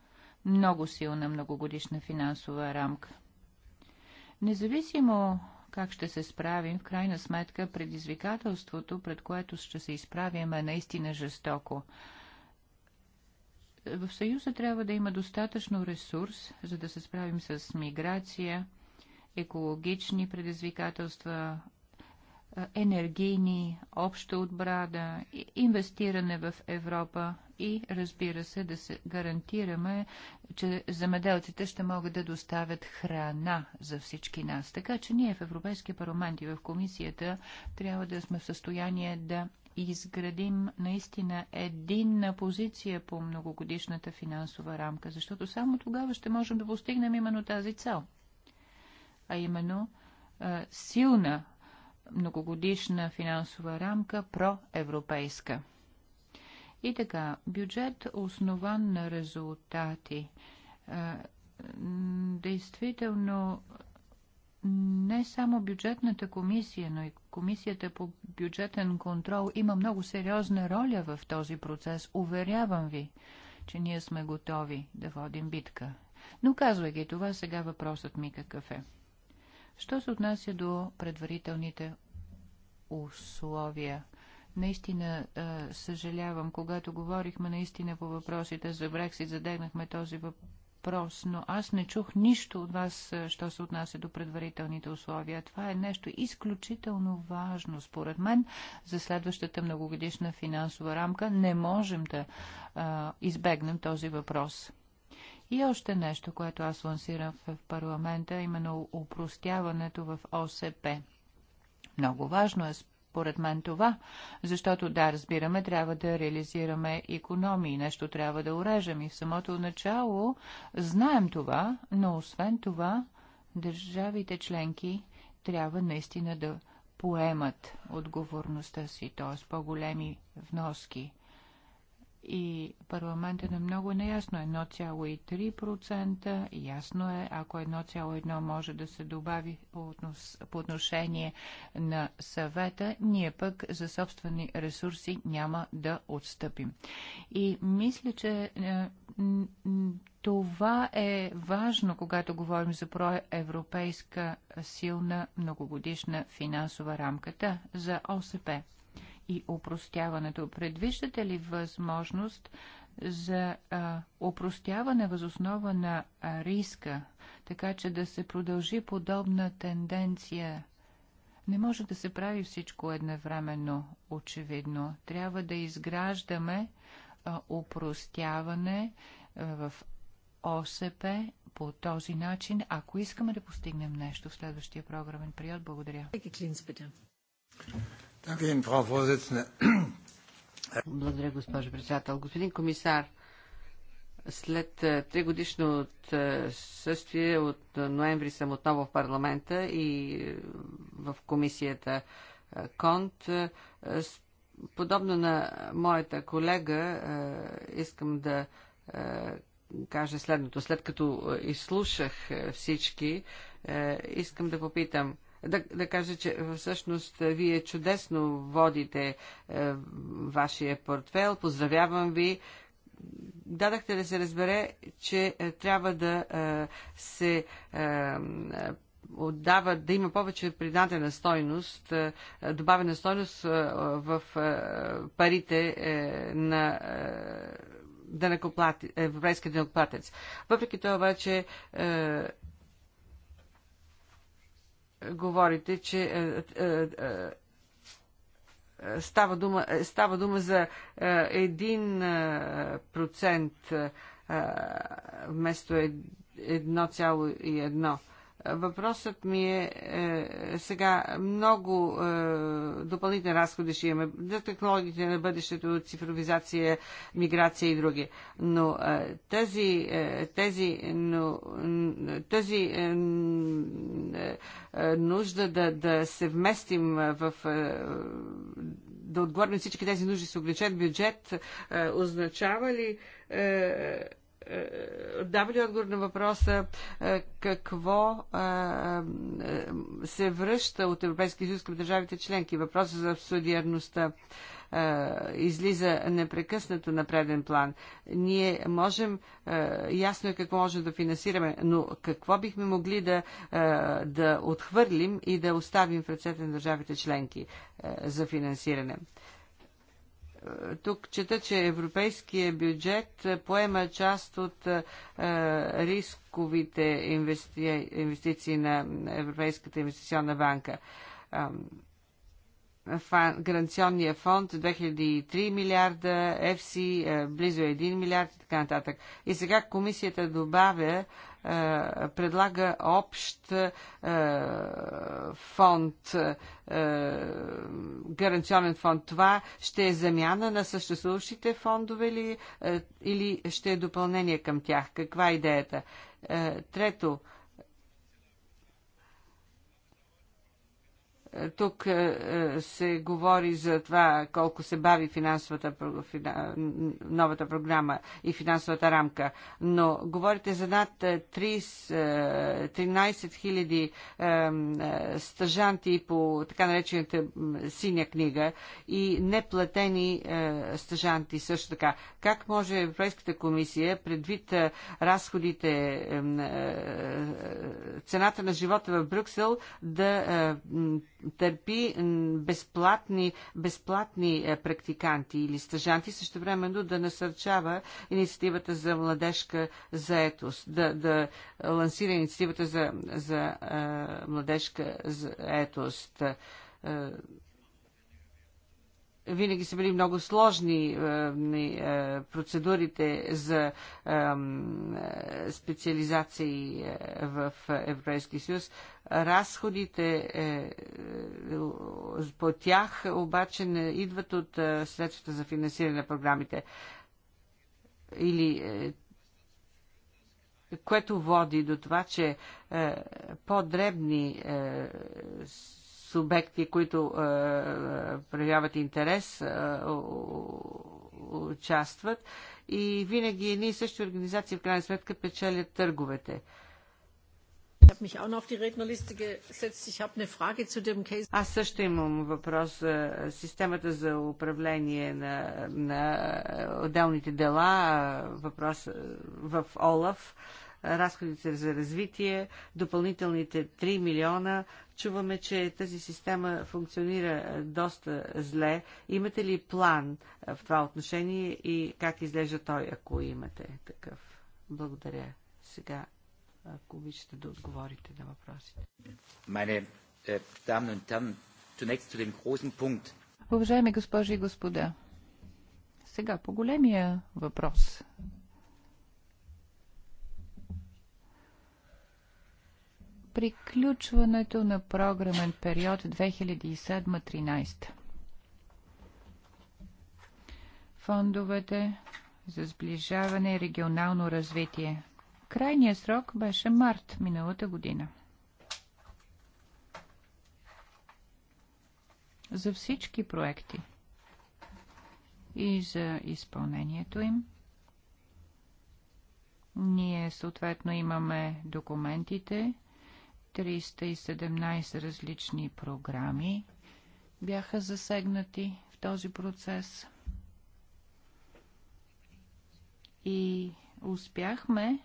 много силна многогодишна финансова рамка. Независимо как ще се справим, в крайна сметка предизвикателството, пред което ще се изправим, е наистина жестоко. В Съюза трябва да има достатъчно ресурс, за да се справим с миграция, екологични предизвикателства, енергийни, обща отбрада, инвестиране в Европа и разбира се да се гарантираме, че замеделците ще могат да доставят храна за всички нас. Така че ние в Европейския парламент и в комисията трябва да сме в състояние да изградим наистина единна позиция по многогодишната финансова рамка, защото само тогава ще можем да постигнем именно тази цел, а именно силна многогодишна финансова рамка проевропейска. И така, бюджет основан на резултати. Е, действително, не само бюджетната комисия, но и комисията по бюджетен контрол има много сериозна роля в този процес. Уверявам ви, че ние сме готови да водим битка. Но казвайки това, сега въпросът ми какъв е. Що се отнася до предварителните условия? Наистина съжалявам, когато говорихме наистина по въпросите за Брексит, задегнахме този въпрос, но аз не чух нищо от вас, що се отнася до предварителните условия. Това е нещо изключително важно, според мен, за следващата многогодишна финансова рамка. Не можем да избегнем този въпрос. И още нещо, което аз лансирам в парламента, именно упростяването в ОСП. Много важно е според мен това, защото да, разбираме, трябва да реализираме економии, нещо трябва да урежем и в самото начало знаем това, но освен това държавите членки трябва наистина да поемат отговорността си, т.е. по-големи вноски и парламента е много неясно. 1,3% ясно е, ако 1,1 може да се добави по отношение на съвета, ние пък за собствени ресурси няма да отстъпим. И мисля, че е, това е важно, когато говорим за проевропейска силна многогодишна финансова рамката за ОСП и опростяването. Предвиждате ли възможност за а, упростяване възоснова на а, риска, така че да се продължи подобна тенденция? Не може да се прави всичко едновременно, очевидно. Трябва да изграждаме а, а, в ОСП по този начин, ако искаме да постигнем нещо в следващия програмен период. Благодаря. Благодаря, госпожо председател. Господин комисар, след е, три годишно от е, съствие от ноември съм отново в парламента и е, в комисията Конт. Подобно на моята колега, искам да кажа следното. След като изслушах всички, искам да попитам – да, да кажа, че всъщност вие чудесно водите е, вашия портфел. Поздравявам ви. Дадахте да се разбере, че е, трябва да е, се е, отдава, да има повече придадена стойност, е, добавена стойност е, в е, парите на европейския дънокоплатец. Въпреки това обаче говорите, че е, е, е, е става, дума, е, става дума за 1% е, вместо 1,1%. Въпросът ми е, е сега много е, допълнителни разходи ще имаме за технологиите на бъдещето, цифровизация, миграция и други. Но е, тези, е, тези, но, тази е, е, е, нужда да, да се вместим в. Е, да отговорим всички тези нужди с обличен бюджет, е, означава ли. Е, дава ли отговор на въпроса е, какво е, е, се връща от Европейския съюз към държавите членки? Въпроса за субсидиарността излиза непрекъснато на преден план. Ние можем, ясно е какво можем да финансираме, но какво бихме могли да, да отхвърлим и да оставим в ръцете на държавите членки за финансиране? тук чета, че европейския бюджет поема част от е, рисковите инвести... инвестиции на Европейската инвестиционна банка. Фан... Гаранционния фонд 2003 милиарда, ФСИ е, близо 1 милиард и така нататък. И сега комисията добавя предлага общ фонд, гаранционен фонд. Това ще е замяна на съществуващите фондове или, или ще е допълнение към тях? Каква е идеята? Трето, Тук е, е, се говори за това колко се бави финансовата, новата програма и финансовата рамка, но говорите за над 13 е, 000 стъжанти по така наречената синя книга и неплатени стъжанти също така. Как може Европейската комисия, предвид разходите, цената на живота в Брюксел, да търпи безплатни, безплатни е, практиканти или стъжанти, също времено да насърчава инициативата за младежка заетост, да, да лансира инициативата за, за е, младежка заетост е, винаги са били много сложни е, е, процедурите за е, специализации в Европейски съюз. Разходите по тях обаче не идват от средствата за финансиране на програмите. Или което води до това, че по-дребни субекти, които е, е, проявяват интерес, е, участват и винаги едни и същи организации в крайна сметка печелят търговете. Аз също имам въпрос за системата за управление на, на отделните дела, въпрос в ОЛАФ разходите за развитие, допълнителните 3 милиона. Чуваме, че тази система функционира доста зле. Имате ли план в това отношение и как изглежда той, ако имате такъв? Благодаря. Сега, ако обичате да отговорите на въпросите. Мене, там, там, Уважаеми госпожи и господа, сега по големия въпрос приключването на програмен период 2007-13. Фондовете за сближаване и регионално развитие. Крайният срок беше март миналата година. За всички проекти и за изпълнението им. Ние съответно имаме документите 317 различни програми бяха засегнати в този процес. И успяхме,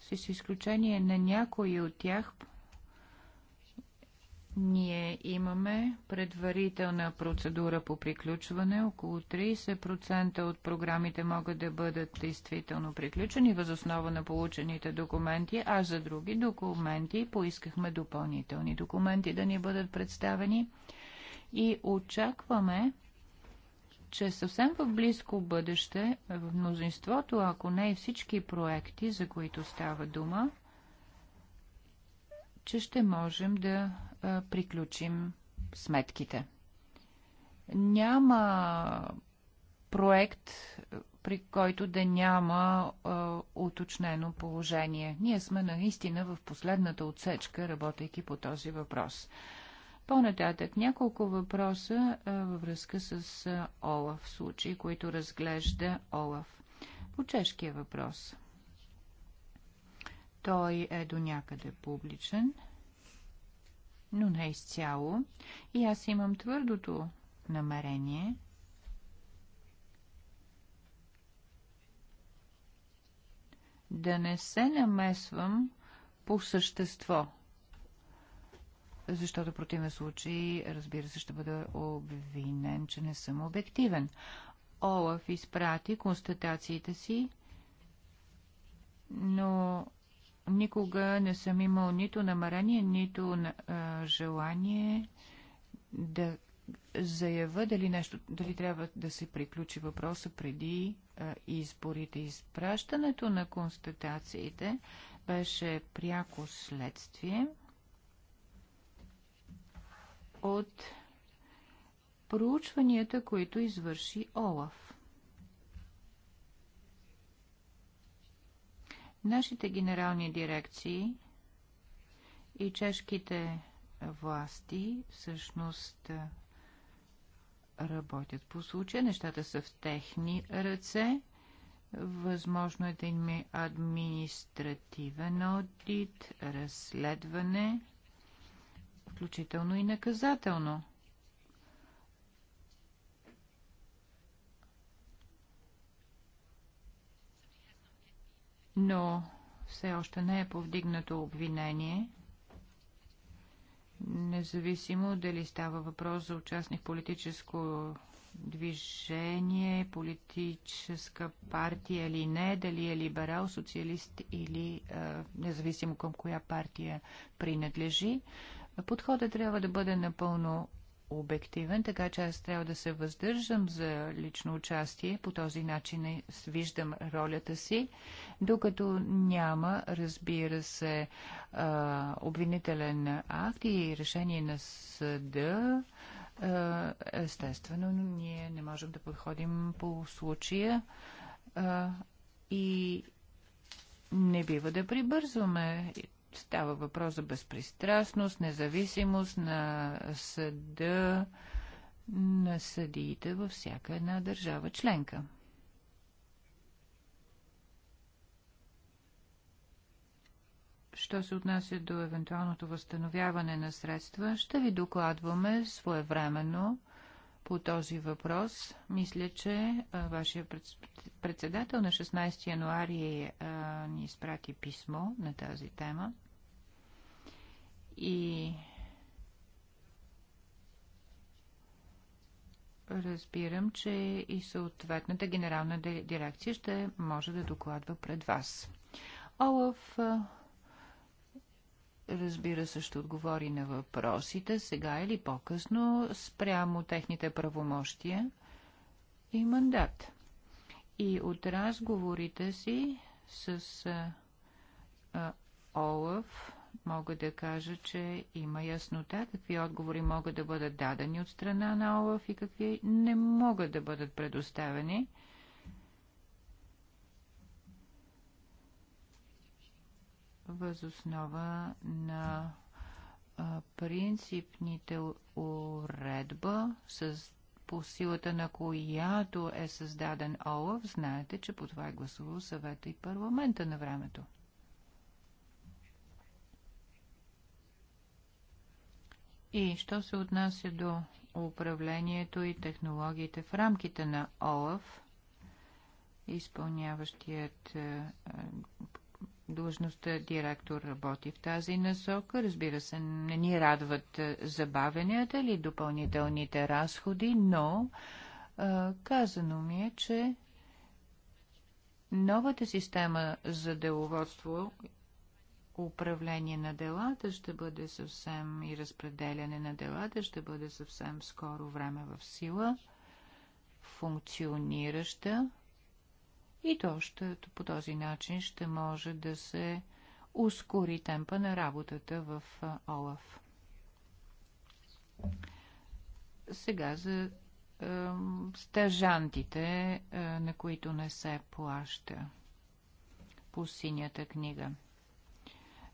с изключение на някои от тях, ние имаме предварителна процедура по приключване. Около 30% от програмите могат да бъдат действително приключени възоснова на получените документи, а за други документи поискахме допълнителни документи да ни бъдат представени и очакваме, че съвсем в близко бъдеще в мнозинството, ако не и всички проекти, за които става дума, че ще можем да приключим сметките. Няма проект, при който да няма а, уточнено положение. Ние сме наистина в последната отсечка, работейки по този въпрос. По-нататък няколко въпроса а, във връзка с а, Олаф, случаи, които разглежда Олаф. По чешкия въпрос – той е до някъде публичен, но не изцяло. И аз имам твърдото намерение да не се намесвам по същество защото в противен случай, разбира се, ще бъда обвинен, че не съм обективен. Олаф изпрати констатациите си, но никога не съм имал нито намерение, нито а, желание да заява дали нещо, дали трябва да се приключи въпроса преди а, изборите. Изпращането на констатациите беше пряко следствие от проучванията, които извърши Олаф. Нашите генерални дирекции и чешките власти всъщност работят по случая. Нещата са в техни ръце. Възможно е да има е административен одит, разследване, включително и наказателно. но все още не е повдигнато обвинение, независимо дали става въпрос за участник в политическо движение, политическа партия или не, дали е либерал, социалист или а, независимо към коя партия принадлежи. Подходът трябва да бъде напълно обективен, така че аз трябва да се въздържам за лично участие. По този начин виждам ролята си, докато няма, разбира се, обвинителен акт и решение на съда. Естествено, ние не можем да подходим по случая и не бива да прибързваме. Става въпрос за безпристрастност, независимост на съда, на съдиите във всяка една държава членка. Що се отнася до евентуалното възстановяване на средства, ще ви докладваме своевременно по този въпрос. Мисля, че а, вашия председател на 16 януари а, ни изпрати писмо на тази тема. И разбирам, че и съответната генерална дирекция ще може да докладва пред вас. Олаф разбира се, ще отговори на въпросите сега или по-късно спрямо техните правомощия и мандат. И от разговорите си с а, Олаф мога да кажа, че има яснота какви отговори могат да бъдат дадени от страна на Олаф и какви не могат да бъдат предоставени. възоснова на принципните уредба, с, по силата на която е създаден ОЛАВ, знаете, че по това е гласувал съвета и парламента на времето. И що се отнася до управлението и технологиите в рамките на ОЛАВ, изпълняващият е, длъжността директор работи в тази насока. Разбира се, не ни радват е, забавенията или допълнителните разходи, но а, е, казано ми е, че новата система за деловодство управление на делата ще бъде съвсем и разпределяне на делата ще бъде съвсем скоро време в сила, функционираща и то ще, по този начин ще може да се ускори темпа на работата в ОЛАФ. Сега за е, стажантите, е, на които не се плаща по синята книга.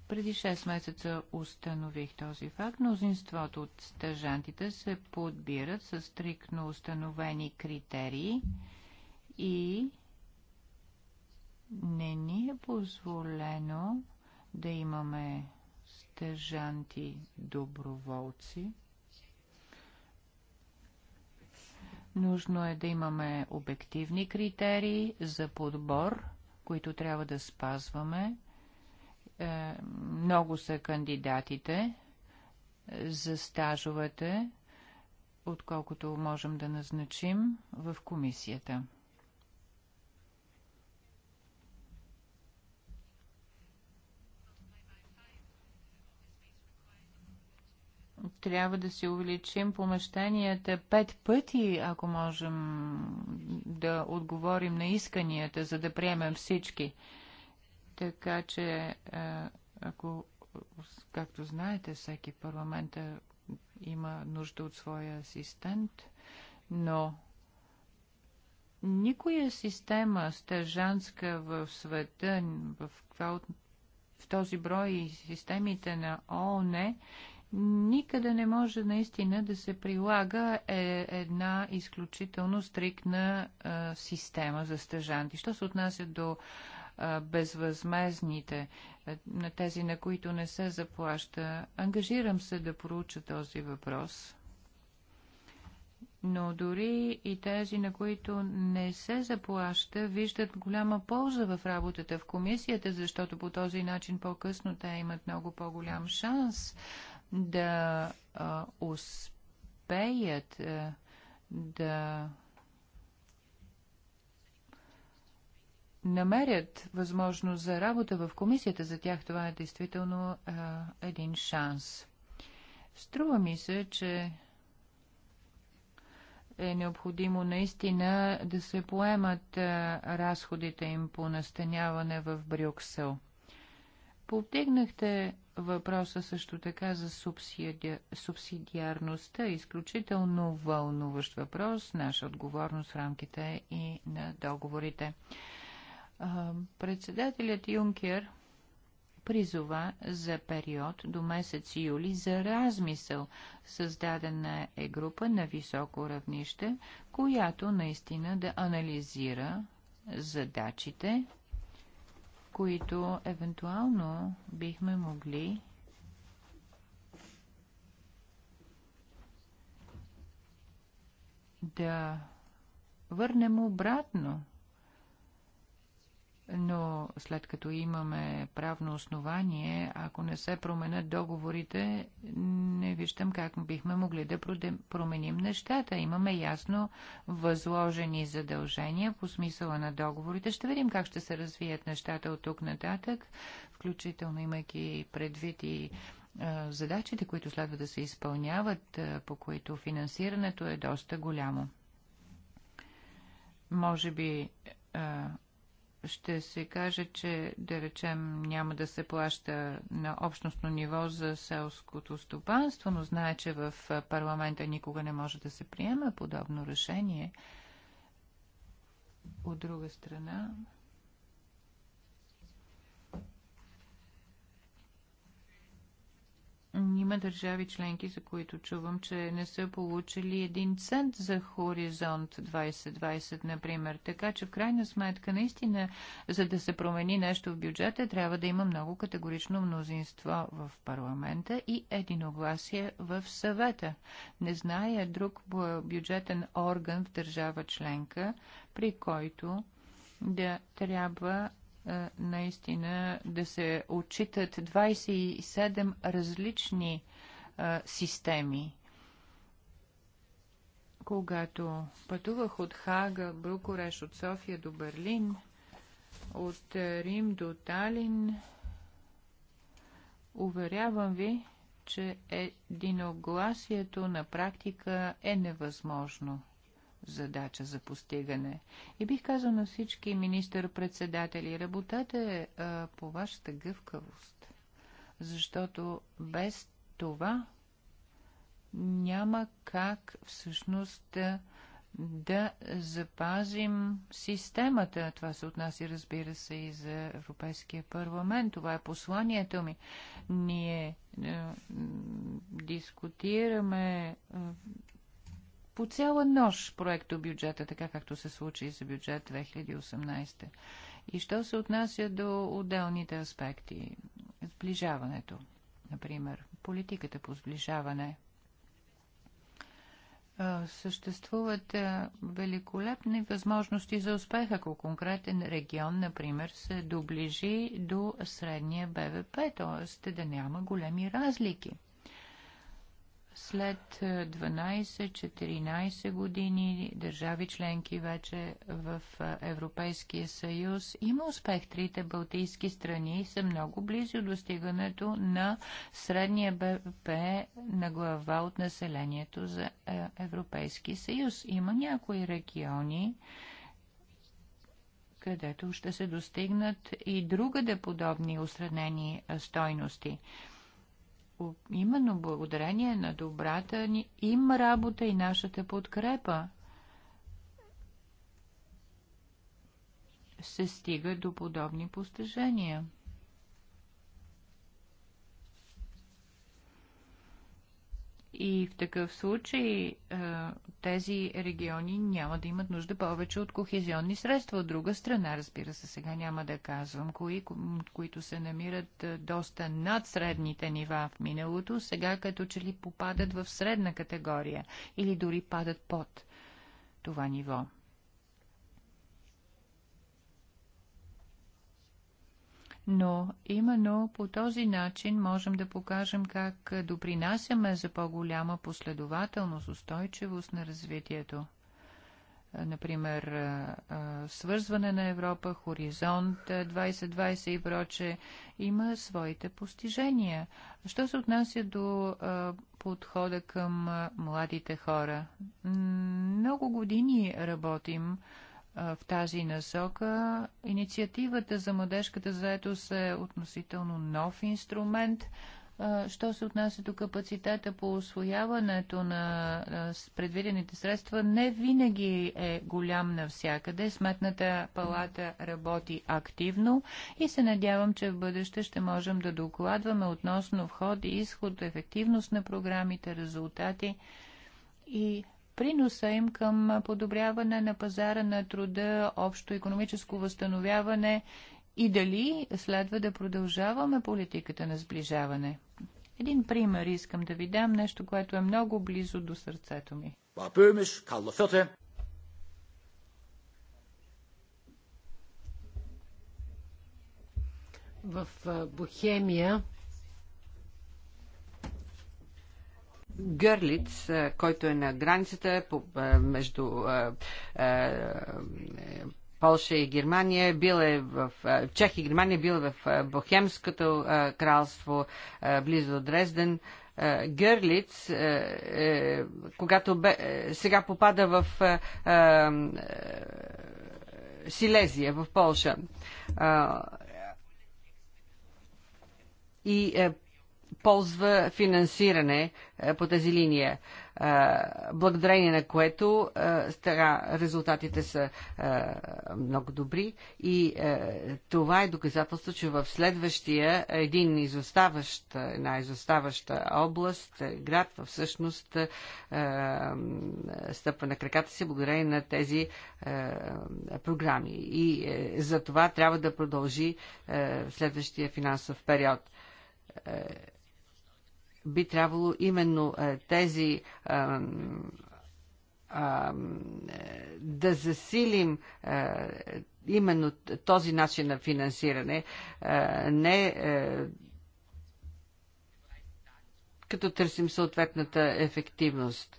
Преди 6 месеца установих този факт. Мнозинството от стажантите се подбират с стрикно установени критерии и не ни е позволено да имаме стежанти доброволци. Нужно е да имаме обективни критерии за подбор, които трябва да спазваме. Е, много са кандидатите за стажовете, отколкото можем да назначим в комисията. трябва да си увеличим помещенията пет пъти, ако можем да отговорим на исканията, за да приемем всички. Така че, е, ако, както знаете, всеки парламент е, има нужда от своя асистент, но никоя система стъжанска в света, в, в този брой системите на ООН никъде не може наистина да се прилага е една изключително стрикна система за стъжанти. Що се отнася до безвъзмезните, на тези, на които не се заплаща, ангажирам се да проуча този въпрос. Но дори и тези, на които не се заплаща, виждат голяма полза в работата в комисията, защото по този начин по-късно те имат много по-голям шанс да а, успеят а, да намерят възможност за работа в комисията, за тях това е действително а, един шанс. Струва ми се, че е необходимо наистина да се поемат а, разходите им по настаняване в Брюксел. Повдигнахте въпроса също така за субсиди... субсидиарността. Изключително вълнуващ въпрос. Наша отговорност в рамките и на договорите. Председателят Юнкер призова за период до месец юли за размисъл. Създадена е група на високо равнище, която наистина да анализира задачите, които евентуално бихме могли да върнем обратно но след като имаме правно основание, ако не се променят договорите, не виждам как бихме могли да променим нещата. Имаме ясно възложени задължения по смисъла на договорите. Ще видим как ще се развият нещата от тук нататък, включително имайки предвид и задачите, които следва да се изпълняват, по които финансирането е доста голямо. Може би ще се каже, че да речем няма да се плаща на общностно ниво за селското стопанство, но знае, че в парламента никога не може да се приема подобно решение. От друга страна, Има държави членки, за които чувам, че не са получили един цент за хоризонт 2020, например. Така че в крайна сметка, наистина, за да се промени нещо в бюджета, трябва да има много категорично мнозинство в парламента и единогласие в съвета. Не зная друг бюджетен орган в държава членка, при който да трябва наистина да се отчитат 27 различни системи. Когато пътувах от Хага, Брукореш, от София до Берлин, от Рим до Талин, уверявам ви, че единогласието на практика е невъзможно задача за постигане. И бих казал на всички министър-председатели, работете а, по вашата гъвкавост, защото без това няма как всъщност да запазим системата. Това се отнася, разбира се, и за Европейския парламент. Това е посланието ми. Ние е, дискутираме е, по цяла нощ проекто бюджета, така както се случи за бюджет 2018. И що се отнася до отделните аспекти? Сближаването, например, политиката по сближаване. Съществуват великолепни възможности за успех, ако конкретен регион, например, се доближи до средния БВП, т.е. да няма големи разлики – след 12-14 е, години държави членки вече в е, Европейския съюз. Има успех. Трите балтийски страни са много близо до достигането на средния БВП на глава от населението за е, Европейски съюз. Има някои региони, където ще се достигнат и другаде подобни осреднени стойности именно благодарение на добрата ни им работа и нашата подкрепа се стига до подобни постижения. И в такъв случай е, тези региони няма да имат нужда повече от кохезионни средства. От друга страна, разбира се, сега няма да казвам, кои, които се намират е, доста над средните нива в миналото, сега като че ли попадат в средна категория или дори падат под това ниво. но именно по този начин можем да покажем как допринасяме за по-голяма последователност, устойчивост на развитието. Например, свързване на Европа, Хоризонт 2020 и проче, има своите постижения. Що се отнася до подхода към младите хора? Много години работим в тази насока. Инициативата за младежката заетост е относително нов инструмент. Що се отнася до капацитета по освояването на предвидените средства, не винаги е голям навсякъде. Сметната палата работи активно и се надявам, че в бъдеще ще можем да докладваме относно вход и изход, ефективност на програмите, резултати и приноса им към подобряване на пазара на труда, общо економическо възстановяване и дали следва да продължаваме политиката на сближаване. Един пример искам да ви дам, нещо, което е много близо до сърцето ми. В Бохемия Гърлиц, който е на границата между Полша и Германия, бил е в Чех и Германия, бил е в Бохемското кралство, близо до Дрезден. Гърлиц, е, когато бе, е, сега попада в Силезия, в Полша. И е, ползва финансиране е, по тази линия, е, благодарение на което е, стара, резултатите са много добри и това е доказателство, че в следващия един изоставащ, една изоставаща област, град всъщност стъпва на краката си благодарение на тези програми и за това трябва да продължи следващия финансов период би трябвало именно е, тези е, да засилим е, именно този начин на финансиране, не като търсим съответната ефективност.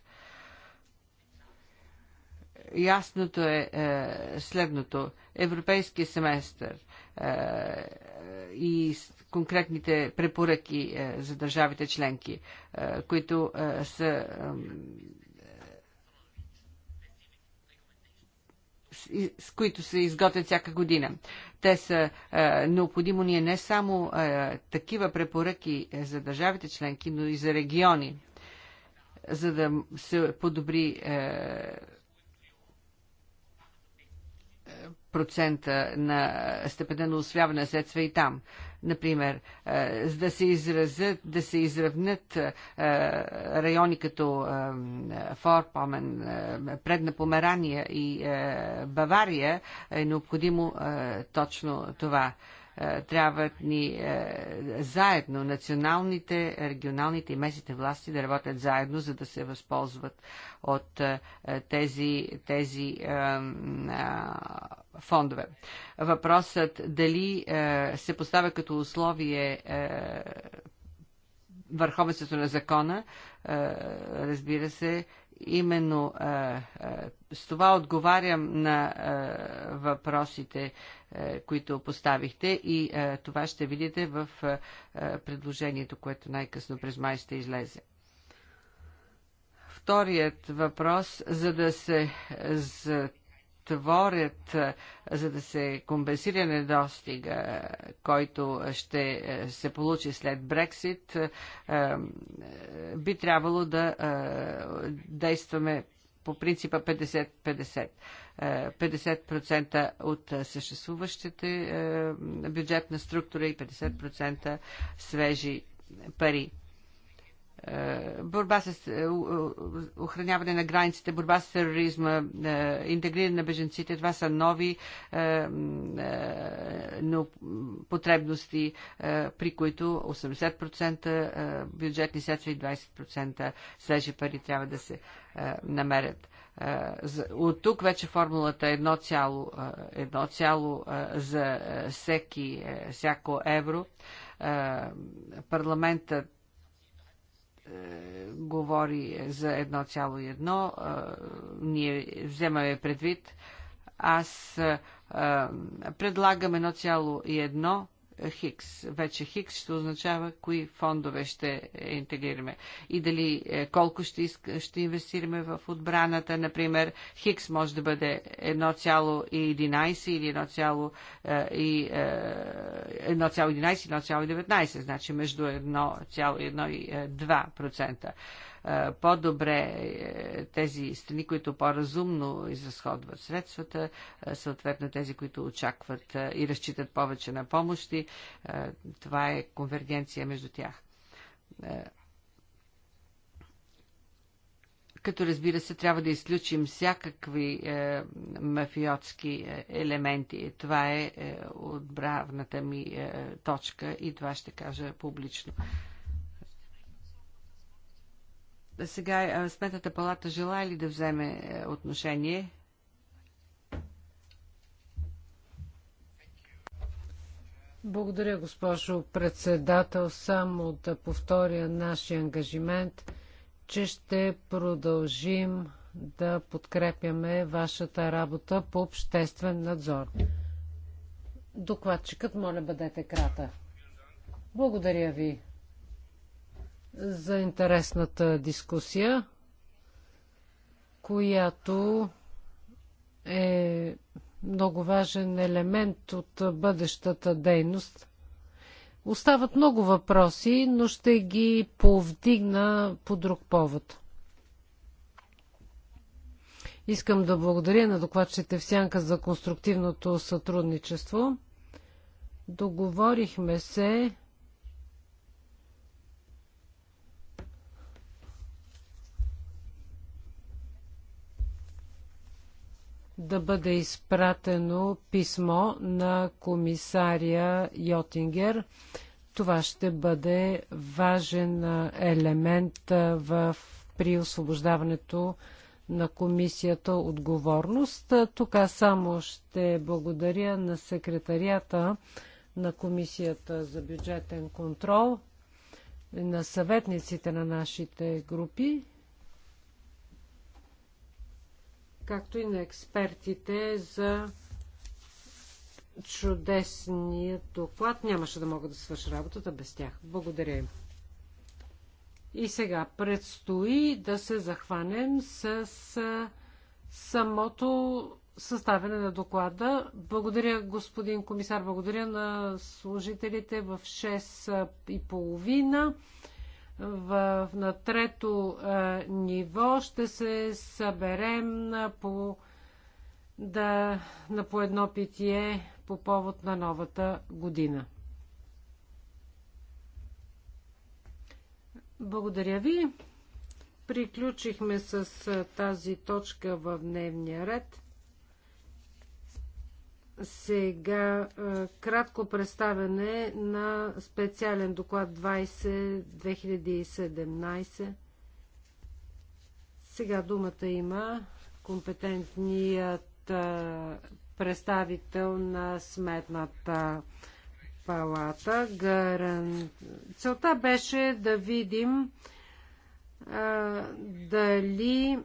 Ясното е, следното. Европейски семестър и конкретните препоръки е, за държавите членки, е, които е, са с които се изготвят всяка година. Те са е, необходимо ни е не само е, такива препоръки за държавите членки, но и за региони, за да се подобри е, процента на степента на освяване на средства и там. Например, за е, да се изразят, да се изравнят е, райони като е, Форпомен, Предна Померания и Бавария, е необходимо точно това. Е, трябват ни е, заедно националните, регионалните и местните власти да работят заедно, за да се възползват от е, тези, тези фондове. Въпросът дали се поставя като условие върховенството на закона, разбира се, именно а, а, с това отговарям на а, въпросите, а, които поставихте и а, това ще видите в а, предложението, което най-късно през май ще излезе. Вторият въпрос, за да се за отворят, е, за да се компенсира недостига, който ще е, се получи след Брексит, е, би трябвало да действаме по принципа 50-50. 50% от съществуващите бюджетна структура и 50% свежи пари. Е, борба с е, охраняване на границите, борба с тероризма, е, интегриране на беженците, това са нови потребности, при които 80% бюджетни средства и 20% свежи пари трябва да се намерят. От тук вече формулата е едно цяло, едно цяло за всеки, всяко евро. Парламентът е, говори за 1,1. Ние вземаме предвид. Аз предлагам едно. Хикс. Вече Хикс ще означава кои фондове ще интегрираме и дали е, колко ще, ще инвестираме в отбраната. Например, Хикс може да бъде 1,11 или 1,11-1,19, е, и е, значи между 1,1 и 2%. Е, по-добре е, тези страни, които по-разумно изразходват средствата, е, съответно тези, които очакват и разчитат повече на помощи. Това е конвергенция между тях. като разбира се трябва да изключим всякакви е, мафиотски елементи. Това е, е отбравната ми е, точка и това ще кажа публично. Сега Сметната палата желая ли да вземе е, отношение? Благодаря, госпожо председател. Само да повторя нашия ангажимент, че ще продължим да подкрепяме вашата работа по обществен надзор. Докладчикът, моля, бъдете крата. Благодаря ви, за интересната дискусия, която е много важен елемент от бъдещата дейност. Остават много въпроси, но ще ги повдигна по друг повод. Искам да благодаря на докладчите в Сянка за конструктивното сътрудничество. Договорихме се да бъде изпратено писмо на комисария Йотингер. Това ще бъде важен елемент в, при освобождаването на комисията отговорност. Тук само ще благодаря на секретарията на комисията за бюджетен контрол, на съветниците на нашите групи както и на експертите за чудесния доклад. Нямаше да мога да свърша работата без тях. Благодаря им. И сега предстои да се захванем с самото съставяне на доклада. Благодаря, господин комисар, благодаря на служителите в 6 и половина в, на трето а, ниво ще се съберем на по, да, на по едно питие по повод на новата година. Благодаря ви. Приключихме с тази точка в дневния ред. Сега кратко представяне на специален доклад 20-2017. Сега думата има компетентният представител на сметната палата. Гаран... Целта беше да видим а, дали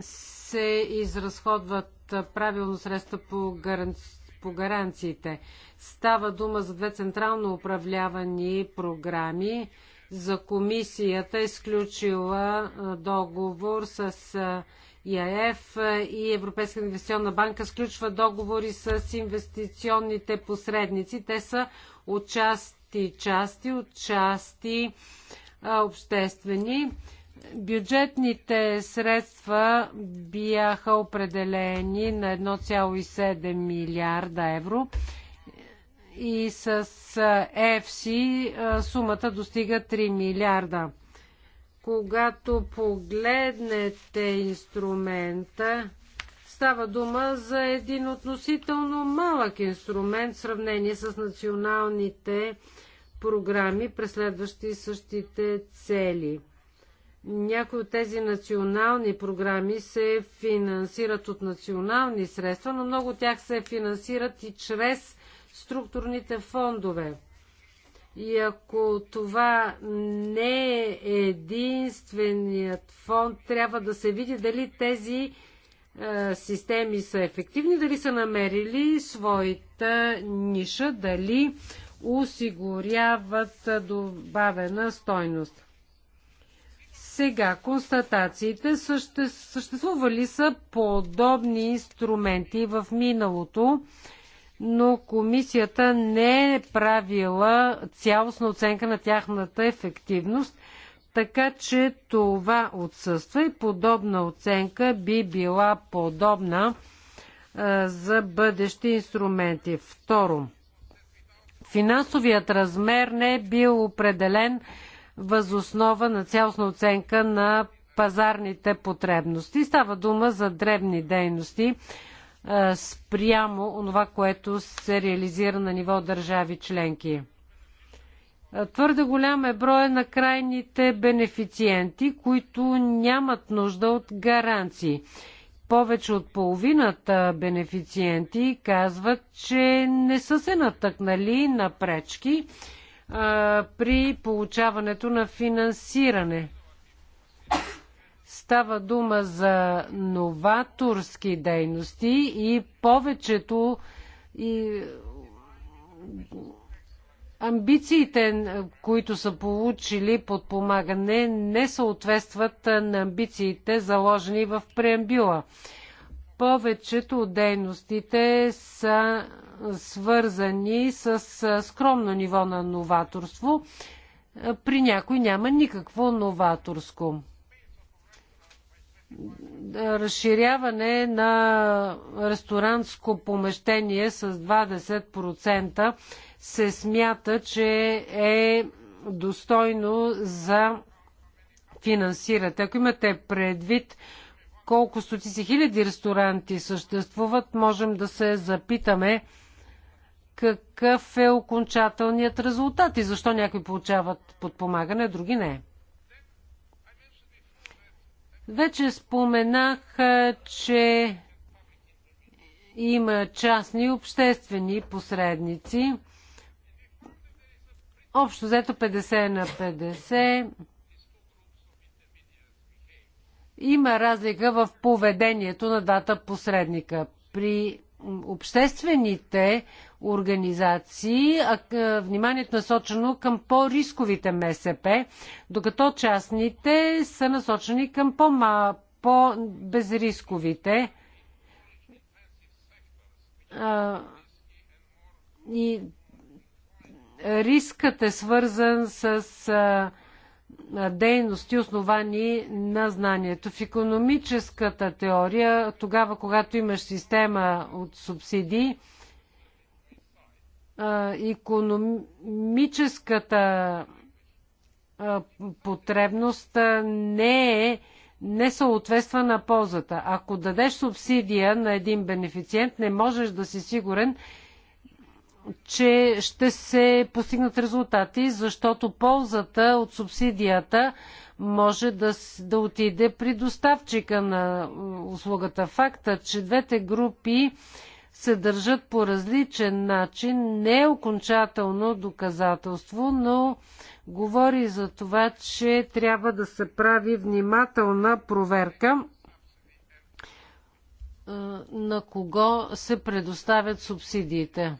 се изразходват правилно средства по, гаранци... по гаранциите. Става дума за две централно управлявани програми. За комисията е сключила договор с ИАФ и Европейска инвестиционна банка сключва договори с инвестиционните посредници. Те са от части части, от части обществени. Бюджетните средства бяха определени на 1,7 милиарда евро и с ЕФСИ сумата достига 3 милиарда. Когато погледнете инструмента, става дума за един относително малък инструмент в сравнение с националните програми, преследващи същите цели – някои от тези национални програми се финансират от национални средства, но много от тях се финансират и чрез структурните фондове. И ако това не е единственият фонд, трябва да се види дали тези е, системи са ефективни, дали са намерили своята ниша, дали осигуряват добавена стойност. Сега констатациите съще, съществували са подобни инструменти в миналото, но комисията не е правила цялостна оценка на тяхната ефективност, така че това отсъства и подобна оценка би била подобна а, за бъдещи инструменти. Второ, финансовият размер не е бил определен възоснова на цялостна оценка на пазарните потребности. Става дума за дребни дейности е, спрямо това, което се реализира на ниво държави членки. Е, твърде голям е броя на крайните бенефициенти, които нямат нужда от гаранции. Повече от половината бенефициенти казват, че не са се натъкнали на пречки при получаването на финансиране. Става дума за новаторски дейности и повечето и амбициите, които са получили подпомагане, не съответстват на амбициите, заложени в преамбюла. Повечето от дейностите са свързани с скромно ниво на новаторство. При някой няма никакво новаторско. Разширяване на ресторантско помещение с 20% се смята, че е достойно за финансирате. Ако имате предвид колко стотици хиляди ресторанти съществуват, можем да се запитаме какъв е окончателният резултат и защо някои получават подпомагане, други не. Вече споменах, че има частни и обществени посредници. Общо взето 50 на 50. Има разлика в поведението на двата посредника. При обществените организации, а вниманието е насочено към по-рисковите МСП, докато частните са насочени към по-безрисковите. -по и рискът е свързан с дейности, основани на знанието. В економическата теория, тогава, когато имаш система от субсидии, економическата потребност не е не съответства на ползата. Ако дадеш субсидия на един бенефициент, не можеш да си сигурен, че ще се постигнат резултати, защото ползата от субсидията може да, да отиде при доставчика на услугата. Факта, че двете групи се държат по различен начин, не е окончателно доказателство, но говори за това, че трябва да се прави внимателна проверка на кого се предоставят субсидиите.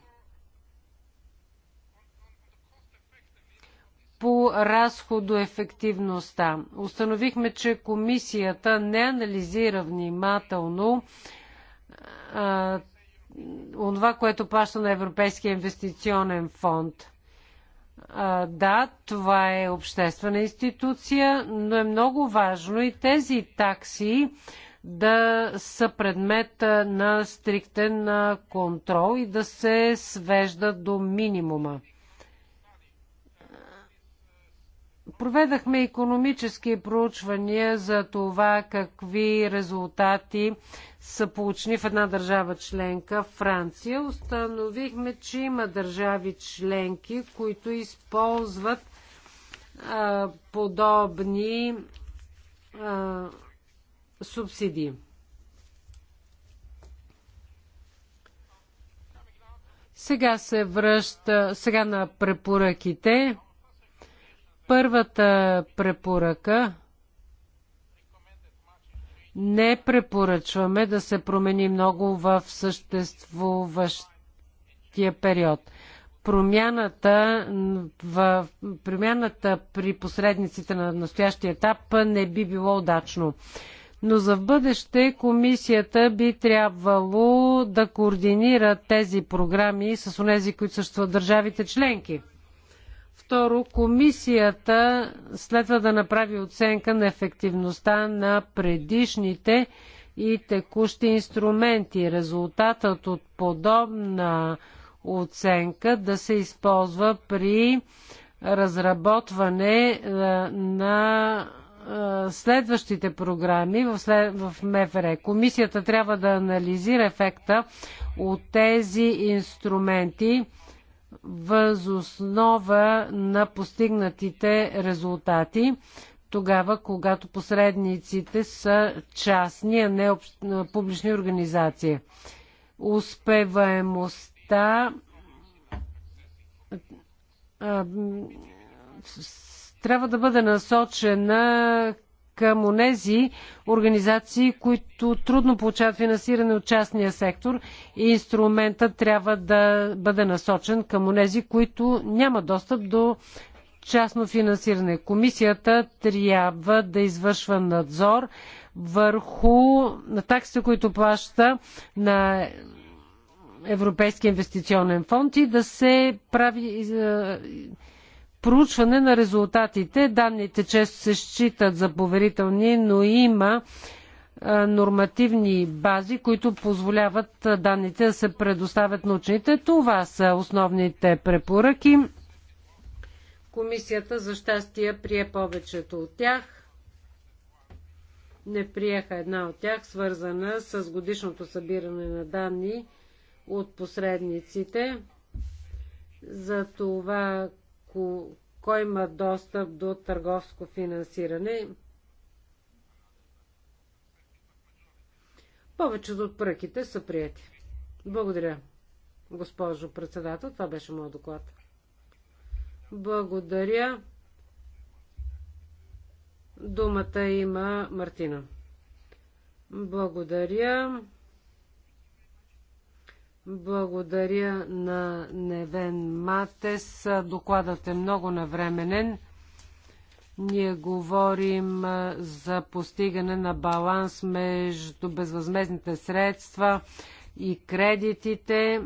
по разходоефективността. Установихме, че комисията не анализира внимателно а, това, което плаща на Европейския инвестиционен фонд. А, да, това е обществена институция, но е много важно и тези такси да са предмет на стриктен контрол и да се свеждат до минимума. Проведахме економически проучвания за това какви резултати са получени в една държава членка, Франция, установихме, че има държави членки, които използват а, подобни а, субсидии. Сега се връща сега на препоръките. Първата препоръка не препоръчваме да се промени много в съществуващия период. Промяната, в, промяната при посредниците на настоящия етап не би било удачно. Но за в бъдеще комисията би трябвало да координира тези програми с тези, които съществуват държавите членки. Второ, комисията следва да направи оценка на ефективността на предишните и текущи инструменти. Резултатът от подобна оценка да се използва при разработване е, на е, следващите програми в, след... МФР. Комисията трябва да анализира ефекта от тези инструменти възоснова на постигнатите резултати, тогава, когато посредниците са частни, а не публични организации. Успеваемостта трябва да бъде насочена към онези организации, които трудно получават финансиране от частния сектор и инструментът трябва да бъде насочен към онези, които няма достъп до частно финансиране. Комисията трябва да извършва надзор върху на таксите, които плаща на Европейския инвестиционен фонд и да се прави е, проучване на резултатите. Данните често се считат за поверителни, но има нормативни бази, които позволяват данните да се предоставят на учените. Това са основните препоръки. Комисията за щастие прие повечето от тях. Не приеха една от тях, свързана с годишното събиране на данни от посредниците за това кой има достъп до търговско финансиране. Повечето от пръките са прияти. Благодаря, госпожо председател. Това беше моят доклад. Благодаря. Думата има Мартина. Благодаря. Благодаря на Невен Матес. Докладът е много навременен. Ние говорим за постигане на баланс между безвъзмезните средства и кредитите.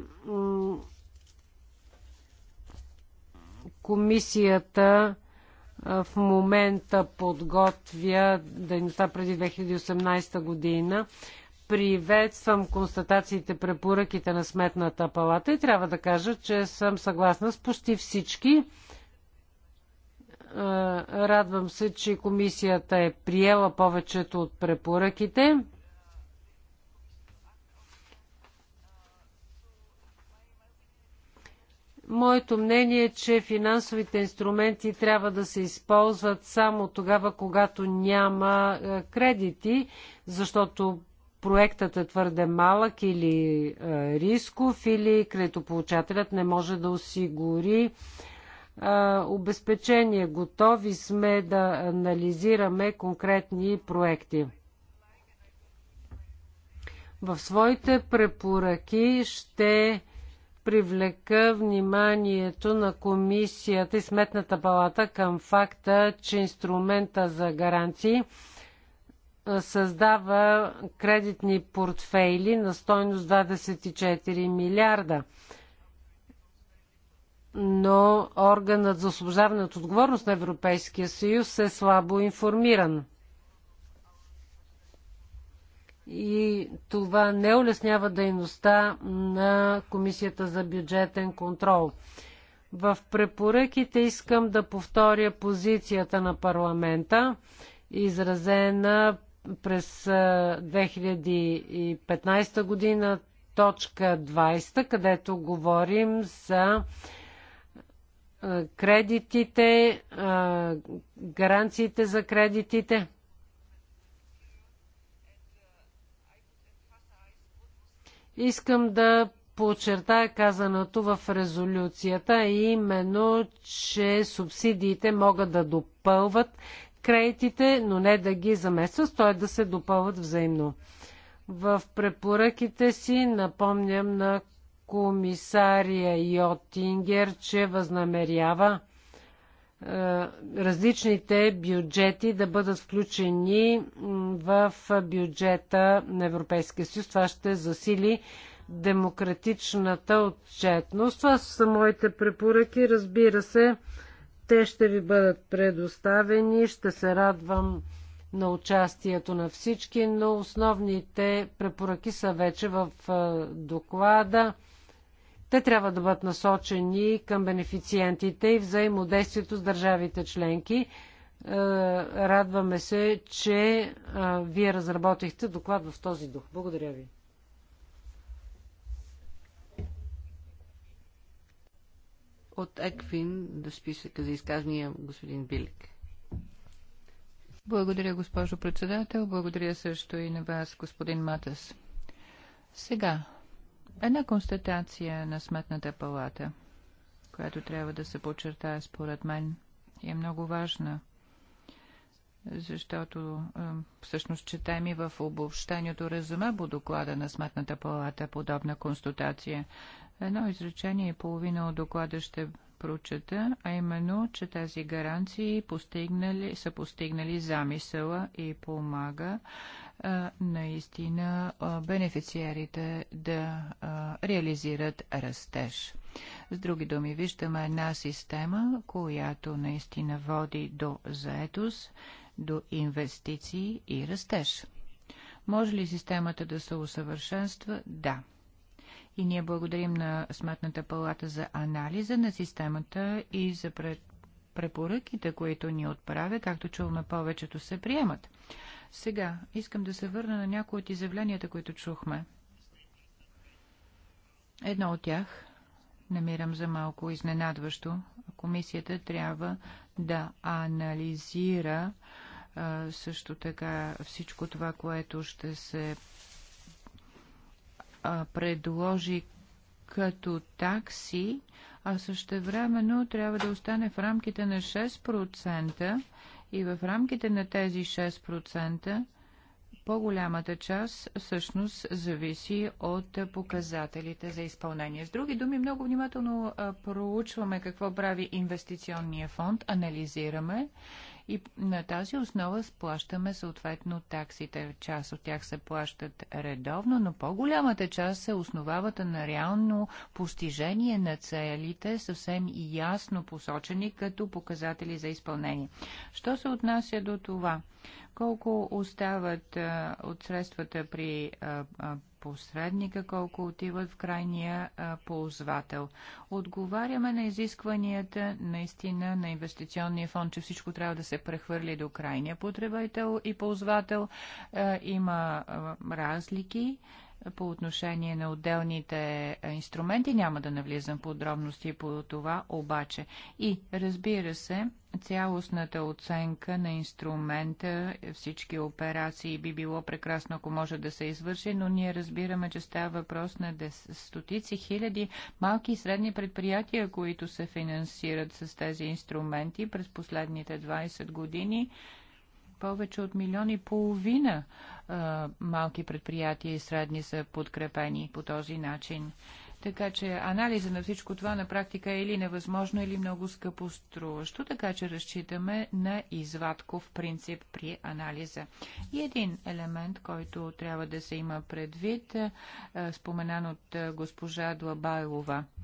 Комисията в момента подготвя дейността преди 2018 година приветствам констатациите, препоръките на Сметната палата и трябва да кажа, че съм съгласна с почти всички. Е, радвам се, че комисията е приела повечето от препоръките. Моето мнение е, че финансовите инструменти трябва да се използват само тогава, когато няма е, кредити, защото проектът е твърде малък или е, рисков, или кредитополучателят не може да осигури е, обезпечение. Готови сме да анализираме конкретни проекти. В своите препоръки ще привлека вниманието на комисията и сметната палата към факта, че инструмента за гаранции – създава кредитни портфейли на стойност 24 милиарда. Но органът за освобождаване от отговорност на Европейския съюз е слабо информиран. И това не улеснява дейността на Комисията за бюджетен контрол. В препоръките искам да повторя позицията на парламента, изразена през 2015 година, точка 20, където говорим за кредитите, гаранциите за кредитите. Искам да подчертая казаното в резолюцията, именно, че субсидиите могат да допълват кредитите, но не да ги заместват, т.е. да се допълват взаимно. В препоръките си напомням на комисария Йотингер, че възнамерява е, различните бюджети да бъдат включени в бюджета на Европейския съюз. Това ще засили демократичната отчетност. Това са моите препоръки. Разбира се, те ще ви бъдат предоставени. Ще се радвам на участието на всички, но основните препоръки са вече в доклада. Те трябва да бъдат насочени към бенефициентите и взаимодействието с държавите членки. Радваме се, че вие разработихте доклад в този дух. Благодаря ви. От Еквин до списъка за изказвания господин Билик. Благодаря, госпожо председател. Благодаря също и на вас, господин Матас. Сега, една констатация на Сметната палата, която трябва да се подчертая според мен е много важна, защото е, всъщност четем и в обобщението резюме по доклада на Сметната палата подобна констатация. Едно изречение и половина от доклада ще прочета, а именно, че тези гаранции постигнали, са постигнали замисъла и помага а, наистина а, бенефициарите да а, реализират растеж. С други думи, виждаме една система, която наистина води до заетост, до инвестиции и растеж. Може ли системата да се усъвършенства? Да и ние благодарим на Сметната палата за анализа на системата и за препоръките, които ни отправя, както чуваме, повечето се приемат. Сега искам да се върна на някои от изявленията, които чухме. Едно от тях намирам за малко изненадващо. Комисията трябва да анализира също така всичко това, което ще се а, предложи като такси, а същевременно трябва да остане в рамките на 6% и в рамките на тези 6% по-голямата част всъщност зависи от показателите за изпълнение. С други думи, много внимателно проучваме какво прави инвестиционния фонд, анализираме и на тази основа сплащаме съответно таксите. Част от тях се плащат редовно, но по-голямата част се основават на реално постижение на целите, съвсем ясно посочени като показатели за изпълнение. Що се отнася до това? Колко остават а, от средствата при а, а, посредника, колко отиват в крайния а, ползвател. Отговаряме на изискванията наистина на инвестиционния фонд, че всичко трябва да се прехвърли до крайния потребител и ползвател. А, има а, разлики по отношение на отделните инструменти. Няма да навлизам подробности по това, обаче. И, разбира се, цялостната оценка на инструмента, всички операции би било прекрасно, ако може да се извърши, но ние разбираме, че става въпрос на стотици хиляди малки и средни предприятия, които се финансират с тези инструменти през последните 20 години повече от милион и половина а, малки предприятия и средни са подкрепени по този начин. Така че анализа на всичко това на практика е или невъзможно, или много скъпо струващо, така че разчитаме на извадков принцип при анализа. И един елемент, който трябва да се има предвид, е, е, споменан от е, госпожа Длабайлова –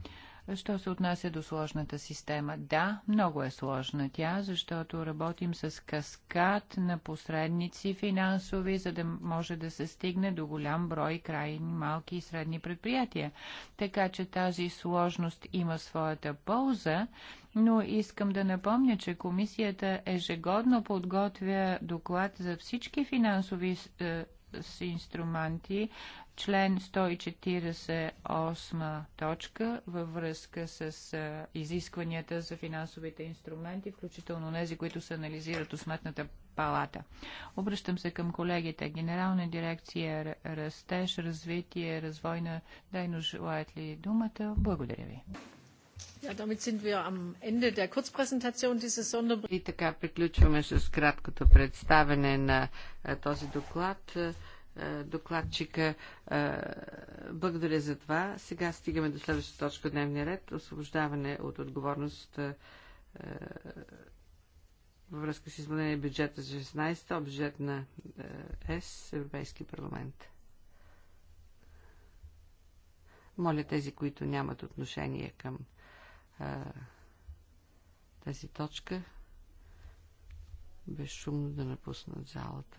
Що се отнася до сложната система? Да, много е сложна тя, защото работим с каскад на посредници финансови, за да може да се стигне до голям брой крайни малки и средни предприятия. Така че тази сложност има своята полза, но искам да напомня, че комисията ежегодно подготвя доклад за всички финансови е, с инструменти, член 148 точка във връзка с изискванията за финансовите инструменти, включително тези, които се анализират от сметната палата. Обръщам се към колегите. Генерална дирекция Растеж, развитие, развойна дейност. Желаят ли думата? Благодаря ви. И така приключваме с краткото представене на е, този доклад. Е, е, докладчика, благодаря за това. Сега стигаме до следващата точка дневния ред. Освобождаване от отговорност във връзка с изменение бюджета за 16-та, бюджет на ЕС, Европейски парламент. Моля тези, които нямат отношение към а, тази точка безшумно да напуснат залата.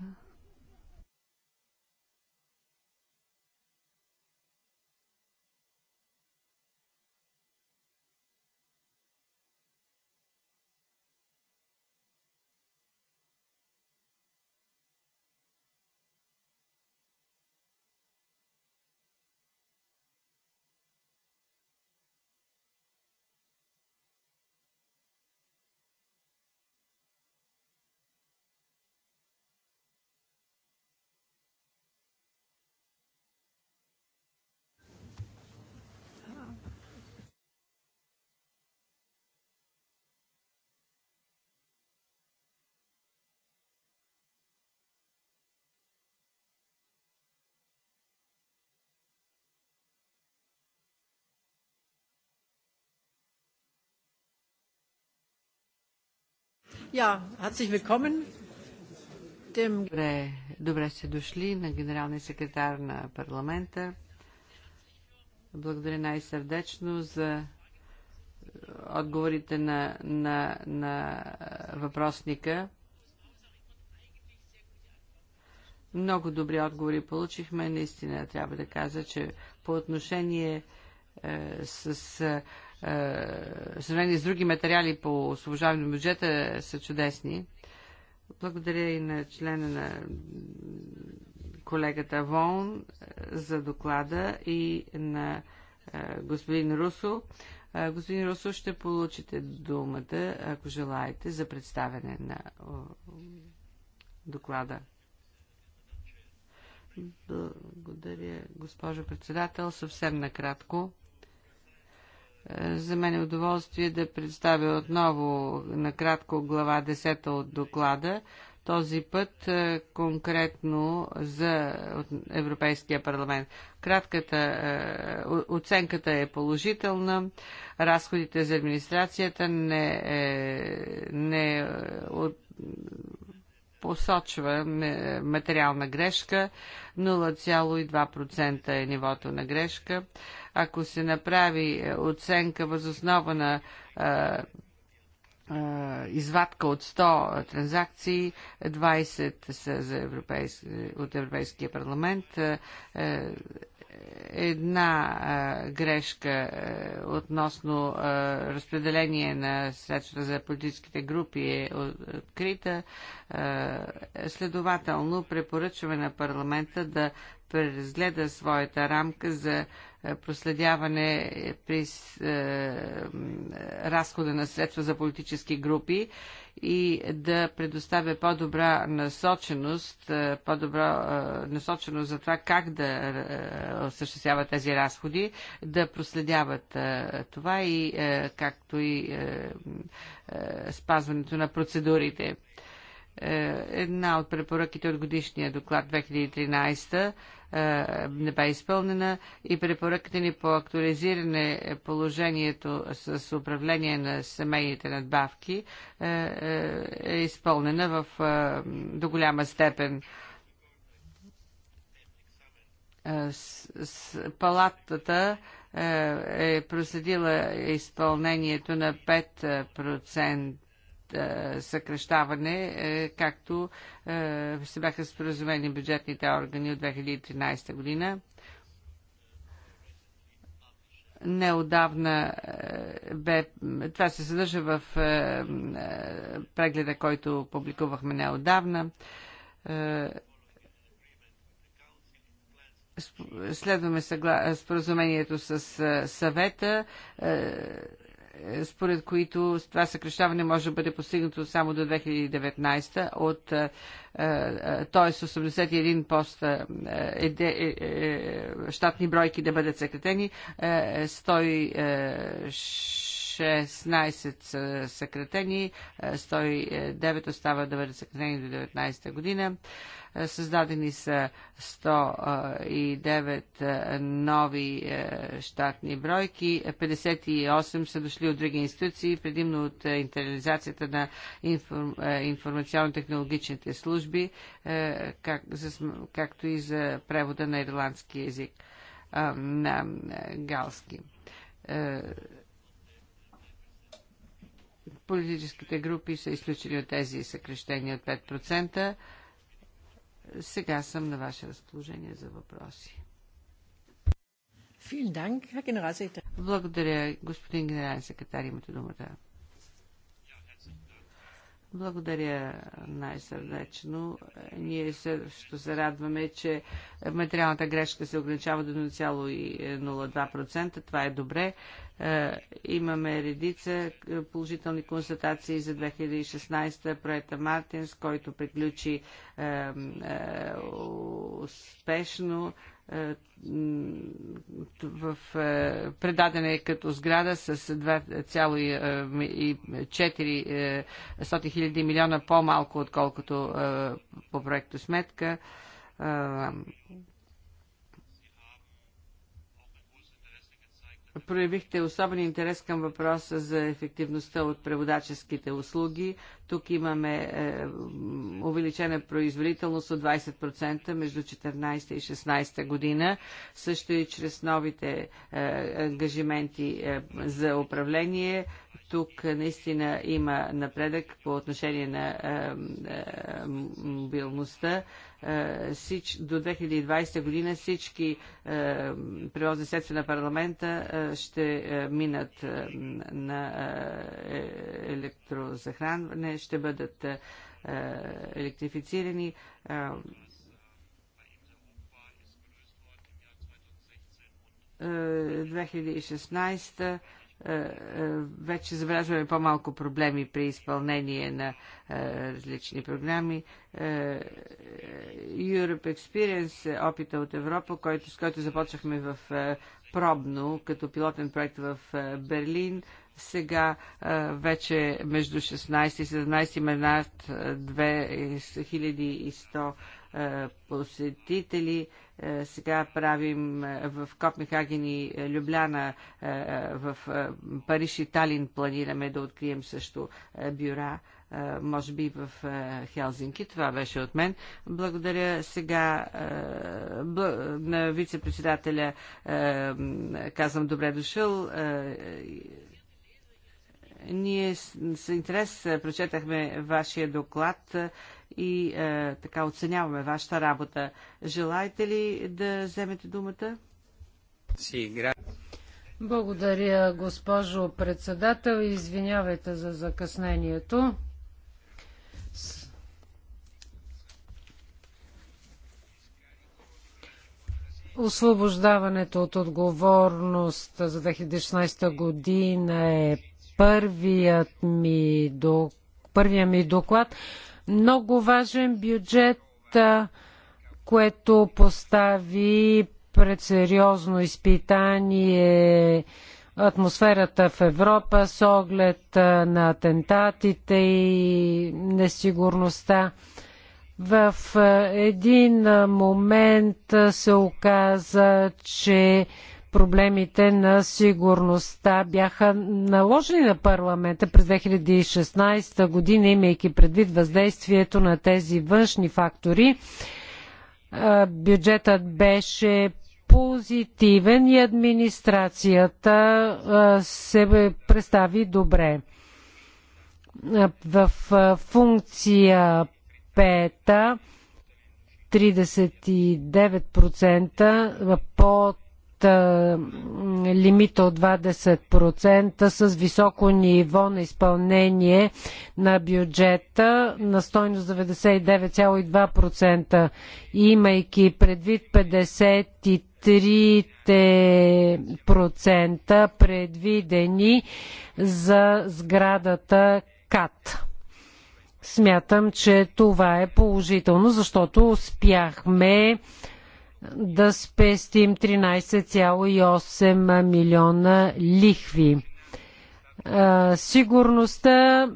Ja, herzlich willkommen. Добре, добре сте дошли на генералния секретар на парламента. Благодаря най-сърдечно за е, отговорите на, на, на е, въпросника. Много добри отговори получихме. Наистина трябва да кажа, че по отношение е, с е, в е, сравнение с други материали по освобождаване на бюджета са чудесни. Благодаря и на члена на колегата Вон е, за доклада и на е, господин Русо. Господин Русо, ще получите думата, ако желаете, за представяне на доклада. Благодаря, госпожо председател. Съвсем накратко. За мен е удоволствие да представя отново накратко глава 10 от доклада, този път е, конкретно за Европейския парламент. Кратката е, оценката е положителна, разходите за администрацията не, е, не от, посочва материална грешка, 0,2% е нивото на грешка ако се направи е, оценка възоснова на е, е, извадка от 100 транзакции, 20 са за европейски, от Европейския парламент. Една грешка относно разпределение на средства за политическите групи е открита. Следователно, препоръчваме на парламента да преразгледа своята рамка за е, проследяване при е, разхода на средства за политически групи и да предоставя по-добра насоченост, е, по-добра насоченост за това как да осъществяват тези разходи, да проследяват това и както и спазването на процедурите. Е, една от препоръките от годишния доклад 2013 е, не бе изпълнена и препоръките ни по актуализиране положението с управление на семейните надбавки е, е изпълнена в, до голяма степен. С, с палатата е проследила изпълнението на 5% е, съкрещаване, е, както е, се бяха споразумени бюджетните органи от 2013 година. Неодавна бе, това се съдържа в прегледа, който публикувахме неодавна следваме споразумението с съвета. Е, според които това съкрещаване може да бъде постигнато само до 2019, от, е, е, т.е. 81 пост щатни бройки да бъдат съкретени, 106 16 са съкратени, 109 е, остава да бъдат съкратени до 19 година. Е, създадени са 109 е, нови щатни бройки, 58 са дошли от други институции, предимно от интернализацията на информационно-технологичните служби, както и за превода на ирландски язик на галски. Политическите групи са изключени от тези съкрещения от 5%. Сега съм на ваше разположение за въпроси. Благодаря, господин генерален секретар, имате думата. Благодаря най-сърдечно. Ние също се радваме, че материалната грешка се ограничава до 0,02%. Това е добре. Е, имаме редица е, положителни констатации за 2016 проекта Мартинс, който приключи е, успешно в, предадене като сграда с 2,4 хиляди милиона по-малко, отколкото по проекто сметка. проявихте особен интерес към въпроса за ефективността от преводаческите услуги. Тук имаме е, увеличена производителност от 20% между 14 и 16 година, също и чрез новите е, ангажименти е, за управление. Тук е, наистина има напредък по отношение на е, е, мобилността. Сич, до 2020 година всички превозни средства на парламента ще минат на електрозахранване, ще бъдат е, е, електрифицирани. Е, в 2016 вече забелязваме по-малко проблеми при изпълнение на различни програми. Europe Experience, опита от Европа, който, с който започнахме в пробно, като пилотен проект в Берлин, сега вече между 16 и 17 над 2100 посетители. Сега правим в Копенхаген и Любляна, в Париж и Талин планираме да открием също бюра, може би в Хелзинки. Това беше от мен. Благодаря сега на вице-председателя, казвам добре дошъл ние с интерес е, прочетахме вашия доклад е, и е, така оценяваме вашата работа. Желаете ли да вземете думата? Благодаря, госпожо председател. Извинявайте за закъснението. Освобождаването от отговорност за 2016 година е първият ми, до, първия ми доклад. Много важен бюджет, което постави пред сериозно изпитание атмосферата в Европа с оглед на атентатите и несигурността. В един момент се оказа, че проблемите на сигурността бяха наложени на парламента през 2016 година, имайки предвид въздействието на тези външни фактори. Бюджетът беше позитивен и администрацията се представи добре. В функция пета 39% по лимита от 20% с високо ниво на изпълнение на бюджета на стойност 99,2%, имайки предвид 53% предвидени за сградата КАТ. Смятам, че това е положително, защото успяхме да спестим 13,8 милиона лихви. Сигурността,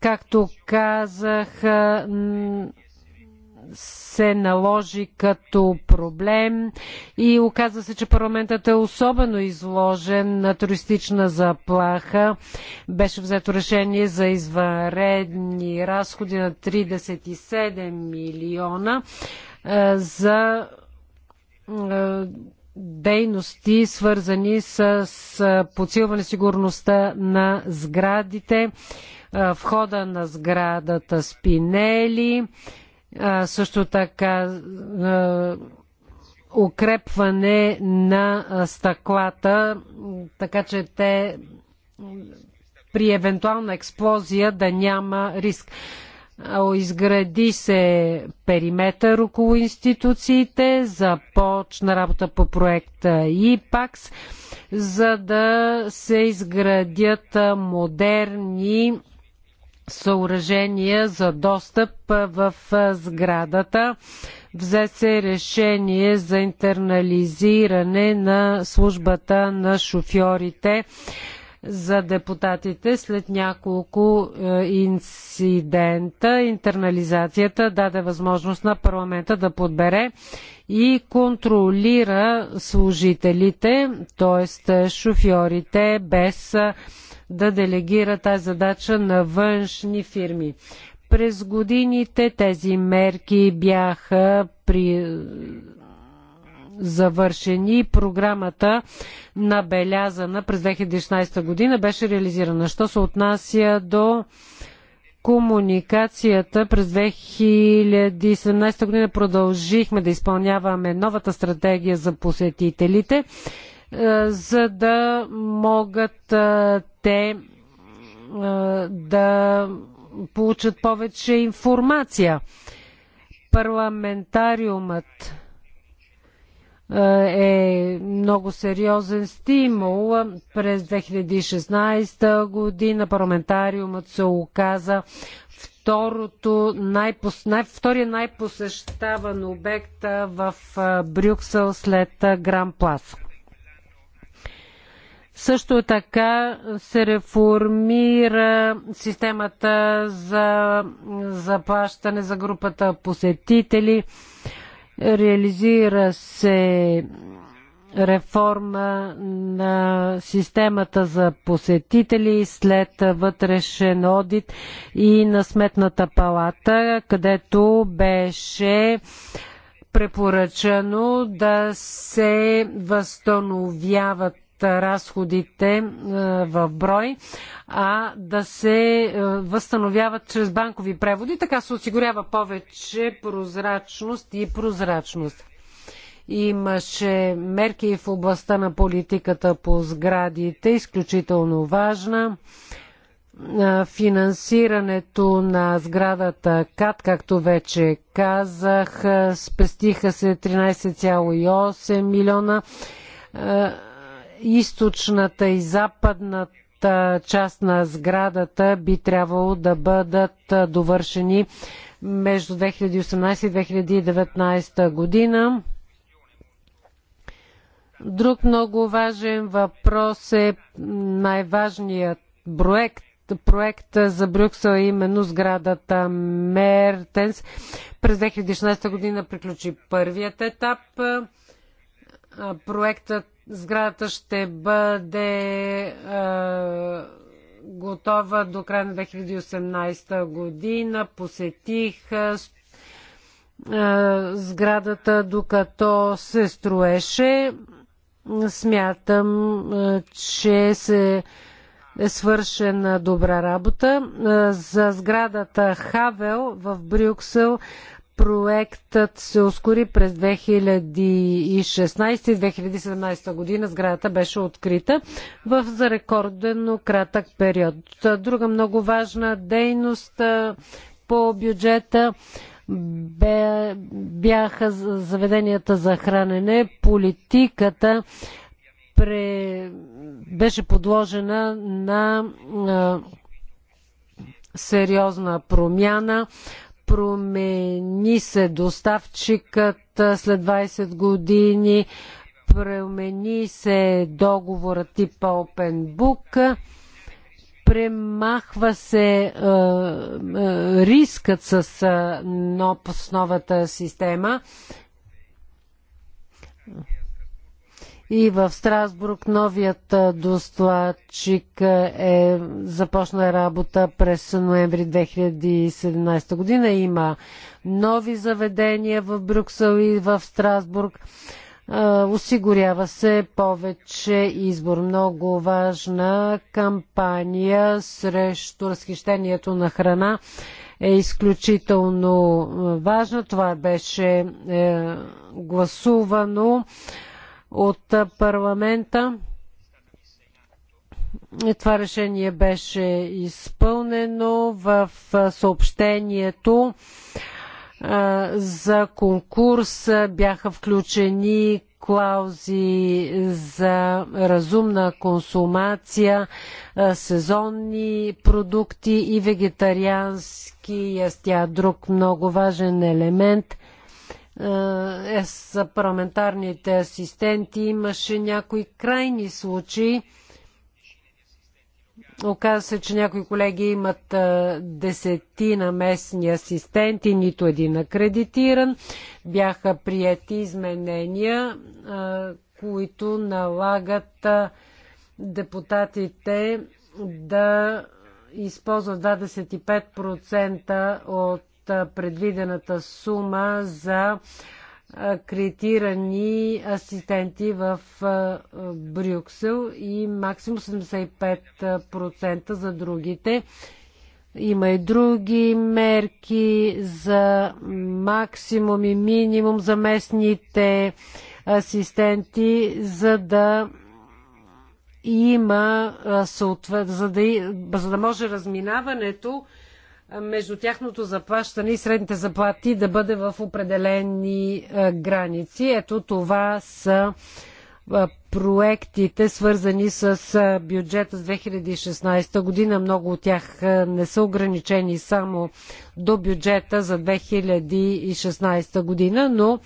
както казах, се наложи като проблем и оказа се, че парламентът е особено изложен на туристична заплаха. Беше взето решение за извънредни разходи на 37 милиона. Е, за е, дейности, свързани с подсилване сигурността на сградите, е, входа на сградата Спинели, също така укрепване на стъклата, така че те при евентуална експлозия да няма риск. Изгради се периметър около институциите, започна работа по проекта ИПАКС, за да се изградят модерни съоръжения за достъп в сградата. Взе се решение за интернализиране на службата на шофьорите за депутатите след няколко е, инцидента. Интернализацията даде възможност на парламента да подбере и контролира служителите, т.е. шофьорите, без е, да делегира тази задача на външни фирми. През годините тези мерки бяха при завършени. Програмата, набелязана през 2016 година, беше реализирана. Що се отнася до комуникацията през 2017 година продължихме да изпълняваме новата стратегия за посетителите, е, за да могат е, те е, да получат повече информация. Парламентариумът е, е много сериозен стимул. През 2016 година парламентариумът се оказа второто, най най, втория най-посещаван обект в Брюксел след Гран Плас. Също така се реформира системата за заплащане за групата посетители. Реализира се реформа на системата за посетители след вътрешен одит и на Сметната палата, където беше препоръчано да се възстановяват разходите е, в брой, а да се е, възстановяват чрез банкови преводи. Така се осигурява повече прозрачност и прозрачност. Имаше мерки в областта на политиката по сградите, изключително важна е, финансирането на сградата КАТ, както вече казах, спестиха се 13,8 милиона източната и западната част на сградата би трябвало да бъдат довършени между 2018 и 2019 година. Друг много важен въпрос е най-важният проект проект за Брюксел, е именно сградата Мертенс. През 2016 година приключи първият етап. Проектът Сградата ще бъде е, готова до края на 2018 година. Посетих е, е, сградата, докато се строеше. Смятам, е, че се е свършена добра работа. Е, за сградата Хавел в Брюксел Проектът се ускори през 2016-2017 година. Сградата беше открита в за рекордено кратък период. Друга много важна дейност по бюджета бяха заведенията за хранене. Политиката пре... беше подложена на сериозна промяна. Промени се доставчикът след 20 години, промени се договора типа Open Book, премахва се е, е, рискът с, но, с новата система. И в Страсбург новият доставчик е започна работа през ноември 2017 година. Има нови заведения в Брюксел и в Страсбург. Осигурява се повече избор. Много важна кампания срещу разхищението на храна е изключително важна. Това беше е, гласувано от парламента. Това решение беше изпълнено в съобщението за конкурс бяха включени клаузи за разумна консумация, сезонни продукти и вегетариански ястия. Друг много важен елемент е, за е, парламентарните асистенти имаше някои крайни случаи. Оказва се, че някои колеги имат е, десетина местни асистенти, нито един акредитиран. Бяха прияти изменения, е, които налагат депутатите да използват 25% от предвидената сума за кредитирани асистенти в Брюксел и максимум 75% за другите. Има и други мерки за максимум и минимум за местните асистенти, за да има за да, за да може разминаването между тяхното заплащане и средните заплати да бъде в определени граници. Ето това са проектите, свързани с бюджета с 2016 година. Много от тях не са ограничени само до бюджета за 2016 година, но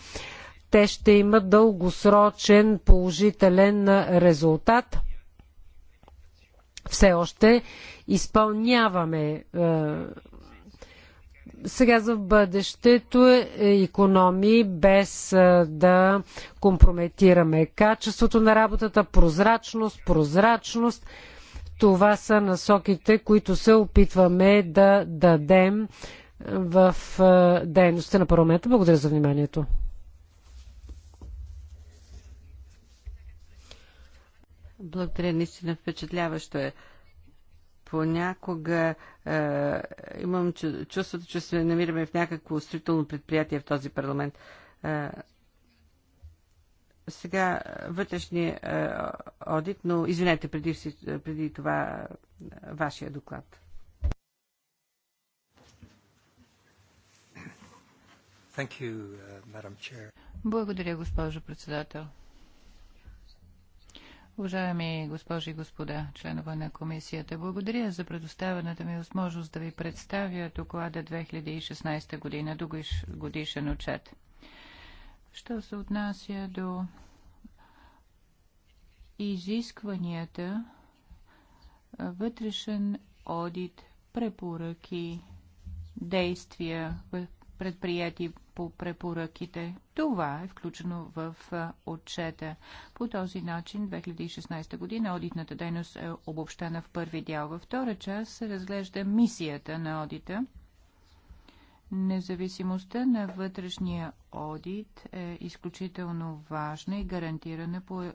те ще имат дългосрочен положителен резултат. Все още изпълняваме. Е, сега за бъдещето е економии без е, да компрометираме качеството на работата, прозрачност, прозрачност. Това са насоките, които се опитваме да дадем в е, дейността на парламента. Благодаря за вниманието. Благодаря, наистина впечатляващо е понякога е, имам чувството, че се намираме в някакво строително предприятие в този парламент. Е, сега е, вътрешния е, одит, но извинете, преди, е, преди това е, вашия доклад. Uh, Благодаря, госпожо председател. Уважаеми госпожи и господа, членове на комисията, благодаря за предоставената ми възможност да ви представя доклада 2016 година, годишен отчет. Що се отнася до изискванията, вътрешен одит, препоръки, действия предприяти по препоръките. Това е включено в отчета. По този начин 2016 година одитната дейност е обобщена в първи дял. Във втора част се разглежда мисията на одита. Независимостта на вътрешния одит е изключително важна и гарантирана по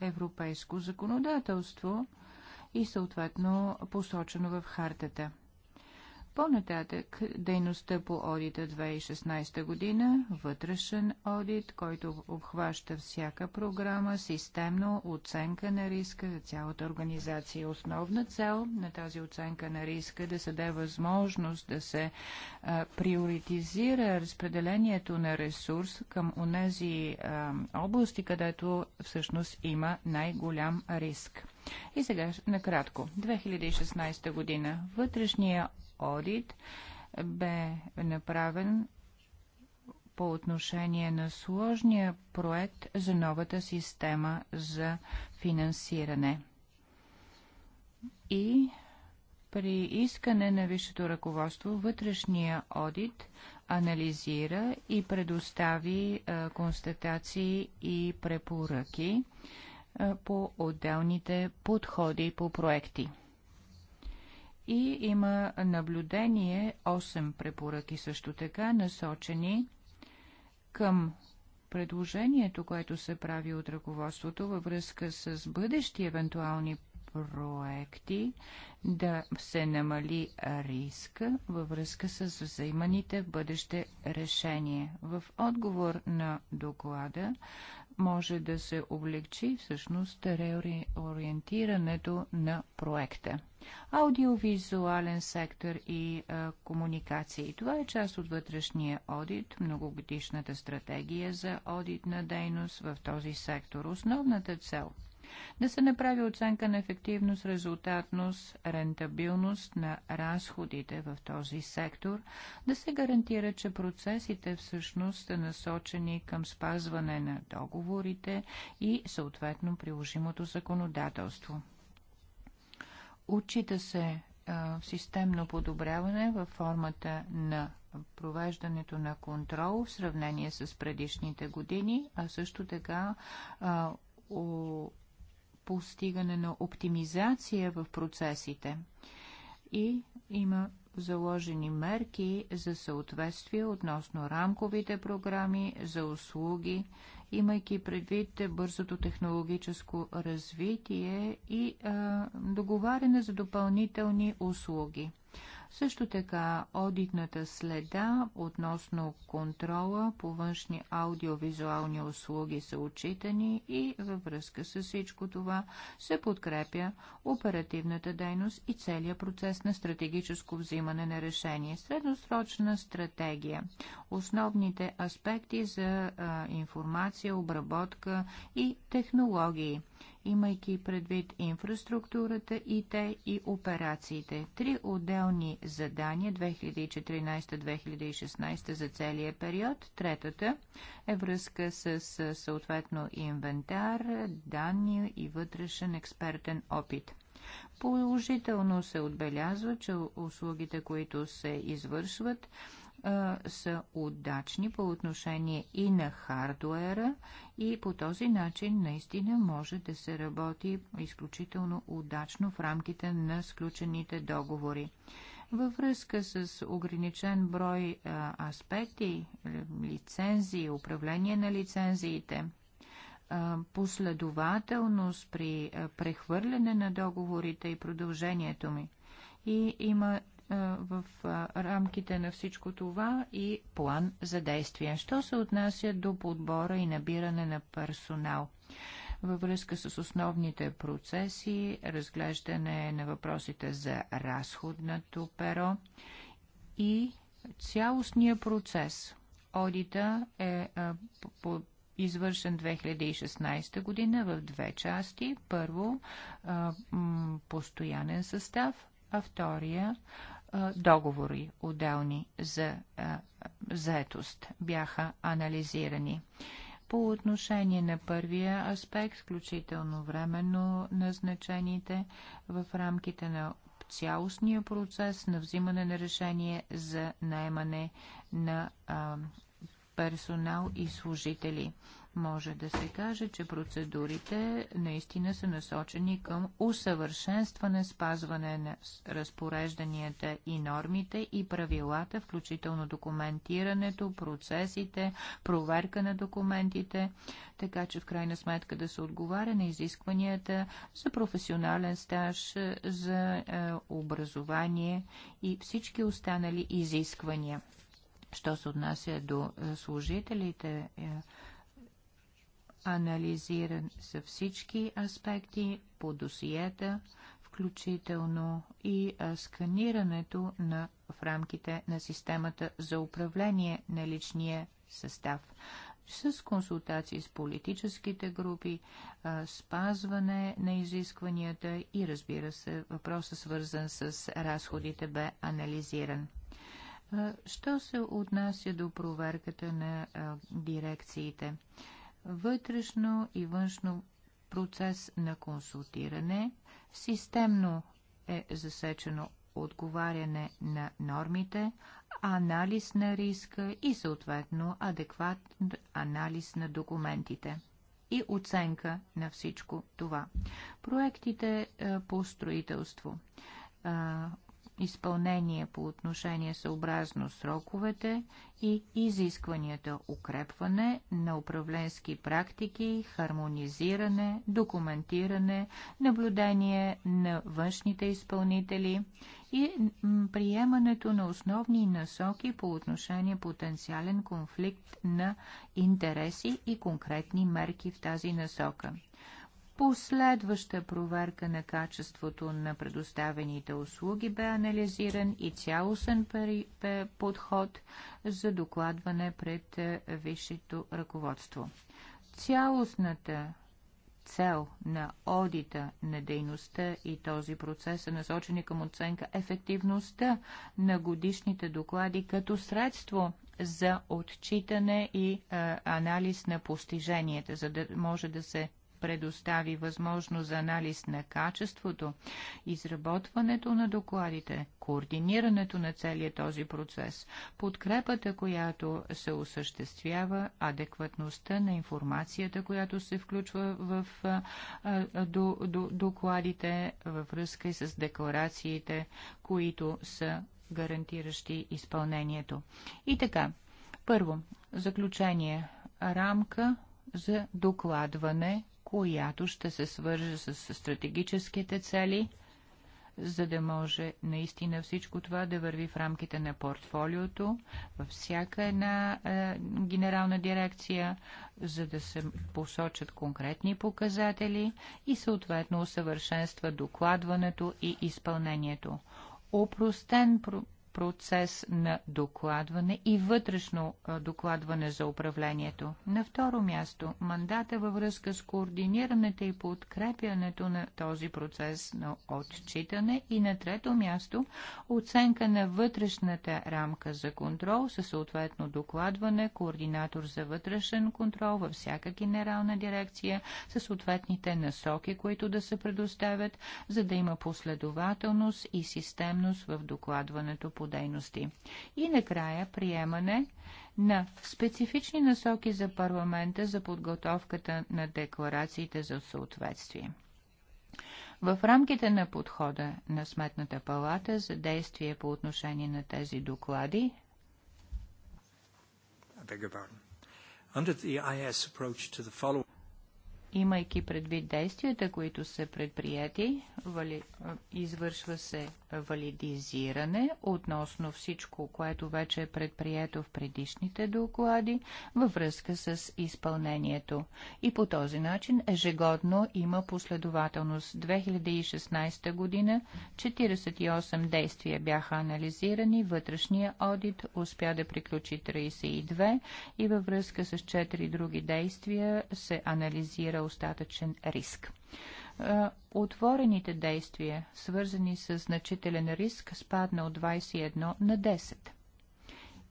европейско законодателство и съответно посочено в хартата. По-нататък дейността по одита 2016 година, вътрешен одит, който обхваща всяка програма, системно оценка на риска за цялата организация. Основна цел на тази оценка на риска е да се даде възможност да се а, приоритизира разпределението на ресурс към онези а, области, където всъщност има най-голям риск. И сега накратко. 2016 година вътрешния одит бе направен по отношение на сложния проект за новата система за финансиране. И при искане на висшето ръководство вътрешния одит анализира и предостави а, констатации и препоръки а, по отделните подходи по проекти и има наблюдение 8 препоръки също така, насочени към предложението, което се прави от ръководството във връзка с бъдещи евентуални проекти, да се намали риска във връзка с взаиманите в бъдеще решения. В отговор на доклада може да се облегчи всъщност реориентирането на проекта. Аудиовизуален сектор и а, е, комуникации. Това е част от вътрешния одит, многогодишната стратегия за одитна дейност в този сектор. Основната цел – да се направи оценка на ефективност, резултатност, рентабилност на разходите в този сектор, да се гарантира, че процесите всъщност са насочени към спазване на договорите и съответно приложимото законодателство. Учита се системно подобряване във формата на провеждането на контрол в сравнение с предишните години, а също така а, постигане на оптимизация в процесите и има заложени мерки за съответствие относно рамковите програми за услуги, имайки предвид бързото технологическо развитие и а, договаряне за допълнителни услуги. Също така одитната следа относно контрола по външни аудиовизуални услуги са отчитани и във връзка с всичко това се подкрепя оперативната дейност и целият процес на стратегическо взимане на решение. Средносрочна стратегия. Основните аспекти за а, информация, обработка и технологии имайки предвид инфраструктурата, и те и операциите. Три отделни задания 2014-2016 за целия период. Третата е връзка с съответно инвентар, данни и вътрешен експертен опит. Положително се отбелязва, че услугите, които се извършват, а, са удачни по отношение и на хардуера и по този начин наистина може да се работи изключително удачно в рамките на сключените договори. Във връзка с ограничен брой а, аспекти, лицензии, управление на лицензиите, последователност при прехвърляне на договорите и продължението ми. И има в рамките на всичко това и план за действие. Що се отнася до подбора и набиране на персонал? във връзка с основните процеси, разглеждане на въпросите за разходното перо и цялостния процес. Одита е по, извършен 2016 година в две части. Първо, постоянен състав, а втория договори отделни за заетост бяха анализирани. По отношение на първия аспект, включително временно назначените в рамките на цялостния процес на взимане на решение за наемане на а, персонал и служители може да се каже, че процедурите наистина са насочени към усъвършенстване, спазване на разпорежданията и нормите и правилата, включително документирането, процесите, проверка на документите, така че в крайна сметка да се отговаря на изискванията за професионален стаж, за е, образование и всички останали изисквания. Що се отнася до е, служителите, е, анализиран са всички аспекти по досиета, включително и сканирането на, в рамките на системата за управление на личния състав с консултации с политическите групи, спазване на изискванията и разбира се, въпросът свързан с разходите бе анализиран. Що се отнася до проверката на дирекциите? вътрешно и външно процес на консултиране, системно е засечено отговаряне на нормите, анализ на риска и съответно адекват анализ на документите и оценка на всичко това. Проектите е, по строителство изпълнение по отношение съобразно сроковете и изискванията укрепване на управленски практики, хармонизиране, документиране, наблюдение на външните изпълнители и приемането на основни насоки по отношение потенциален конфликт на интереси и конкретни мерки в тази насока. Последваща проверка на качеството на предоставените услуги бе анализиран и цялостен подход за докладване пред е, висшето ръководство. Цялостната цел на одита на дейността и този процес са е насочени към оценка ефективността на годишните доклади като средство за отчитане и е, анализ на постиженията, за да може да се предостави възможност за анализ на качеството, изработването на докладите, координирането на целия този процес, подкрепата, която се осъществява, адекватността на информацията, която се включва в а, а, до, до, докладите във връзка и с декларациите, които са гарантиращи изпълнението. И така, първо, заключение, рамка за докладване която ще се свърже с стратегическите цели, за да може наистина всичко това да върви в рамките на портфолиото, във всяка една е, генерална дирекция, за да се посочат конкретни показатели и съответно усъвършенства докладването и изпълнението. Опростен процес на докладване и вътрешно докладване за управлението. На второ място, мандата във връзка с координирането и подкрепянето на този процес на отчитане. И на трето място, оценка на вътрешната рамка за контрол със съответно докладване, координатор за вътрешен контрол във всяка генерална дирекция със съответните насоки, които да се предоставят, за да има последователност и системност в докладването по по дейности. И накрая приемане на специфични насоки за парламента за подготовката на декларациите за съответствие. В рамките на подхода на Сметната палата за действие по отношение на тези доклади, Under the e IS approach to the following имайки предвид действията, които са предприяти, вали... извършва се валидизиране относно всичко, което вече е предприето в предишните доклади във връзка с изпълнението. И по този начин ежегодно има последователност. 2016 година 48 действия бяха анализирани, вътрешния одит успя да приключи 32 и във връзка с 4 други действия се анализира остатъчен риск. Е, отворените действия, свързани с значителен риск, спадна от 21 на 10.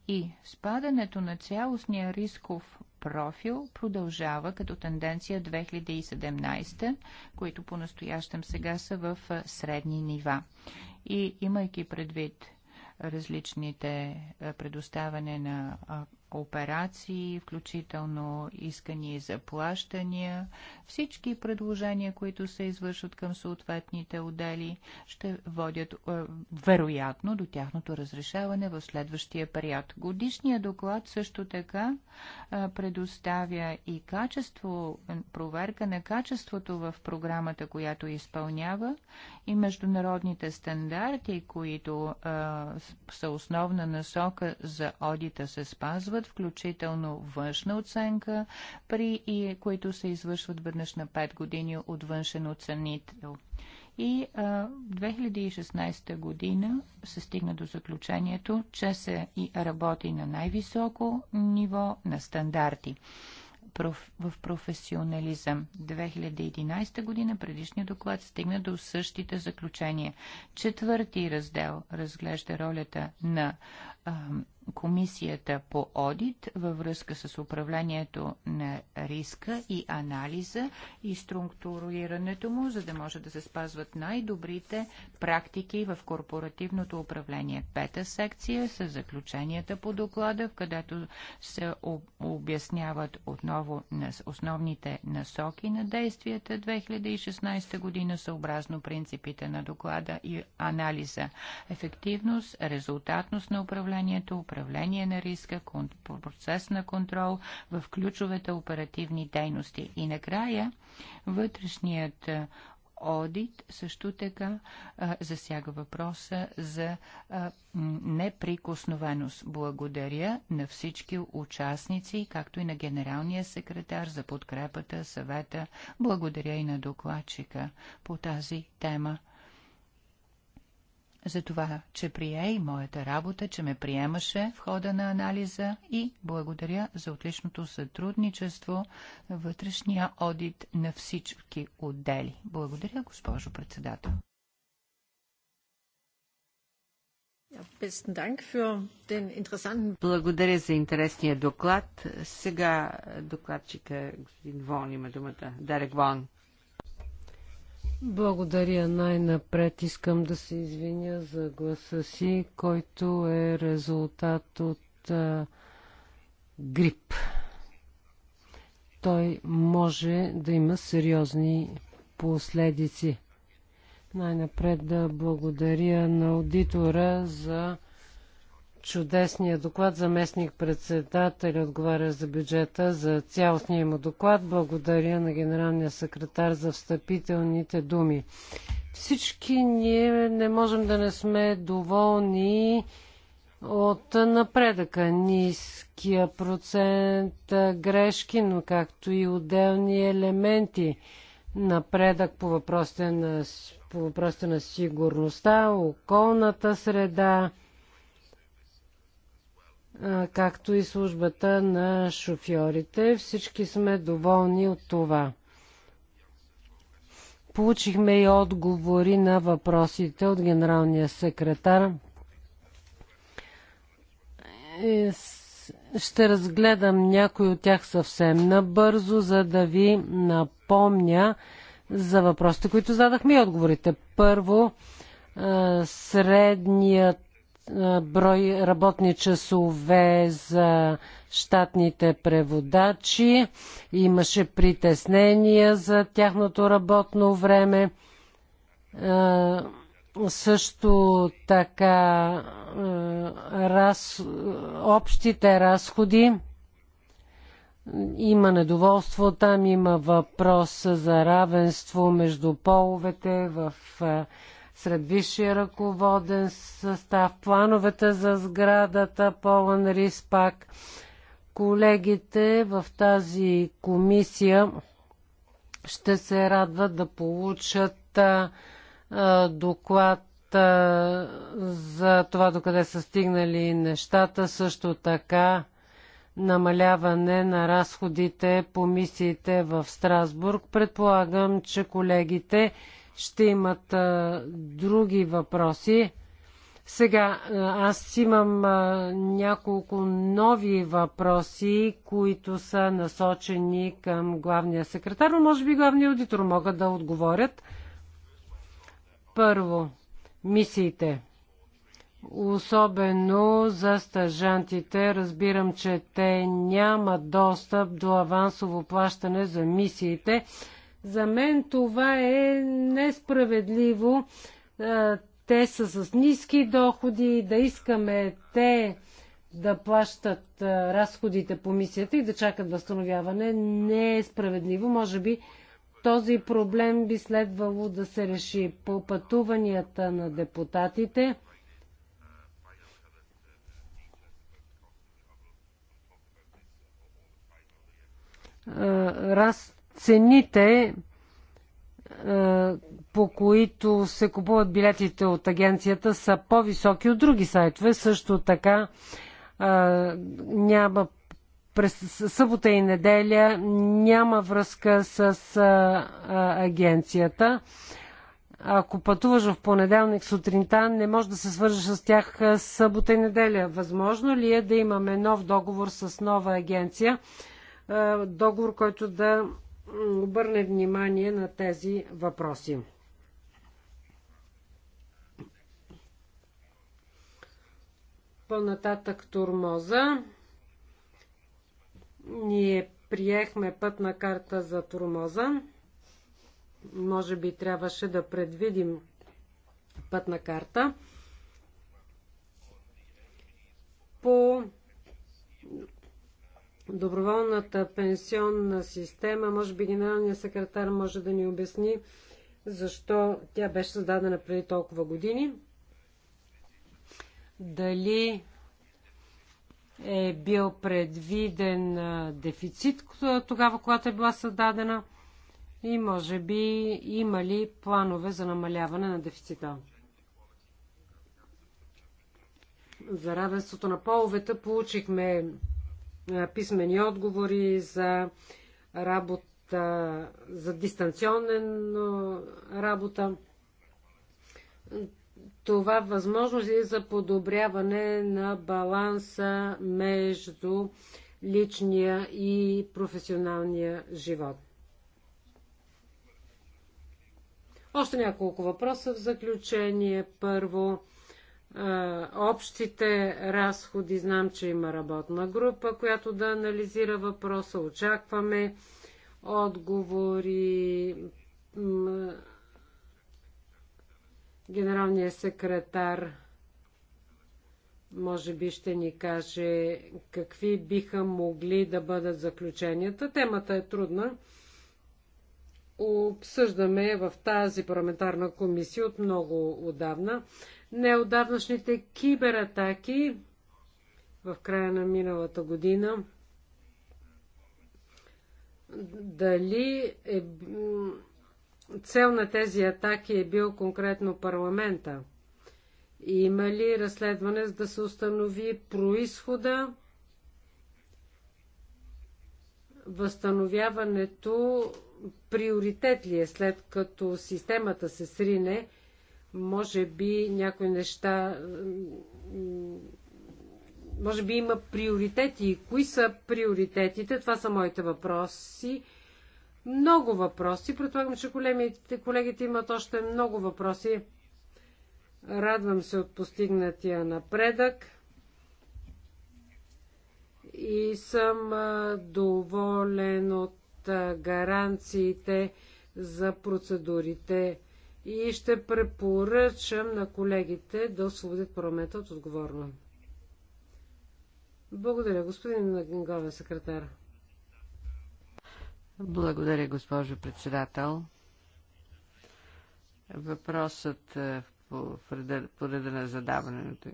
И спадането на цялостния рисков профил продължава като тенденция 2017, които по-настоящем сега са в е, средни нива. И имайки предвид различните е, предоставяне на операции, включително искания за плащания, всички предложения, които се извършват към съответните отдели, ще водят е, вероятно до тяхното разрешаване в следващия период. Годишния доклад също така е, предоставя и качество, проверка на качеството в програмата, която изпълнява и международните стандарти, които е, са основна насока за одита се спазват изискват, включително външна оценка, при и които се извършват веднъж на 5 години от външен оценител. И а, 2016 година се стигна до заключението, че се и работи на най-високо ниво на стандарти в професионализъм. 2011 година предишният доклад стигна до същите заключения. Четвърти раздел разглежда ролята на Комисията по одит във връзка с управлението на риска и анализа и структурирането му, за да може да се спазват най-добрите практики в корпоративното управление. Пета секция с заключенията по доклада, в където се обясняват отново на основните насоки на действията 2016 година съобразно принципите на доклада и анализа. Ефективност, резултатност на управлението управлението, управление на риска, процес на контрол в ключовете оперативни дейности. И накрая вътрешният одит също така а, засяга въпроса за а, неприкосновеност. Благодаря на всички участници, както и на генералния секретар за подкрепата, съвета. Благодаря и на докладчика по тази тема за това, че прие и моята работа, че ме приемаше в хода на анализа и благодаря за отличното сътрудничество вътрешния одит на всички отдели. Благодаря, госпожо председател. Благодаря за интересния доклад. Сега докладчика господин Вон има думата. Дарек Вон. Благодаря. Най-напред искам да се извиня за гласа си, който е резултат от а, грип. Той може да има сериозни последици. Най-напред да благодаря на аудитора за чудесния доклад. Заместник председател отговаря за бюджета, за цялостния му доклад. Благодаря на генералния секретар за встъпителните думи. Всички ние не можем да не сме доволни от напредъка. Ниския процент грешки, но както и отделни елементи. Напредък по въпросите на, по въпросите на сигурността, околната среда, както и службата на шофьорите. Всички сме доволни от това. Получихме и отговори на въпросите от генералния секретар. Ще разгледам някой от тях съвсем набързо, за да ви напомня за въпросите, които задахме и отговорите. Първо, средният брой работни часове за щатните преводачи. Имаше притеснения за тяхното работно време. Също така раз, общите разходи. Има недоволство там, има въпрос за равенство между половете в сред висшия ръководен състав, плановете за сградата, Полън Риспак. Колегите в тази комисия ще се радват да получат а, доклад а, за това докъде са стигнали нещата, също така намаляване на разходите по мисиите в Страсбург. Предполагам, че колегите ще имат а, други въпроси. Сега аз имам а, няколко нови въпроси, които са насочени към главния секретар, но може би главния аудитор могат да отговорят. Първо, мисиите. Особено за стажантите. Разбирам, че те нямат достъп до авансово плащане за мисиите за мен това е несправедливо. Те са с ниски доходи, да искаме те да плащат разходите по мисията и да чакат възстановяване не е справедливо. Може би този проблем би следвало да се реши по пътуванията на депутатите. раз, цените, е, по които се купуват билетите от агенцията, са по-високи от други сайтове. Също така е, няма през събота и неделя няма връзка с е, агенцията ако пътуваш в понеделник сутринта, не можеш да се свържеш с тях събота и неделя. Възможно ли е да имаме нов договор с нова агенция? Договор, който да обърне внимание на тези въпроси. По-нататък турмоза. Ние приехме пътна карта за турмоза. Може би трябваше да предвидим пътна карта. По доброволната пенсионна система, може би генералният секретар може да ни обясни защо тя беше създадена преди толкова години. Дали е бил предвиден дефицит тогава, когато е била създадена и може би има ли планове за намаляване на дефицита. За равенството на половете получихме писмени отговори за работа, за дистанционна работа. Това възможност е за подобряване на баланса между личния и професионалния живот. Още няколко въпроса в заключение. Първо, общите разходи. Знам, че има работна група, която да анализира въпроса. Очакваме отговори. Генералният секретар може би ще ни каже какви биха могли да бъдат заключенията. Темата е трудна. Обсъждаме в тази парламентарна комисия от много отдавна неодавнашните кибератаки в края на миналата година. Дали е, цел на тези атаки е бил конкретно парламента? Има ли разследване за да се установи происхода? Възстановяването приоритет ли е след като системата се срине? Може би някои неща. Може би има приоритети. Кои са приоритетите? Това са моите въпроси. Много въпроси. Предполагам, че големите, колегите имат още много въпроси. Радвам се от постигнатия напредък и съм доволен от гаранциите за процедурите и ще препоръчам на колегите да освободят парламента от отговорно. Благодаря, господин главен секретар. Благодаря, госпожо председател. Въпросът е, по, по реда на задаването е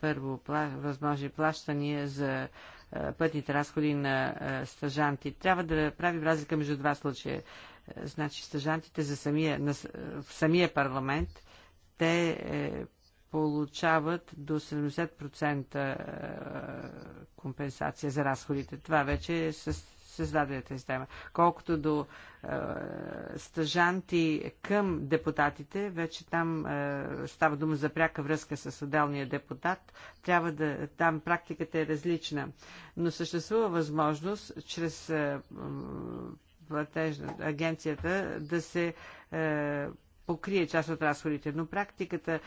Първо, възможни плащания за е, пътните разходи на е, стажанти. Трябва да правим разлика между два случая. Е, значи стъжантите за самия, на, в самия парламент, те е, получават до 70% е, компенсация за разходите. Това вече е със, създадената система. Колкото до е, стъжанти към депутатите, вече там е, става дума за пряка връзка с отделния депутат, трябва да, там практиката е различна. Но съществува възможност чрез е, платежната агенцията да се е, покрие част от разходите. Но практиката е,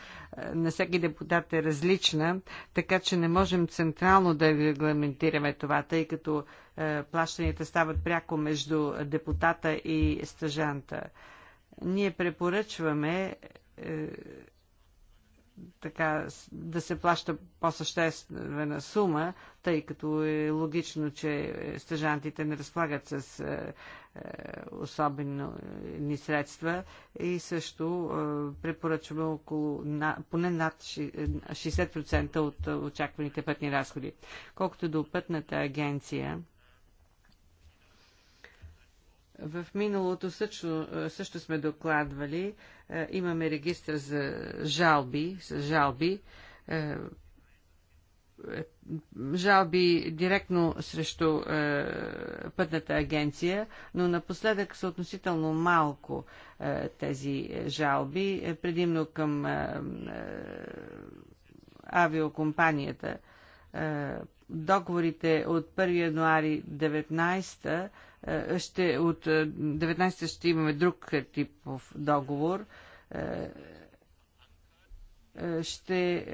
на всеки депутат е различна, така че не можем централно да регламентираме това, тъй като е, плащанията стават пряко между депутата и стъжанта. Ние препоръчваме е, така, да се плаща по-съществена сума, тъй като е логично, че е, стъжантите не разполагат с е, е, особени средства и също е, препоръчваме около, на, поне над 60% е, от очакваните пътни разходи. Колкото до пътната агенция, в миналото също, е, също сме докладвали, е, имаме регистр за жалби, жалби, е, жалби директно срещу пътната агенция, но напоследък са относително малко тези жалби, предимно към авиокомпанията. договорите от 1 януари 19 е, ще, от 19 е, ще имаме друг типов договор. Е, ще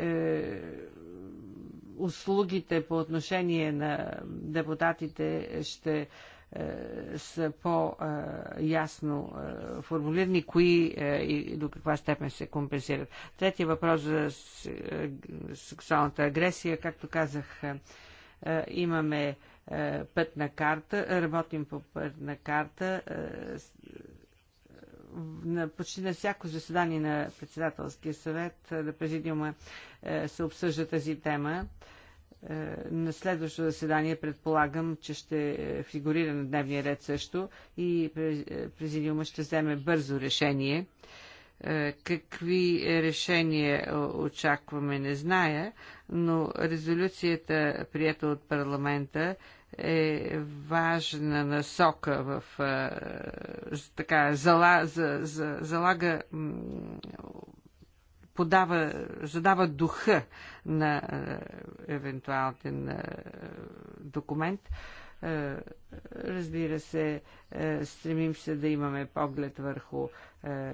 услугите по отношение на депутатите ще са по-ясно формулирани, кои и до каква степен се компенсират. Третия въпрос за сексуалната агресия, както казах, е, имаме е, пътна карта, работим по пътна карта. Е, на, почти на всяко заседание на председателския съвет, на президиума, се обсъжда тази тема. На следващото заседание предполагам, че ще фигурира на дневния ред също и президиума ще вземе бързо решение. Е, какви решения е, очакваме, не зная, но резолюцията, прията от парламента, е важна насока в е, така, зала, за, за, залага подава, задава духа на евентуален документ. Е, разбира се, е, стремим се да имаме поглед върху е,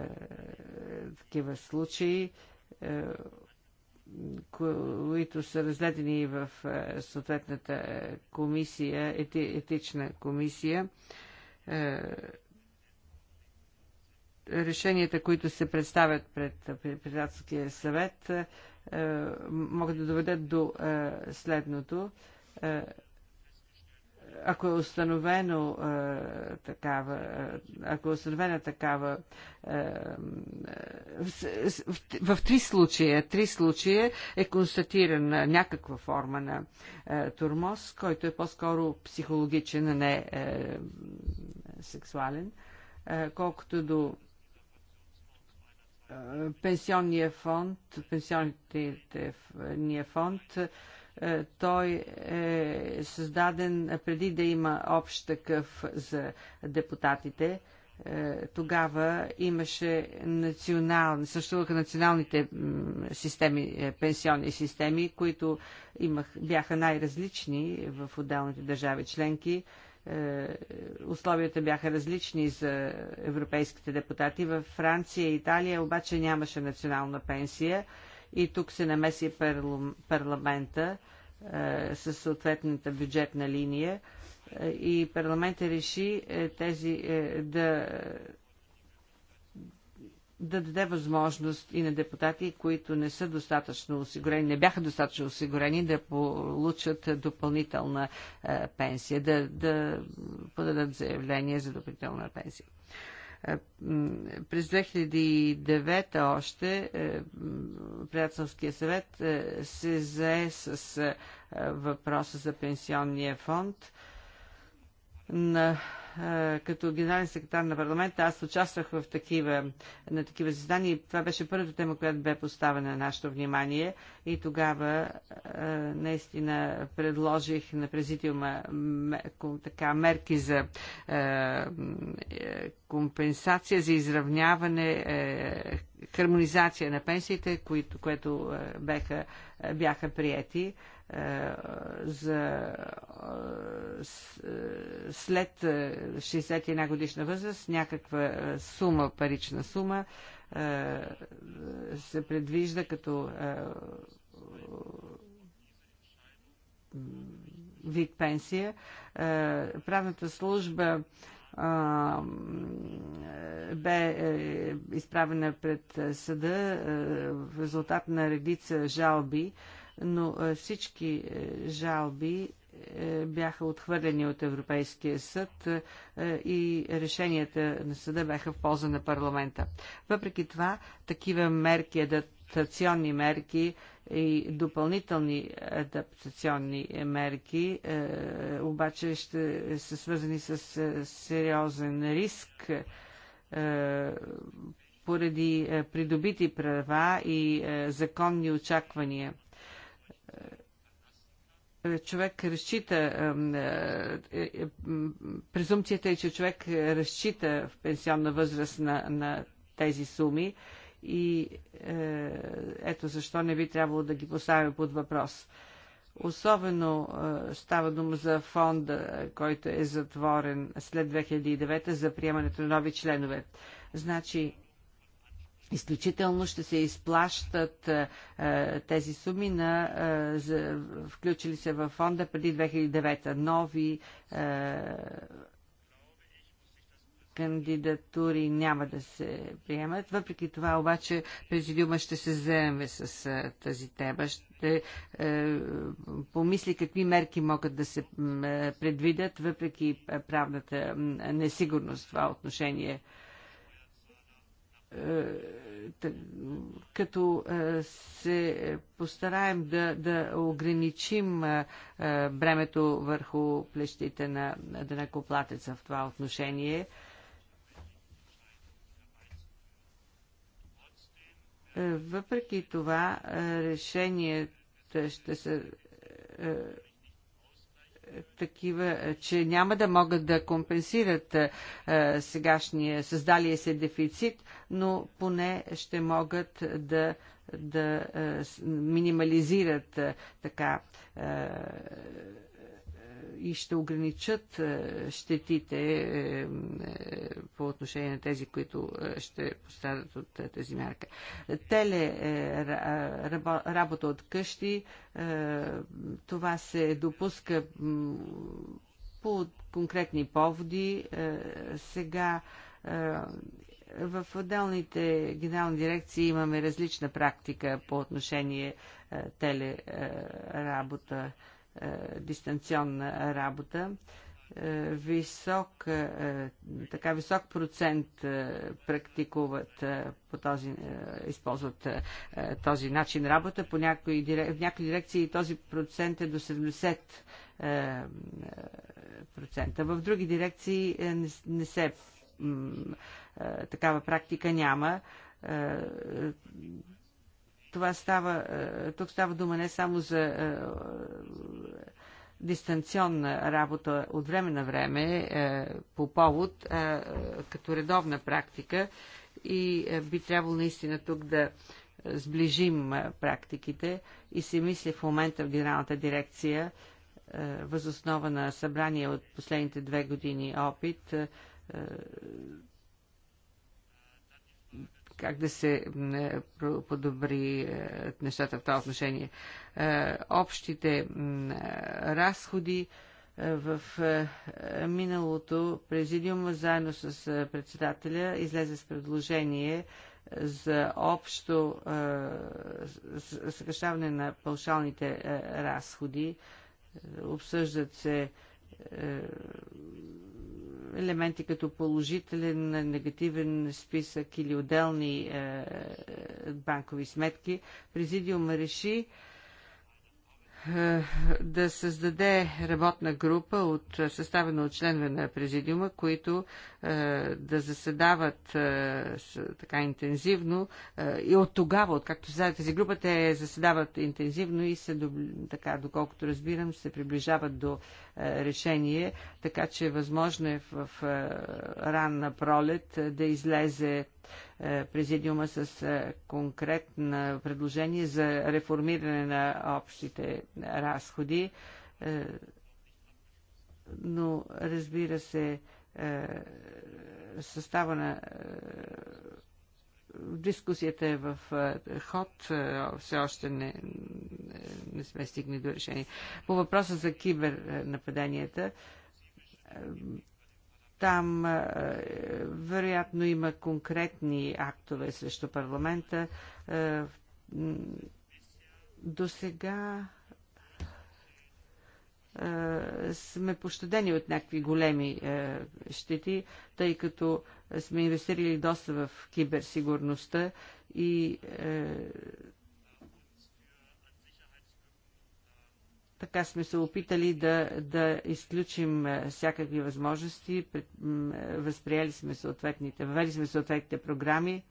такива случаи които са разгледани в съответната комисия, ети, етична комисия. Решенията, които се представят пред председателския съвет, могат да доведат до следното ако е установено е, такава, е, ако е установена такава е, в, в, в три случая, три случая е констатирана някаква форма на е, турмоз, който е по-скоро психологичен, а не е, сексуален, е, колкото до е, пенсионния фонд, пенсионния е, фонд, е, е, той е създаден преди да има общ такъв за депутатите е, тогава имаше национални, съществуваха националните системи, е, пенсионни системи, които имах, бяха най-различни в отделните държави членки. Условията бяха различни за европейските депутати. В Франция и Италия обаче нямаше национална пенсия и тук се намеси парламента е, със съответната бюджетна линия е, и парламента реши е, тези да да даде възможност и на депутати, които не са достатъчно осигурени, не бяха достатъчно осигурени, да получат допълнителна пенсия, да, да подадат заявление за допълнителна пенсия. Е, през 2009 още е, Приятелския съвет е, се зае с въпроса за пенсионния фонд на като генерален секретар на парламента, аз участвах в такива, на такива заседания и това беше първата тема, която бе поставена на нашето внимание и тогава а, наистина предложих на президиума така мерки за а, компенсация, за изравняване, е, хармонизация на пенсиите, които, което е, беха, бяха приети. Е, за е, е, след 61 годишна възраст някаква сума, парична сума се предвижда като вид пенсия. Правната служба бе изправена пред съда в резултат на редица жалби но е, всички е, жалби е, бяха отхвърлени от Европейския съд и решенията на съда бяха в полза на парламента. Въпреки това, такива мерки, адаптационни мерки и допълнителни адаптационни мерки обаче ще са свързани с сериозен риск поради придобити права и законни очаквания е, е, човек разчита, е, презумцията е, че човек разчита в пенсионна възраст на, на тези суми и ето защо не би трябвало да ги поставя под въпрос. Особено става дума за фонда, който е затворен след 2009 за приемането на нови членове. Значи, изключително ще се изплащат е, е, тези суми на е, за, включили се във фонда преди 2009 нови кандидатури няма да се приемат. Въпреки това обаче президиума ще се заеме с а, тази тема. Ще а, помисли какви мерки могат да се а, предвидят, въпреки правната несигурност в това отношение. Е, като е, се постараем да, да ограничим е, бремето върху плещите на дънакоплатеца в това отношение. Въпреки това, решението ще се такива, че няма да могат да компенсират сегашния създалия се дефицит, но поне ще могат да, да минимализират така и ще ограничат е, щетите е, е, по отношение на тези, които ще пострадат от тази мярка. Теле работа от къщи, това се допуска по конкретни поводи. Сега в отделните генерални дирекции имаме различна практика по отношение телеработа. Е, е, дистанционна работа е, висок, е, така висок процент практикуват по този, използват този начин работа. По някои, в някои дирекции този процент е до 70 процента. В други дирекции не, не се такава практика няма това става, е, тук става дума не само за е, дистанционна работа от време на време е, по повод, като редовна практика и би трябвало наистина тук да сближим практиките и се мисли в момента в Генералната дирекция възоснова на събрание от последните две години опит как да се е, подобри е, нещата в това отношение. Е, общите разходи в миналото президиума заедно с председателя излезе с предложение за общо съкрещаване на паушалните разходи. Обсъждат се е, елементи като положителен, негативен списък или отделни е, е, банкови сметки, Президиум реши е, да създаде работна група от е, съставена от членове на президиума, които е, да заседават така интензивно и от тогава, откакто създаде тази група, те заседават интензивно и се, така, доколкото разбирам, се приближават до решение, така че възможно е в, в ранна пролет да излезе е, президиума с е, конкретно предложение за реформиране на общите разходи. Е, но, разбира се, състава на дискусията е в ход, все още не, не сме стигнали до решение. По въпроса за кибернападенията, там е, вероятно има конкретни актове срещу парламента. Е, до сега е, сме пощадени от някакви големи щети, тъй като сме инвестирали доста в киберсигурността и Така сме се опитали да, да изключим е, всякакви възможности, е, възприели сме съответните, въвели сме съответните програми.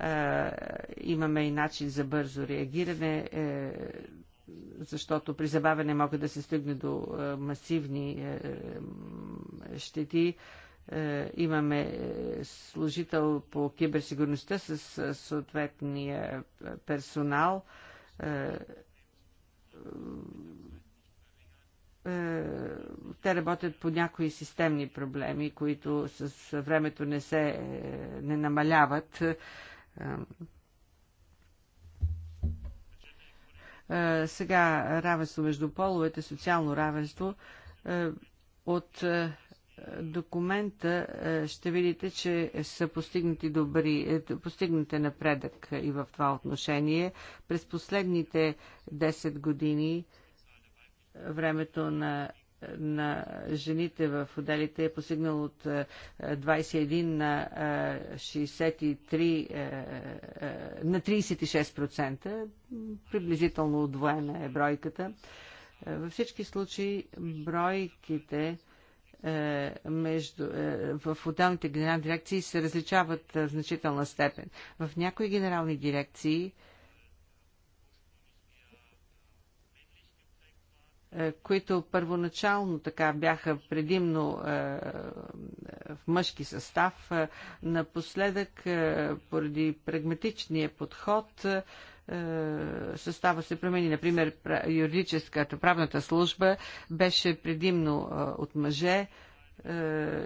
Е, имаме и начин за бързо реагиране, защото при забавяне могат да се стигне до масивни щети е, имаме е, служител по киберсигурността с е, съответния персонал. Те работят по някои системни проблеми, които с времето не се не намаляват. Сега равенство между половете, социално равенство. От документа е, ще видите, че са постигнати добри, е, постигнате напредък и в това отношение. През последните 10 години е, времето на на жените в отделите е постигнал от 21 на 63 на 36%. Приблизително удвоена е бройката. Във всички случаи бройките е, между, е, в отделните генерални дирекции се различават е, в значителна степен. В някои генерални дирекции които първоначално така бяха предимно е, в мъжки състав, напоследък е, поради прагматичния подход е, е, състава се промени. Например, юридическата, правната служба беше предимно е, от мъже, е,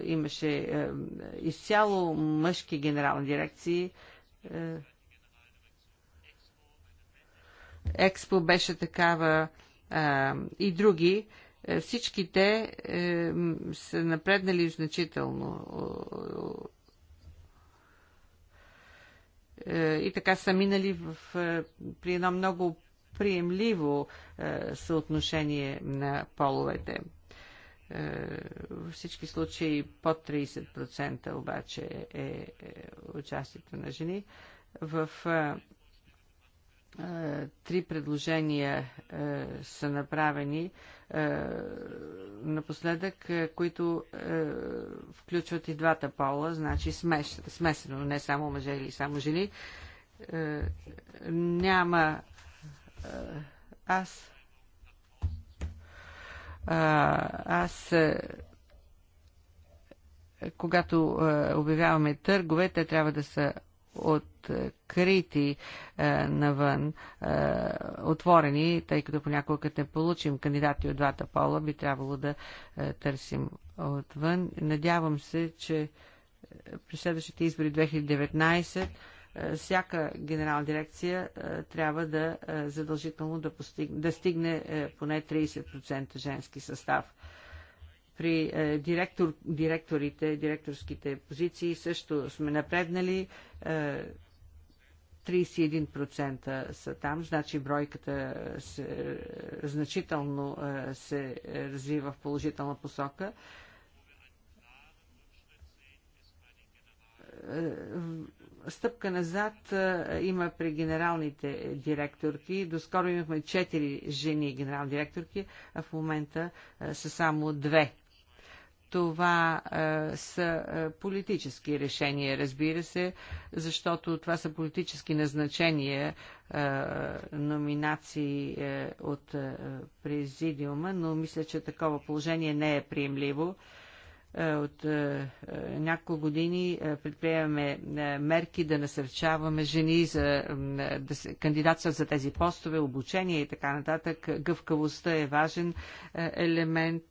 имаше изцяло мъжки генерални дирекции. Експо беше такава и други. Всички те са напреднали значително е, и така са минали в, е, при едно много приемливо е, съотношение на половете. Във всички случаи под 30% обаче е участието на жени. В е, три предложения е, са направени е, напоследък, е, които е, включват и двата пола, значи смеш, смесено, не само мъже или само жени. Е, няма. аз. аз когато обявяваме търгове, те трябва да са от открити е, навън, е, отворени, тъй като понякога като не получим кандидати от двата пола, би трябвало да е, търсим отвън. Надявам се, че е, при следващите избори 2019 е, всяка генерална дирекция е, трябва да задължително да, постиг... да стигне поне 30% женски състав. При директор, директорите, директорските позиции също сме напреднали. 31% са там, значи бройката се, значително е, се развива в положителна посока. Е, стъпка назад е, има при генералните директорки. Доскоро имахме 4 жени генерални директорки, а в момента са само 2 това е, са е, политически решения, разбира се, защото това са политически назначения, е, номинации е, от е, президиума, но мисля, че такова положение не е приемливо. Е, от е, е, няколко години предприемаме мерки да насърчаваме жени за да се кандидатстват за тези постове, обучение и така нататък. Гъвкавостта е важен елемент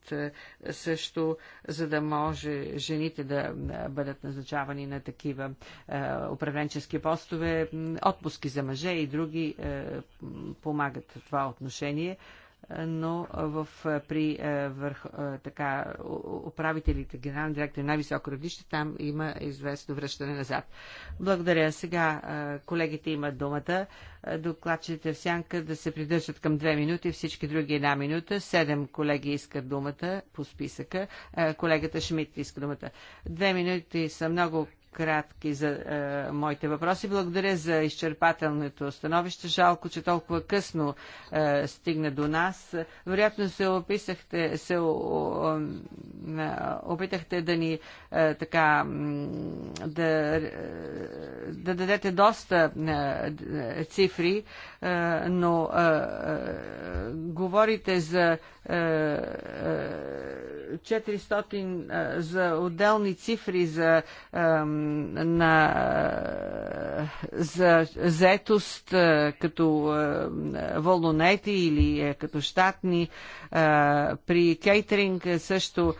също, за да може жените да бъдат назначавани на такива управленчески постове. Отпуски за мъже и други помагат в това отношение но в, при е, върх, е, така, управителите, генерални директори на най-високо равнище, там има известно връщане назад. Благодаря. Сега е, колегите имат думата. Докладчите в сянка да се придържат към две минути, всички други една минута. Седем колеги искат думата по списъка. Колегата Шмидт иска думата. Две минути са много кратки за е, моите въпроси. Благодаря за изчерпателното становище. Жалко, че толкова късно е, стигна до нас. Вероятно се, описахте, се о, о, е, опитахте да ни е, така да, е, да дадете доста е, е, цифри, е, но е, е, говорите за е, е, 400 за отделни цифри за е, на, за заетост като волонети или като щатни. При кейтеринг също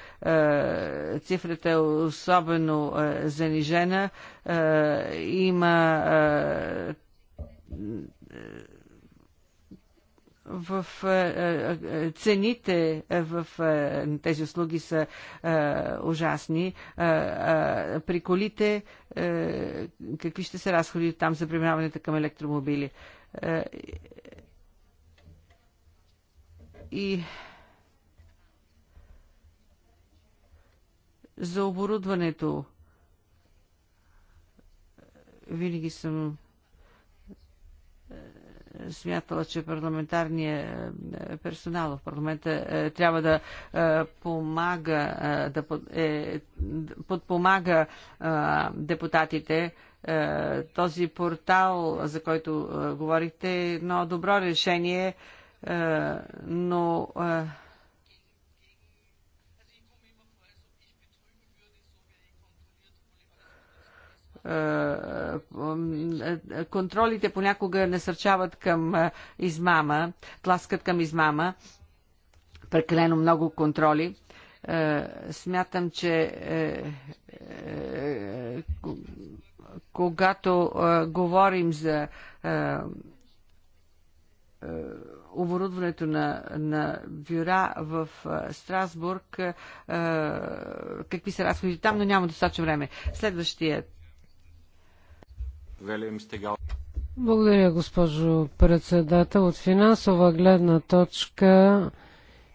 цифрата е особено занижена. Има в е, е, е, цените в тези услуги са ужасни. При колите какви ще се разходи там за преминаването към електромобили? И за оборудването винаги съм смятала, че парламентарният е, персонал в парламента е, трябва да е, помага, да подпомага депутатите. Този портал, за който говорихте, е едно добро решение, но Е, е, контролите понякога насърчават към е, измама, тласкат към измама, прекалено много контроли. Смятам, че когато говорим за оборудването на, на бюра в Страсбург, какви са разходите там, но няма достатъчно време. Следващият благодаря, госпожо председател. От финансова гледна точка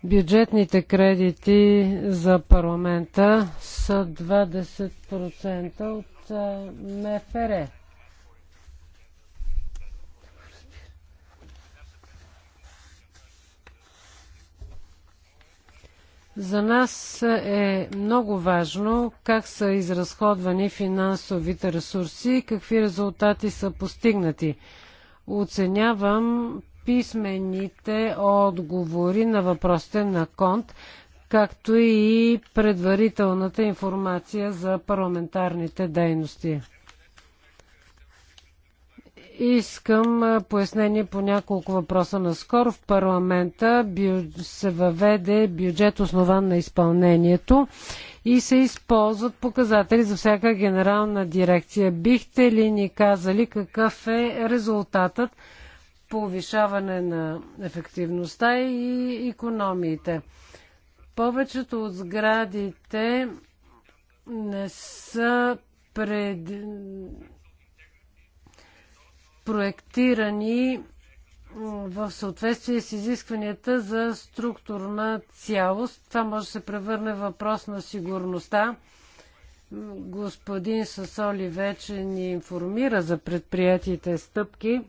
бюджетните кредити за парламента са 20% от МФР. За нас е много важно как са изразходвани финансовите ресурси и какви резултати са постигнати. Оценявам писмените отговори на въпросите на Конт, както и предварителната информация за парламентарните дейности. Искам пояснение по няколко въпроса. Наскоро в парламента се въведе бюджет основан на изпълнението и се използват показатели за всяка генерална дирекция. Бихте ли ни казали какъв е резултатът повишаване на ефективността и економиите? Повечето от сградите не са пред проектирани в съответствие с изискванията за структурна цялост. Това може да се превърне в въпрос на сигурността. Господин Сасоли вече ни информира за предприятите стъпки.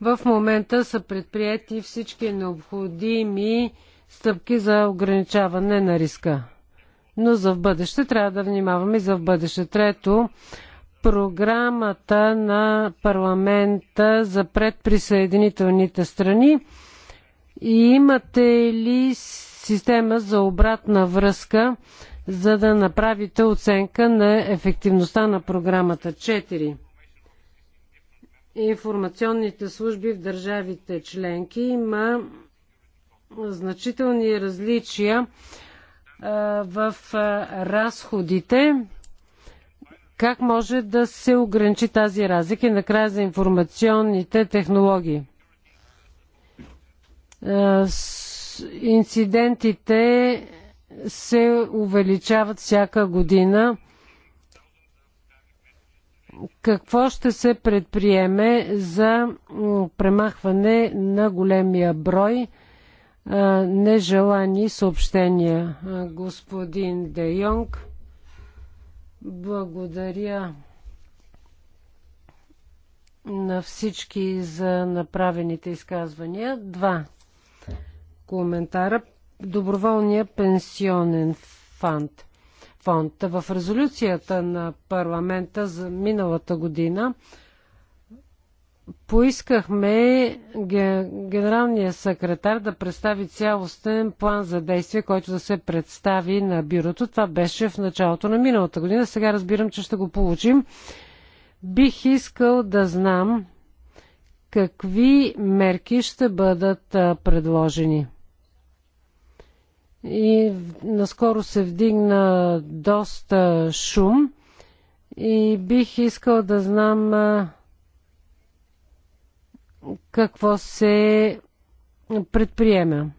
В момента са предприяти всички необходими стъпки за ограничаване на риска. Но за в бъдеще трябва да внимаваме и за в бъдеще. Трето, програмата на парламента за предприсъединителните страни и имате ли система за обратна връзка, за да направите оценка на ефективността на програмата 4? Информационните служби в държавите членки има значителни различия в разходите как може да се ограничи тази разлика и накрая за информационните технологии? Е, инцидентите се увеличават всяка година. Какво ще се предприеме за премахване на големия брой е, нежелани съобщения? Е, господин Де Йонг. Благодаря на всички за направените изказвания. Два коментара. Доброволния пенсионен фонд. фонд. В резолюцията на парламента за миналата година поискахме генералния секретар да представи цялостен план за действие, който да се представи на бюрото. Това беше в началото на миналата година. Сега разбирам, че ще го получим. Бих искал да знам какви мерки ще бъдат предложени. И наскоро се вдигна доста шум и бих искал да знам какво се предприема.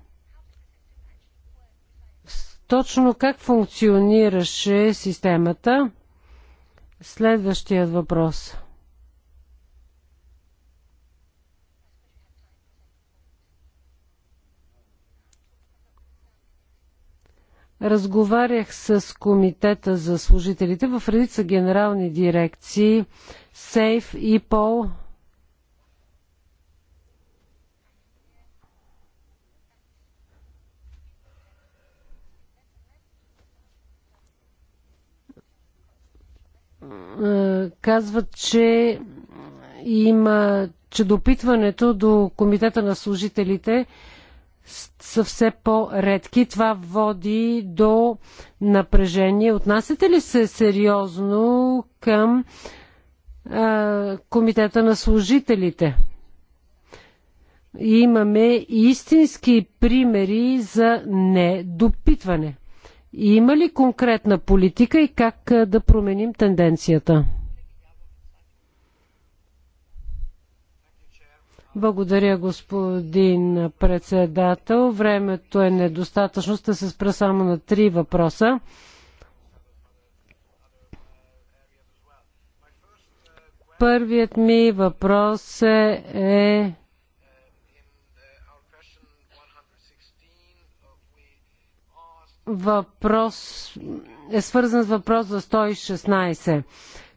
Точно как функционираше системата? Следващият въпрос. Разговарях с комитета за служителите в редица генерални дирекции, Сейф и Пол. казват, че има, че допитването до комитета на служителите са все по-редки. Това води до напрежение. Отнасяте ли се сериозно към а, комитета на служителите? Имаме истински примери за недопитване. Има ли конкретна политика и как да променим тенденцията? Благодаря, господин председател. Времето е недостатъчно. Ще се спра само на три въпроса. Първият ми въпрос е, е въпрос е свързан с въпрос за 116.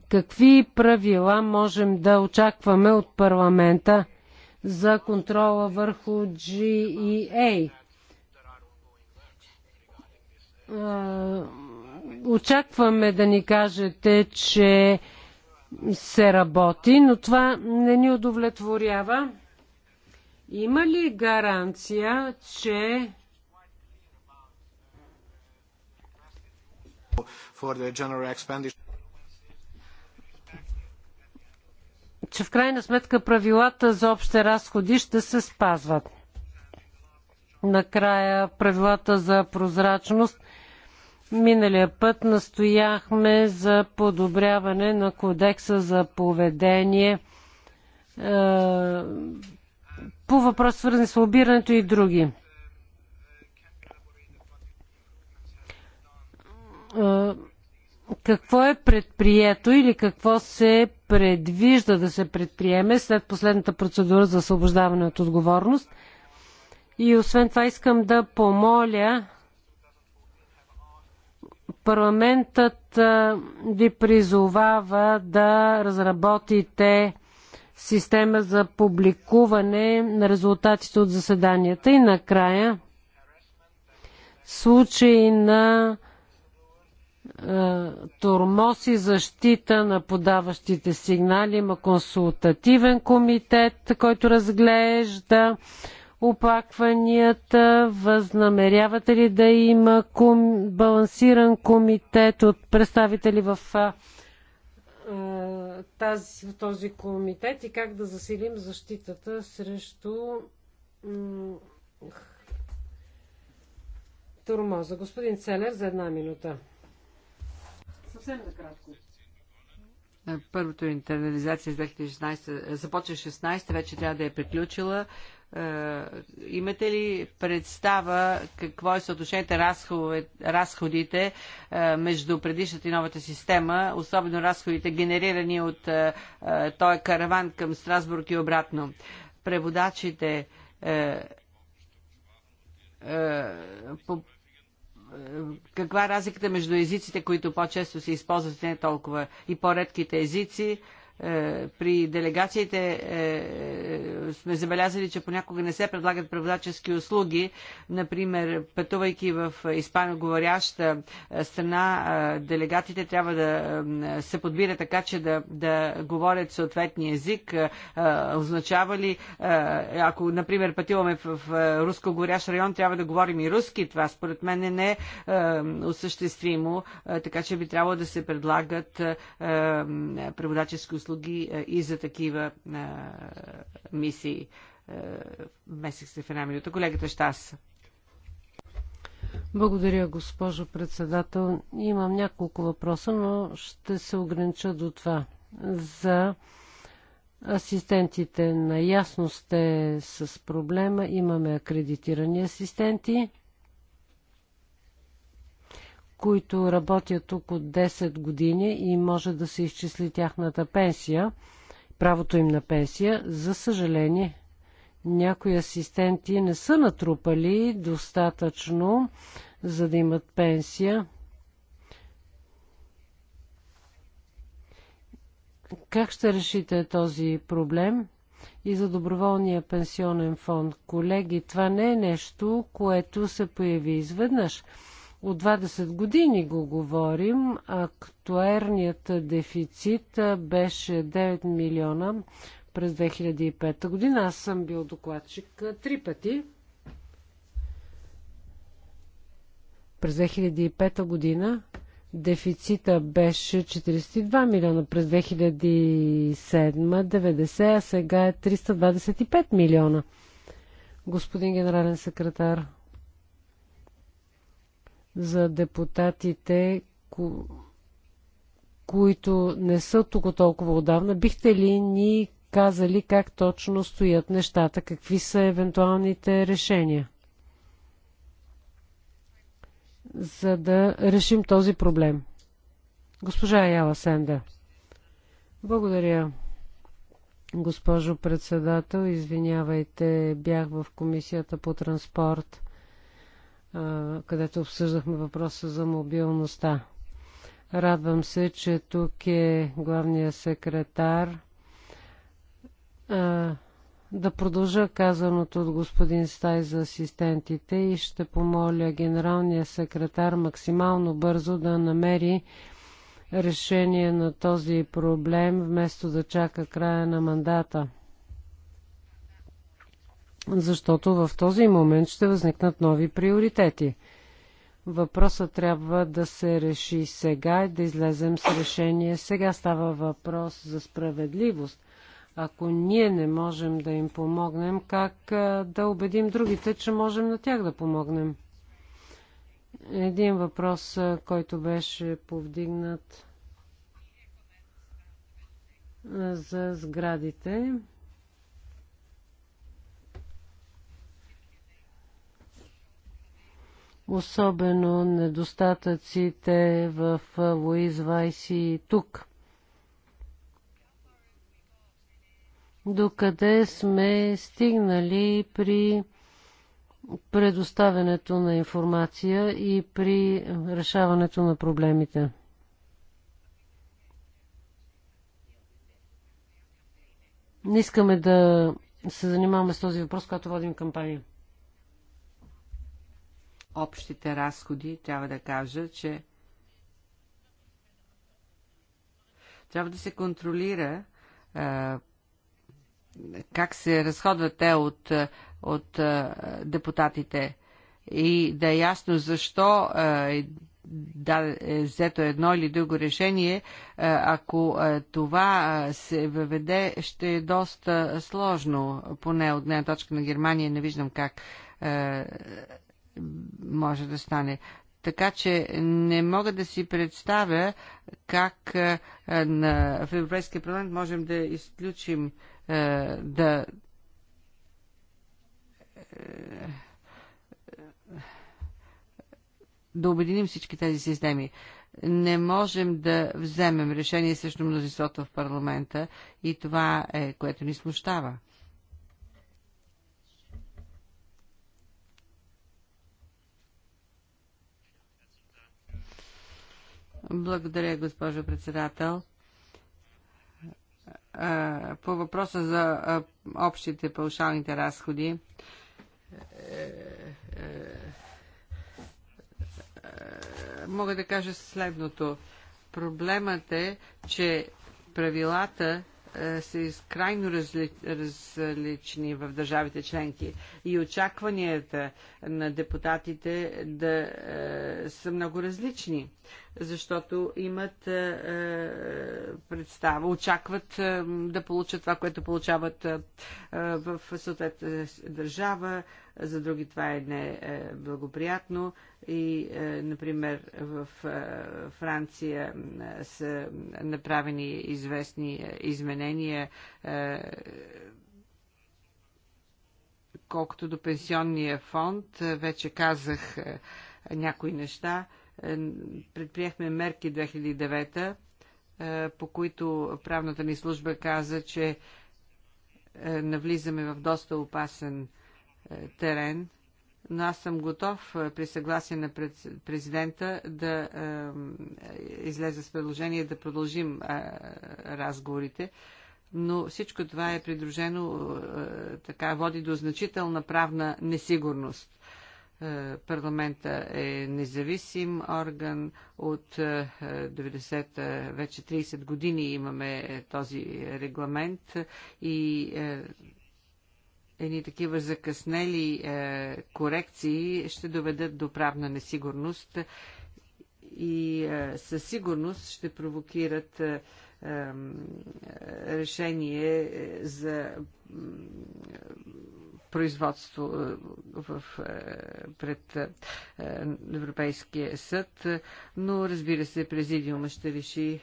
Какви правила можем да очакваме от парламента за контрола върху GEA? Очакваме да ни кажете, че се работи, но това не ни удовлетворява. Има ли гаранция, че че в крайна сметка правилата за общите разходи ще се спазват. Накрая правилата за прозрачност. Миналия път настояхме за подобряване на кодекса за поведение е, по въпрос свързани с лобирането и други. какво е предприето или какво се предвижда да се предприеме след последната процедура за освобождаване от отговорност. И освен това искам да помоля парламентът ви призовава да разработите система за публикуване на резултатите от заседанията и накрая случаи на е, тормоз и защита на подаващите сигнали. Има консултативен комитет, който разглежда оплакванията. Възнамерявате ли да има ком... балансиран комитет от представители в е, е, тази, този комитет и как да засилим защитата срещу тормоза. Господин Целер, за една минута съвсем кратко. Е, първото е интернализация 2016 е, започва 16, вече трябва да е приключила. Имате ли представа какво е съотношението разходите между предишната и новата система, особено разходите генерирани от този караван към Страсбург и обратно? Преводачите по е, каква е разликата между езиците, които по-често се използват, не толкова и по-редките езици, е, при делегациите е, е, сме забелязали, че понякога не се предлагат преводачески услуги. Например, пътувайки в испаноговоряща е, страна, е, делегатите трябва да е, се подбират, така, че да, да говорят съответния език. Означава ли, ако, например, пътуваме в, в рускоговорящ район, трябва да говорим и руски. Това според мен не е е осъществимо, така че би трябвало да се предлагат преводачески услуги услуги е, и за такива е, мисии. Е, Месих се в една минута. Колегата Штас. Благодаря, госпожо председател. Имам няколко въпроса, но ще се огранича до това. За асистентите ясно сте с проблема. Имаме акредитирани асистенти които работят тук от 10 години и може да се изчисли тяхната пенсия, правото им на пенсия. За съжаление, някои асистенти не са натрупали достатъчно, за да имат пенсия. Как ще решите този проблем? И за доброволния пенсионен фонд, колеги, това не е нещо, което се появи изведнъж. От 20 години го говорим. Актуерният дефицит беше 9 милиона през 2005 година. Аз съм бил докладчик три пъти. През 2005 година дефицита беше 42 милиона, през 2007 90, а сега е 325 милиона. Господин генерален секретар, за депутатите, ко... които не са тук толкова отдавна. Бихте ли ни казали как точно стоят нещата, какви са евентуалните решения? за да решим този проблем. Госпожа Яла Сенда. Благодаря, госпожо председател. Извинявайте, бях в комисията по транспорт където обсъждахме въпроса за мобилността. Радвам се, че тук е главния секретар. Да продължа казаното от господин Стай за асистентите и ще помоля генералния секретар максимално бързо да намери решение на този проблем, вместо да чака края на мандата защото в този момент ще възникнат нови приоритети. Въпросът трябва да се реши сега и да излезем с решение. Сега става въпрос за справедливост. Ако ние не можем да им помогнем, как да убедим другите, че можем на тях да помогнем? Един въпрос, който беше повдигнат за сградите. особено недостатъците в Луиз Вайс и тук. Докъде сме стигнали при предоставянето на информация и при решаването на проблемите? Не искаме да се занимаваме с този въпрос, когато водим кампания общите разходи, трябва да кажа, че трябва да се контролира а, как се разходват те от, от а, депутатите и да е ясно защо а, е, да, е взето едно или друго решение. А, ако а, това се въведе, ще е доста сложно, поне от гледна точка на Германия. Не виждам как а, може да стане. Така че не мога да си представя как е, на, в Европейския парламент можем да изключим е, да. Е, да обединим всички тези системи. Не можем да вземем решение срещу мнозинството в парламента и това е което ни смущава. Благодаря, госпожо председател. По въпроса за общите паушалните разходи, е, е, е, мога да кажа следното. Проблемът е, че правилата е, са крайно разли, различни в държавите членки и очакванията на депутатите да е, са много различни, защото имат е, е представа, очакват е, да получат това, което получават е, е в съответната държава, за други това е неблагоприятно. Е, и, е, например, в е, Франция е, са направени известни изменения колкото до пенсионния фонд, вече казах някои неща. Предприехме мерки 2009, по които правната ни служба каза, че навлизаме в доста опасен терен – но аз съм готов е, при съгласие на президента да е, е, излезе с предложение да продължим е, разговорите. Но всичко това е придружено, е, така води до значителна правна несигурност. Е, парламента е независим орган. От 90 вече 30 години имаме този регламент и едни такива закъснели е, корекции ще доведат до правна несигурност и е, със сигурност ще провокират е, е, решение е, за производство е, в, е, пред Европейския съд, но разбира се, президиума ще реши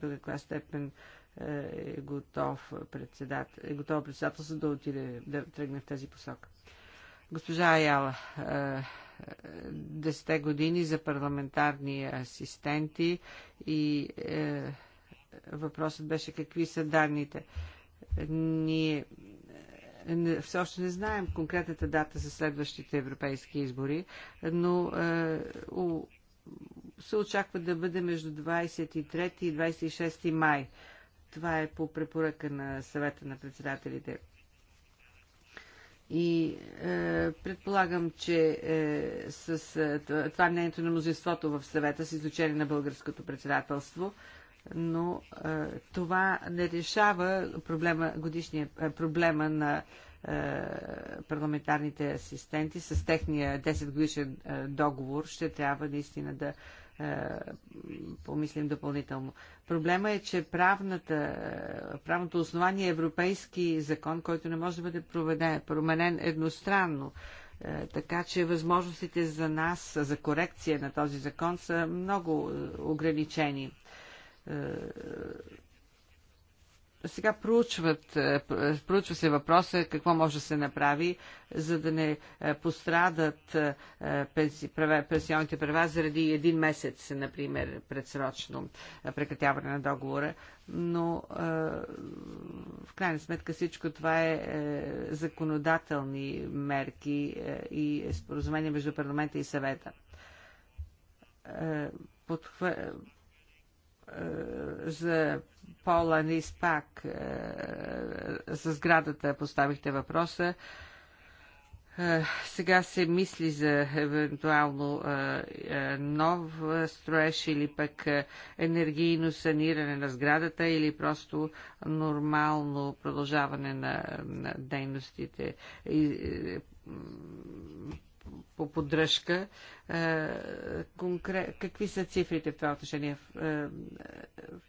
до каква степен е готов председател, е готово председателство да отиде, да тръгне в тази посока. Госпожа Аяла, е, е, десете години за парламентарни асистенти и е, въпросът беше какви са данните. Ние не, е, все още не знаем конкретната дата за следващите европейски избори, но е, у, се очаква да бъде между 23 и 26 май. Е, това е по препоръка на съвета на председателите. И е, предполагам, че е, с е, това е мнението на мнозинството в съвета, с изучение на българското председателство, но е, това не решава проблема, годишния е, проблема на е, парламентарните асистенти с техния 10 годишен е, договор. Ще трябва наистина да е, помислим допълнително. Проблема е, че правната, е, правното основание е европейски закон, който не може да бъде проведен, променен едностранно. Е, така че възможностите за нас, за корекция на този закон са много ограничени сега проучват, е, проучва се въпроса какво може да се направи, за да не е, пострадат е, пенси, права, пенсионните права заради един месец, например, предсрочно прекратяване на договора. Но в крайна сметка всичко това е законодателни мерки и споразумение между парламента и съвета. Е, за Пола Ниспак, е, за сградата поставихте въпроса. Е, сега се мисли за евентуално нов строеж или пък енергийно саниране на сградата или просто нормално продължаване на, на дейностите по поддръжка какви са цифрите в това отношение? В, е, в,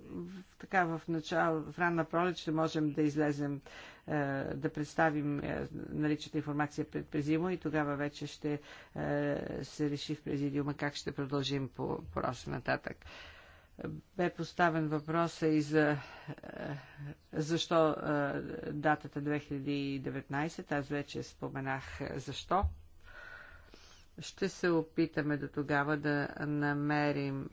в, така в начало, в ранна пролет ще можем да излезем, е, да представим е, наличната информация пред презимо и тогава вече ще се реши в президиума как ще продължим по, по нататък бе поставен въпроса и за защо датата 2019. Аз вече споменах защо. Ще се опитаме до тогава да намерим е,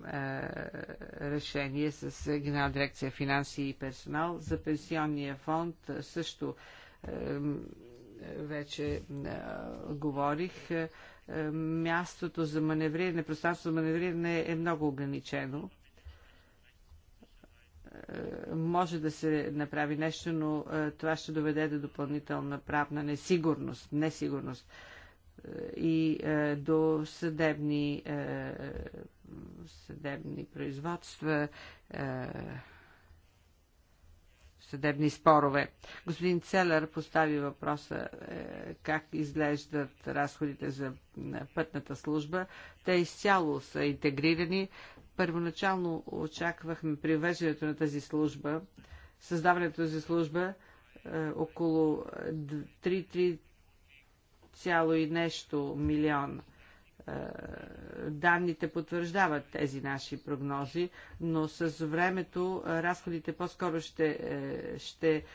решение с Генерална дирекция финанси и персонал. За пенсионния фонд е, също е, вече е, говорих. Е, е, мястото за маневриране, пространството за маневриране е много ограничено е, може да се направи нещо, но това ще доведе до допълнителна правна несигурност. Несигурност и е, до съдебни, е, съдебни производства, е, съдебни спорове. Господин Целър постави въпроса как изглеждат разходите за пътната служба. Те изцяло са интегрирани. Първоначално очаквахме привеждането на тази служба, създаването за служба около 3-3 цяло и нещо милион. Е, данните потвърждават тези наши прогнози, но с времето е, разходите по-скоро ще, е, ще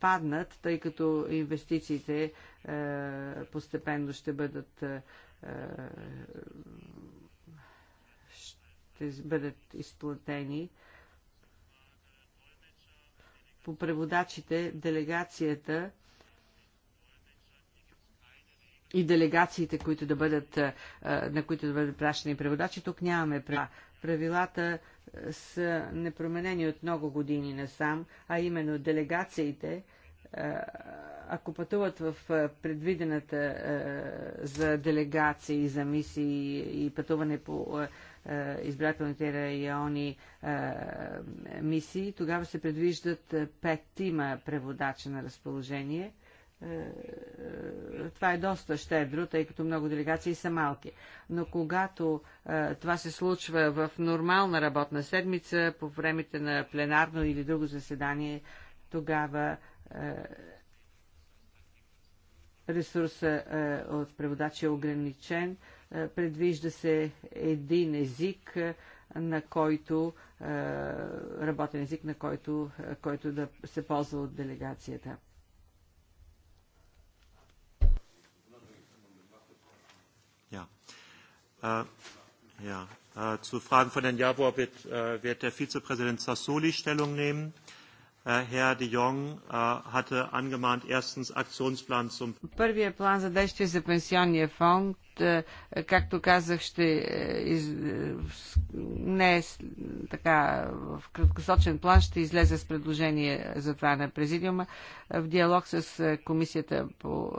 паднат, тъй като инвестициите постепенно ще бъдат ще бъдат изплатени. По преводачите делегацията и делегациите, които да бъдат, на които да бъдат пращани преводачи. Тук нямаме права. Правилата са непроменени от много години насам, а именно делегациите, ако пътуват в предвидената за делегации, за мисии и пътуване по избирателните райони мисии, тогава се предвиждат пет има преводача на разположение – е, е, това е доста щедро, тъй като много делегации са малки. Но когато е, това се случва в нормална работна седмица, по времето на пленарно или друго заседание, тогава ресурса от преводача е ограничен. Предвижда се един език, на който работен език, на който, който да се ползва от делегацията. Äh, ja. äh, zu Fragen von Herrn Jawor wird, äh, wird der Vizepräsident Sassoli Stellung nehmen. Äh, Herr de Jong äh, hatte angemahnt, erstens Aktionsplan zum... Первия план за действие за пенсионния фонд, е, е, както казах, ще е, из... не е така в краткосрочен план, ще излезе с предложение за това на президиума в диалог с комисията по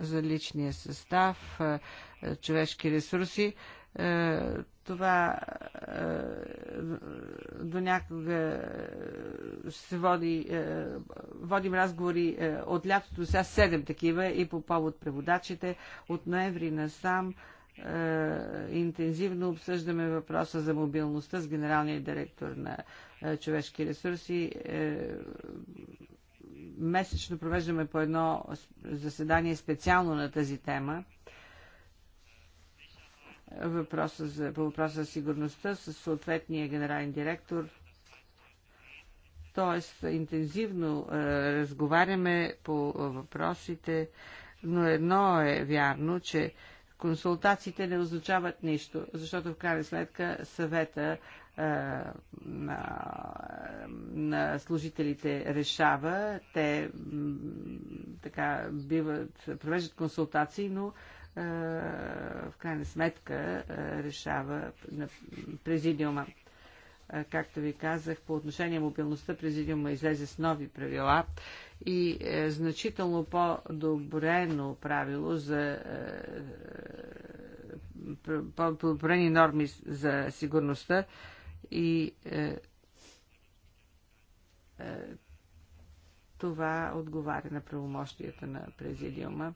за личния състав, е, човешки ресурси. Е, това е, до някога се води, водим разговори от лятото сега седем такива и по повод преводачите. От ноември насам интензивно обсъждаме въпроса за мобилността с генералния директор на човешки ресурси месечно провеждаме по едно заседание специално на тази тема. Въпроса за, по въпроса за сигурността с съответния генерален директор. Тоест, интензивно е, разговаряме по въпросите, но едно е вярно, че консултациите не означават нищо, защото в крайна сметка съвета на, на служителите решава. Те така биват, провеждат консултации, но в крайна сметка решава на президиума. Както ви казах, по отношение мобилността президиума излезе с нови правила и е значително по-добрено правило за е, е, по-добрени норми за сигурността, и е, е, това отговаря на правомощията на президиума.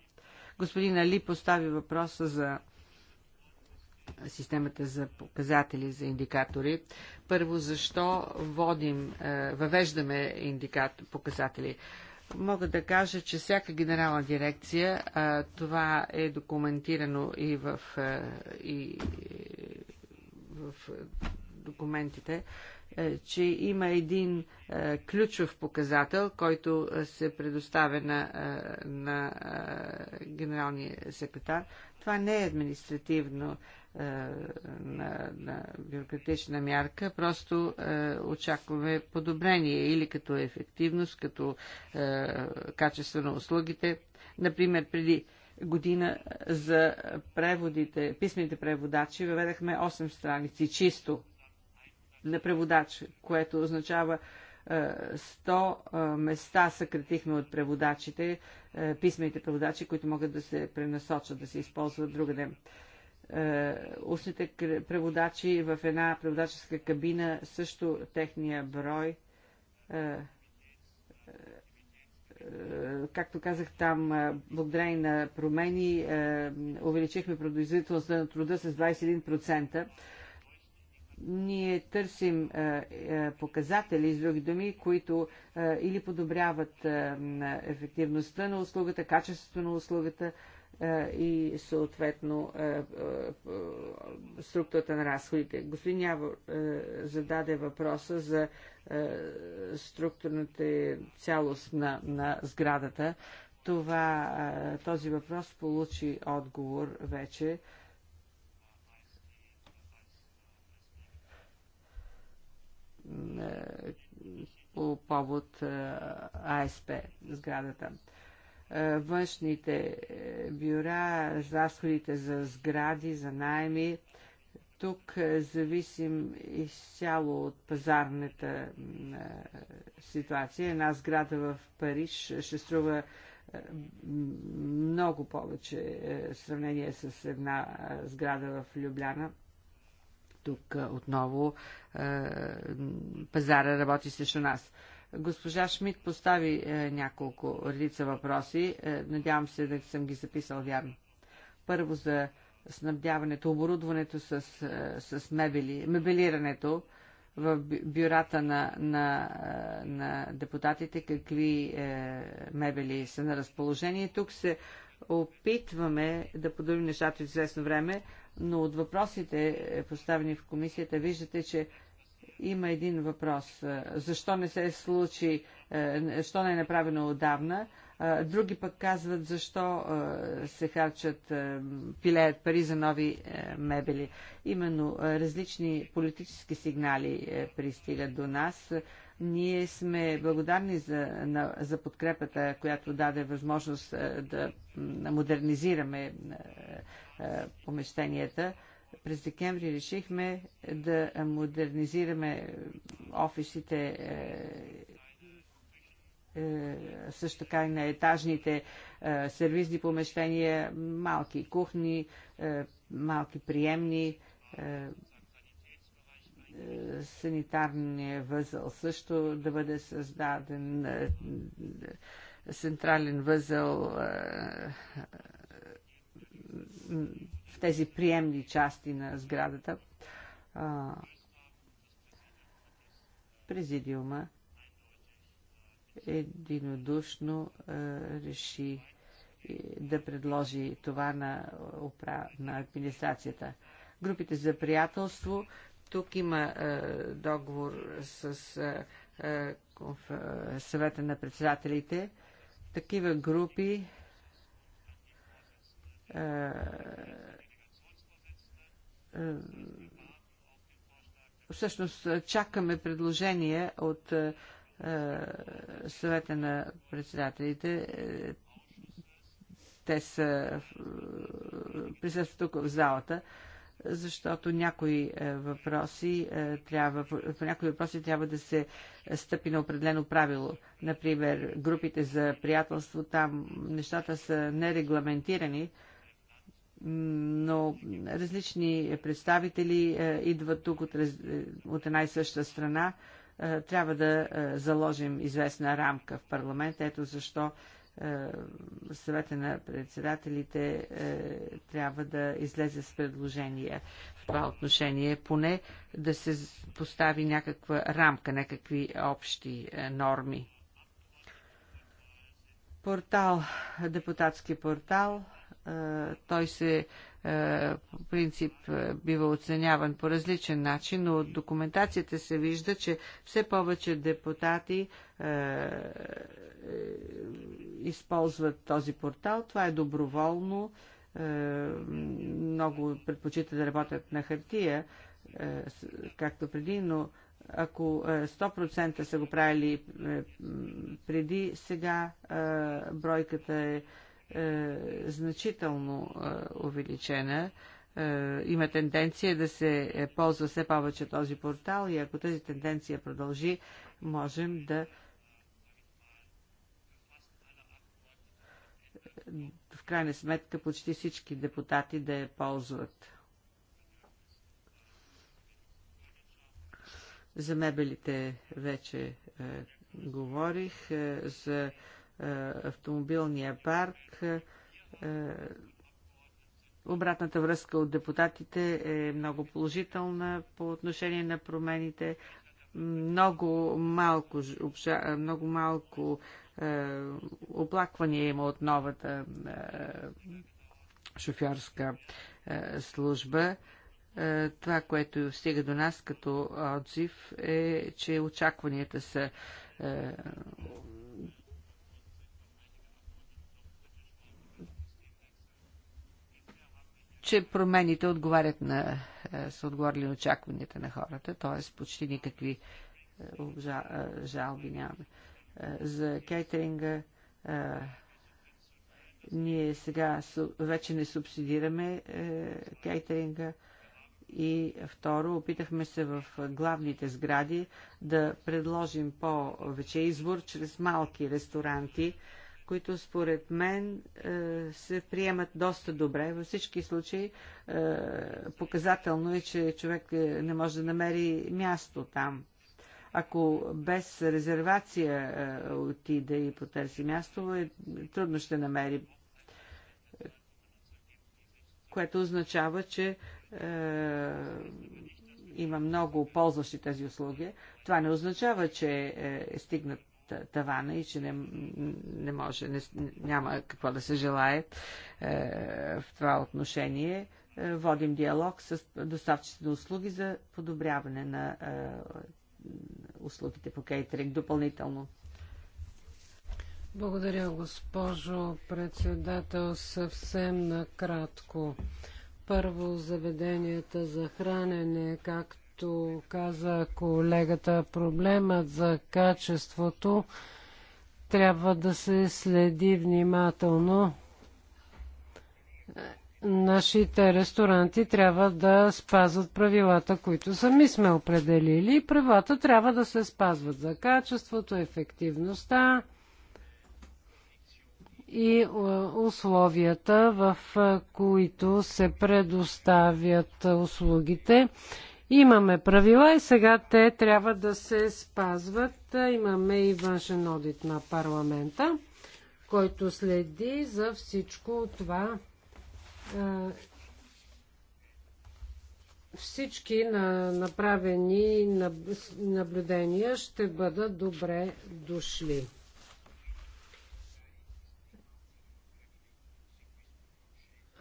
Господин Али постави въпроса за системата за показатели, за индикатори. Първо, защо водим, е, въвеждаме индикат, показатели? Мога да кажа, че всяка генерална дирекция, е, това е документирано и в, е, и в документите, е, че има един е, ключов показател, който се предоставя на, е, на генералния секретар. Това не е административно на, на бюрократична мярка, просто е, очакваме подобрение или като ефективност, като е, качество на услугите. Например, преди година за преводите, писмените преводачи въведахме 8 страници чисто на преводач, което означава 100 е, е, места съкратихме от преводачите, е, писмените преводачи, които могат да се пренасочат, да се използват другаде. Устните преводачи в една преводаческа кабина също техния брой както казах там, благодарение на промени, увеличихме производителността на труда с 21% ние търсим е, е, показатели, с други думи, които е, или подобряват ефективността на услугата, качеството на услугата и съответно структурата на разходите. Господин Явор зададе въпроса за структурната цялост на, на сградата. Това, този въпрос получи отговор вече Е, по повод е, АСП сградата. Е, външните бюра, разходите за сгради, за найми, тук зависим изцяло от пазарната ситуация. Една сграда в Париж ще струва много повече в сравнение с една сграда в Любляна. Тук отново е, пазара работи срещу нас. Госпожа Шмидт постави е, няколко редица въпроси. Е, надявам се да съм ги записал вярно. Първо за снабдяването, оборудването с, с мебели, мебелирането в бюрата на, на, на депутатите какви е, мебели са на разположение. Тук се опитваме да подобрим нещата в известно време, но от въпросите, е, поставени в комисията, виждате, че има един въпрос. Е, защо не се случи, е, що не е направено отдавна? Други пък казват защо се харчат, пилеят пари за нови мебели. Именно различни политически сигнали е, пристигат до нас. Ние сме благодарни за, на, за подкрепата, която даде възможност да модернизираме помещенията. През декември решихме да модернизираме офисите е, е, също така и на етажните е, сервизни помещения, малки кухни, е, малки приемни, санитарния възел също да бъде създаден, централен възел, в тези приемни части на сградата. Президиума единодушно реши е, да предложи това на, на администрацията. Групите за приятелство. Тук има договор с съвета на председателите. Такива групи всъщност чакаме предложения от е, съвета на председателите. Е, те са е, присъстват тук в залата, защото някои въпроси трябва, по някои въпроси трябва да се стъпи на определено правило. Например, групите за приятелство, там нещата са нерегламентирани но различни представители идват тук от, от една и съща страна е, трябва да е, заложим известна рамка в парламент. Ето защо е, съвета на председателите трябва да излезе с предложения в това отношение, поне да се постави някаква рамка, някакви общи норми. Портал, депутатски портал, той се по е, принцип е, бива оценяван по различен начин, но от документацията се вижда, че все повече депутати е, използват този портал. Това е доброволно. Много предпочитат да работят на хартия, както преди, но ако 100% са го правили преди, сега бройката е е, значително е, увеличена. Е, има тенденция да се ползва все повече този портал и ако тази тенденция продължи, можем да в крайна сметка почти всички депутати да я ползват. За мебелите вече е, говорих, е, за е, автомобилния парк. Е, е, обратната връзка от депутатите е много положителна по отношение на промените. Много малко, много малко е, оплаквания има от новата е, шофьорска е, служба. Е, това, което стига до нас като отзив е, че очакванията са че промените отговарят на, е, са отговорили на очакванията на хората, т.е. почти никакви е, е, жалби нямаме. За кейтеринга ние сега вече не субсидираме кейтеринга. И второ, опитахме се в главните сгради да предложим повече избор чрез малки ресторанти, които според мен е, се приемат доста добре. Във всички случаи е, показателно е, че човек е, не може да намери място там. Ако без резервация отиде и потърси място, трудно ще намери. Което означава, че има много ползващи тези услуги. Това не означава, че е стигнат тавана и че не, не може, не, няма какво да се желаят е, в това отношение. Е, водим диалог с доставчиците на услуги за подобряване на е, услугите по кейтеринг допълнително. Благодаря, госпожо председател. Съвсем накратко. Първо, заведенията за хранене, както както каза колегата, проблемът за качеството трябва да се следи внимателно. Нашите ресторанти трябва да спазват правилата, които сами сме определили правилата трябва да се спазват за качеството, ефективността и е, условията, в е, които се предоставят е, услугите Имаме правила и сега те трябва да се спазват. Имаме и външен одит на парламента, който следи за всичко това. Всички на направени наблюдения ще бъдат добре дошли.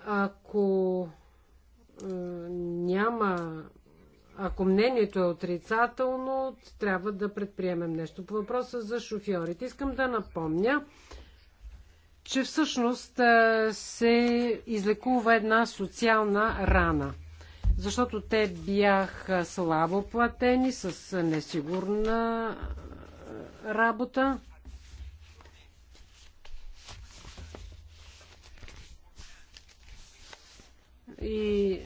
Ако няма ако мнението е отрицателно, трябва да предприемем нещо. По въпроса за шофьорите искам да напомня, че всъщност е, се излекува една социална рана. Защото те бяха слабо платени, с несигурна е, работа. И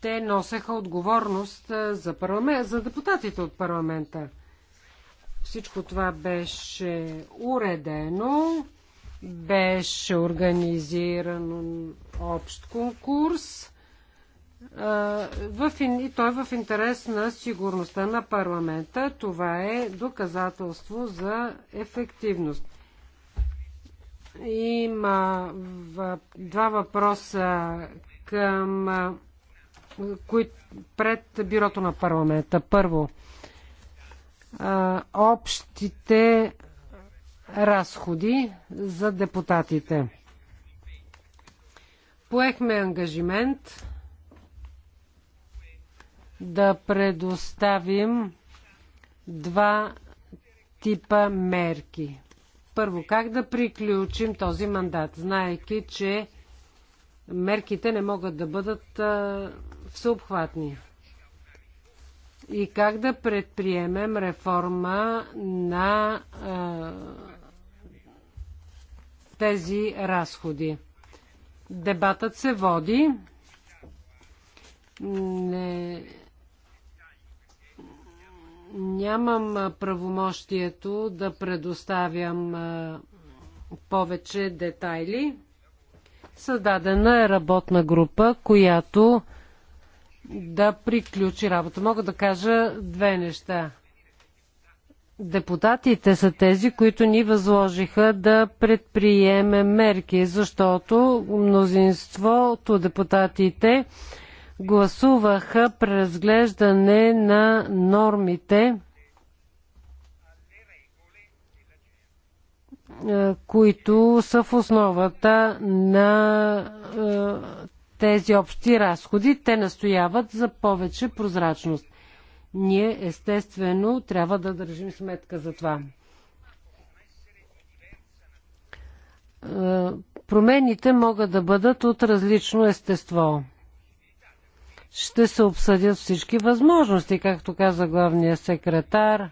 те носеха отговорност за, парламент, за депутатите от парламента. Всичко това беше уредено, беше организиран общ конкурс в, и той е в интерес на сигурността на парламента. Това е доказателство за ефективност. Има два въпроса към кои, пред бюрото на парламента. Първо, а, общите разходи за депутатите. Поехме ангажимент да предоставим два типа мерки. Първо, как да приключим този мандат, знаеки, че мерките не могат да бъдат всеобхватни. И как да предприемем реформа на а, тези разходи? Дебатът се води. Не, нямам правомощието да предоставям а, повече детайли. Създадена е работна група, която да приключи работа. Мога да кажа две неща. Депутатите са тези, които ни възложиха да предприеме мерки, защото мнозинството депутатите гласуваха преразглеждане на нормите Е, които са в основата на е, тези общи разходи. Те настояват за повече прозрачност. Ние, естествено, трябва да държим сметка за това. Е, промените могат да бъдат от различно естество. Ще се обсъдят всички възможности, както каза главния секретар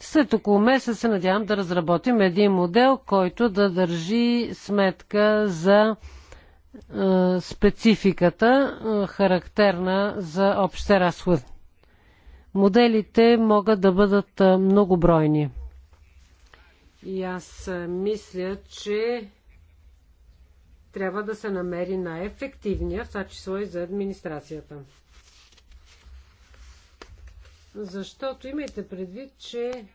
след около месец се надявам да разработим един модел, който да държи сметка за е, спецификата, е, характерна за общите разходи. Моделите могат да бъдат многобройни. И аз мисля, че трябва да се намери най-ефективния, в това число и за администрацията. Защото имайте предвид, че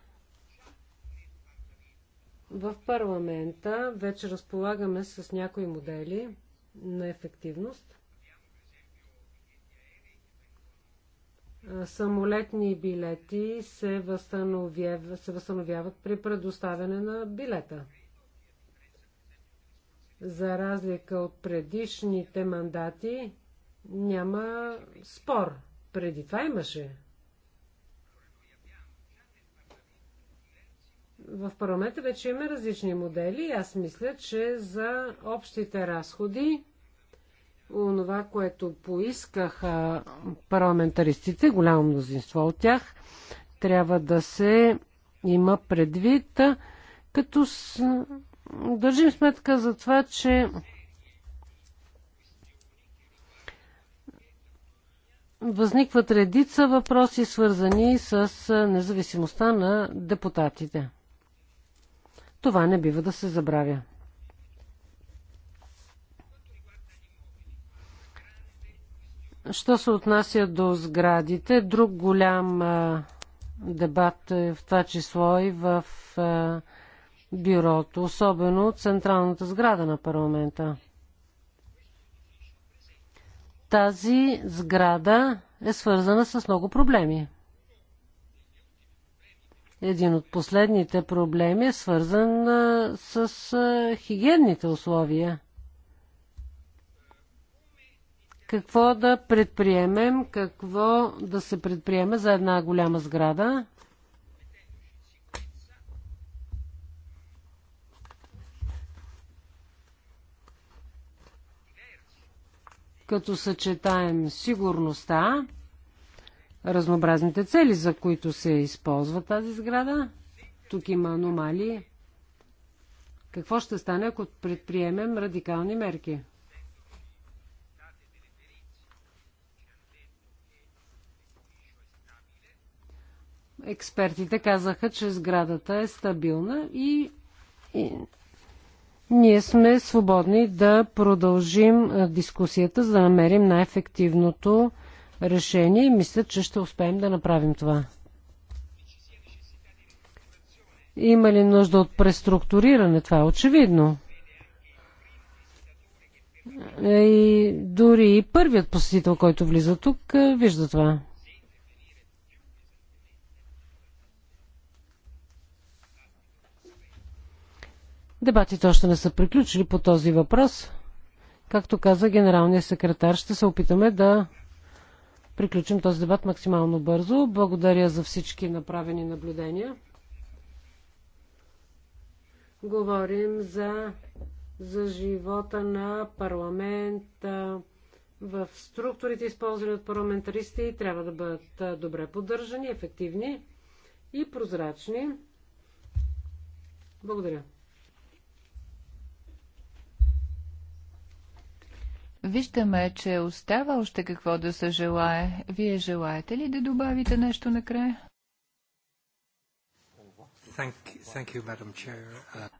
в парламента вече разполагаме с някои модели на ефективност. Самолетни билети се, възстановяват, се възстановяват при предоставяне на билета. За разлика от предишните мандати, няма спор. Преди това имаше в парламента вече имаме различни модели. Аз мисля, че за общите разходи, онова, което поискаха парламентаристите, голямо мнозинство от тях, трябва да се има предвид, като с... държим сметка за това, че възникват редица въпроси, свързани с независимостта на депутатите. Това не бива да се забравя. Що се отнася до сградите, друг голям а, дебат е в това число и в а, бюрото, особено централната сграда на парламента. Тази сграда е свързана с много проблеми. Един от последните проблеми е свързан с хигиенните условия. Какво да предприемем, какво да се предприеме за една голяма сграда? като съчетаем сигурността разнообразните цели, за които се използва тази сграда. Тук има аномалии. Какво ще стане, ако предприемем радикални мерки? Експертите казаха, че сградата е стабилна и, и ние сме свободни да продължим дискусията, за да намерим най-ефективното решение и мисля, че ще успеем да направим това. Има ли нужда от преструктуриране? Това е очевидно. Е, и дори и първият посетител, който влиза тук, е, вижда това. Дебатите още не са приключили по този въпрос. Както каза генералният секретар, ще се опитаме да приключим този дебат максимално бързо. Благодаря за всички направени наблюдения. Говорим за, за живота на парламента в структурите, използвани от парламентаристи, и трябва да бъдат добре поддържани, ефективни и прозрачни. Благодаря. Виждаме, че остава още какво да се желае. Вие желаете ли да добавите нещо накрая?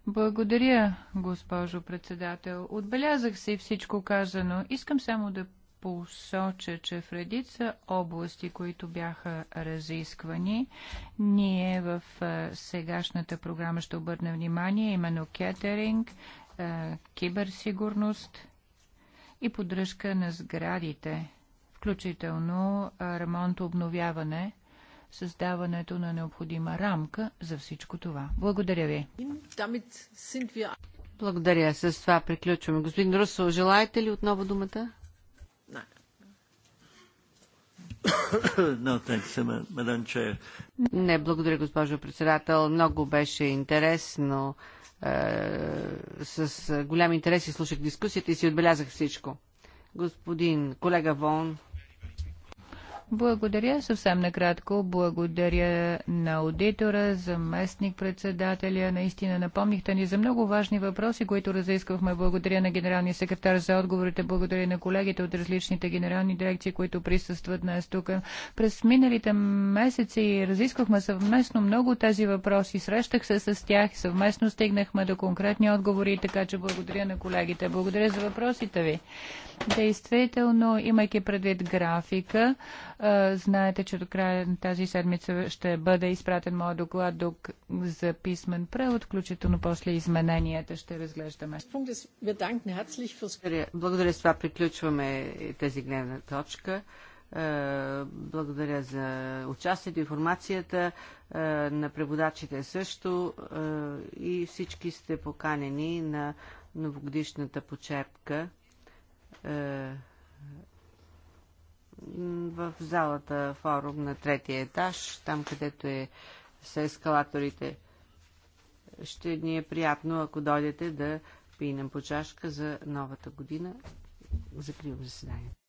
Благодаря, госпожо председател. Отбелязах си всичко казано. Искам само да посоча, че в редица области, които бяха разисквани, ние в сегашната програма ще обърнем внимание, именно кетеринг, киберсигурност, и поддръжка на сградите, включително ремонт обновяване, създаването на необходима рамка за всичко това. Благодаря ви. Благодаря. С това приключваме. Господин Русо, желаете ли отново думата? No, Не, благодаря, госпожо председател. Много беше интересно е, с голям интерес и слушах дискусията и си отбелязах всичко. Господин колега Вон, благодаря. Съвсем накратко благодаря на аудитора, заместник председателя. Наистина напомнихте ни за много важни въпроси, които разисквахме. Благодаря на генералния секретар за отговорите. Благодаря на колегите от различните генерални дирекции, които присъстват днес тук. През миналите месеци разисквахме съвместно много тези въпроси. Срещах се с тях, съвместно стигнахме до конкретни отговори, така че благодаря на колегите. Благодаря за въпросите ви. Действително, имайки предвид графика, Знаете, че до края на тази седмица ще бъде изпратен моят доклад до за писмен превод, включително после измененията ще разглеждаме. Благодаря. С това приключваме тази гледна точка. Благодаря за участието, информацията на преводачите също и всички сте поканени на новогодишната почерпка в залата форум на третия етаж, там където е с ескалаторите. Ще ни е приятно, ако дойдете да пинем по чашка за новата година. Закривам заседанието.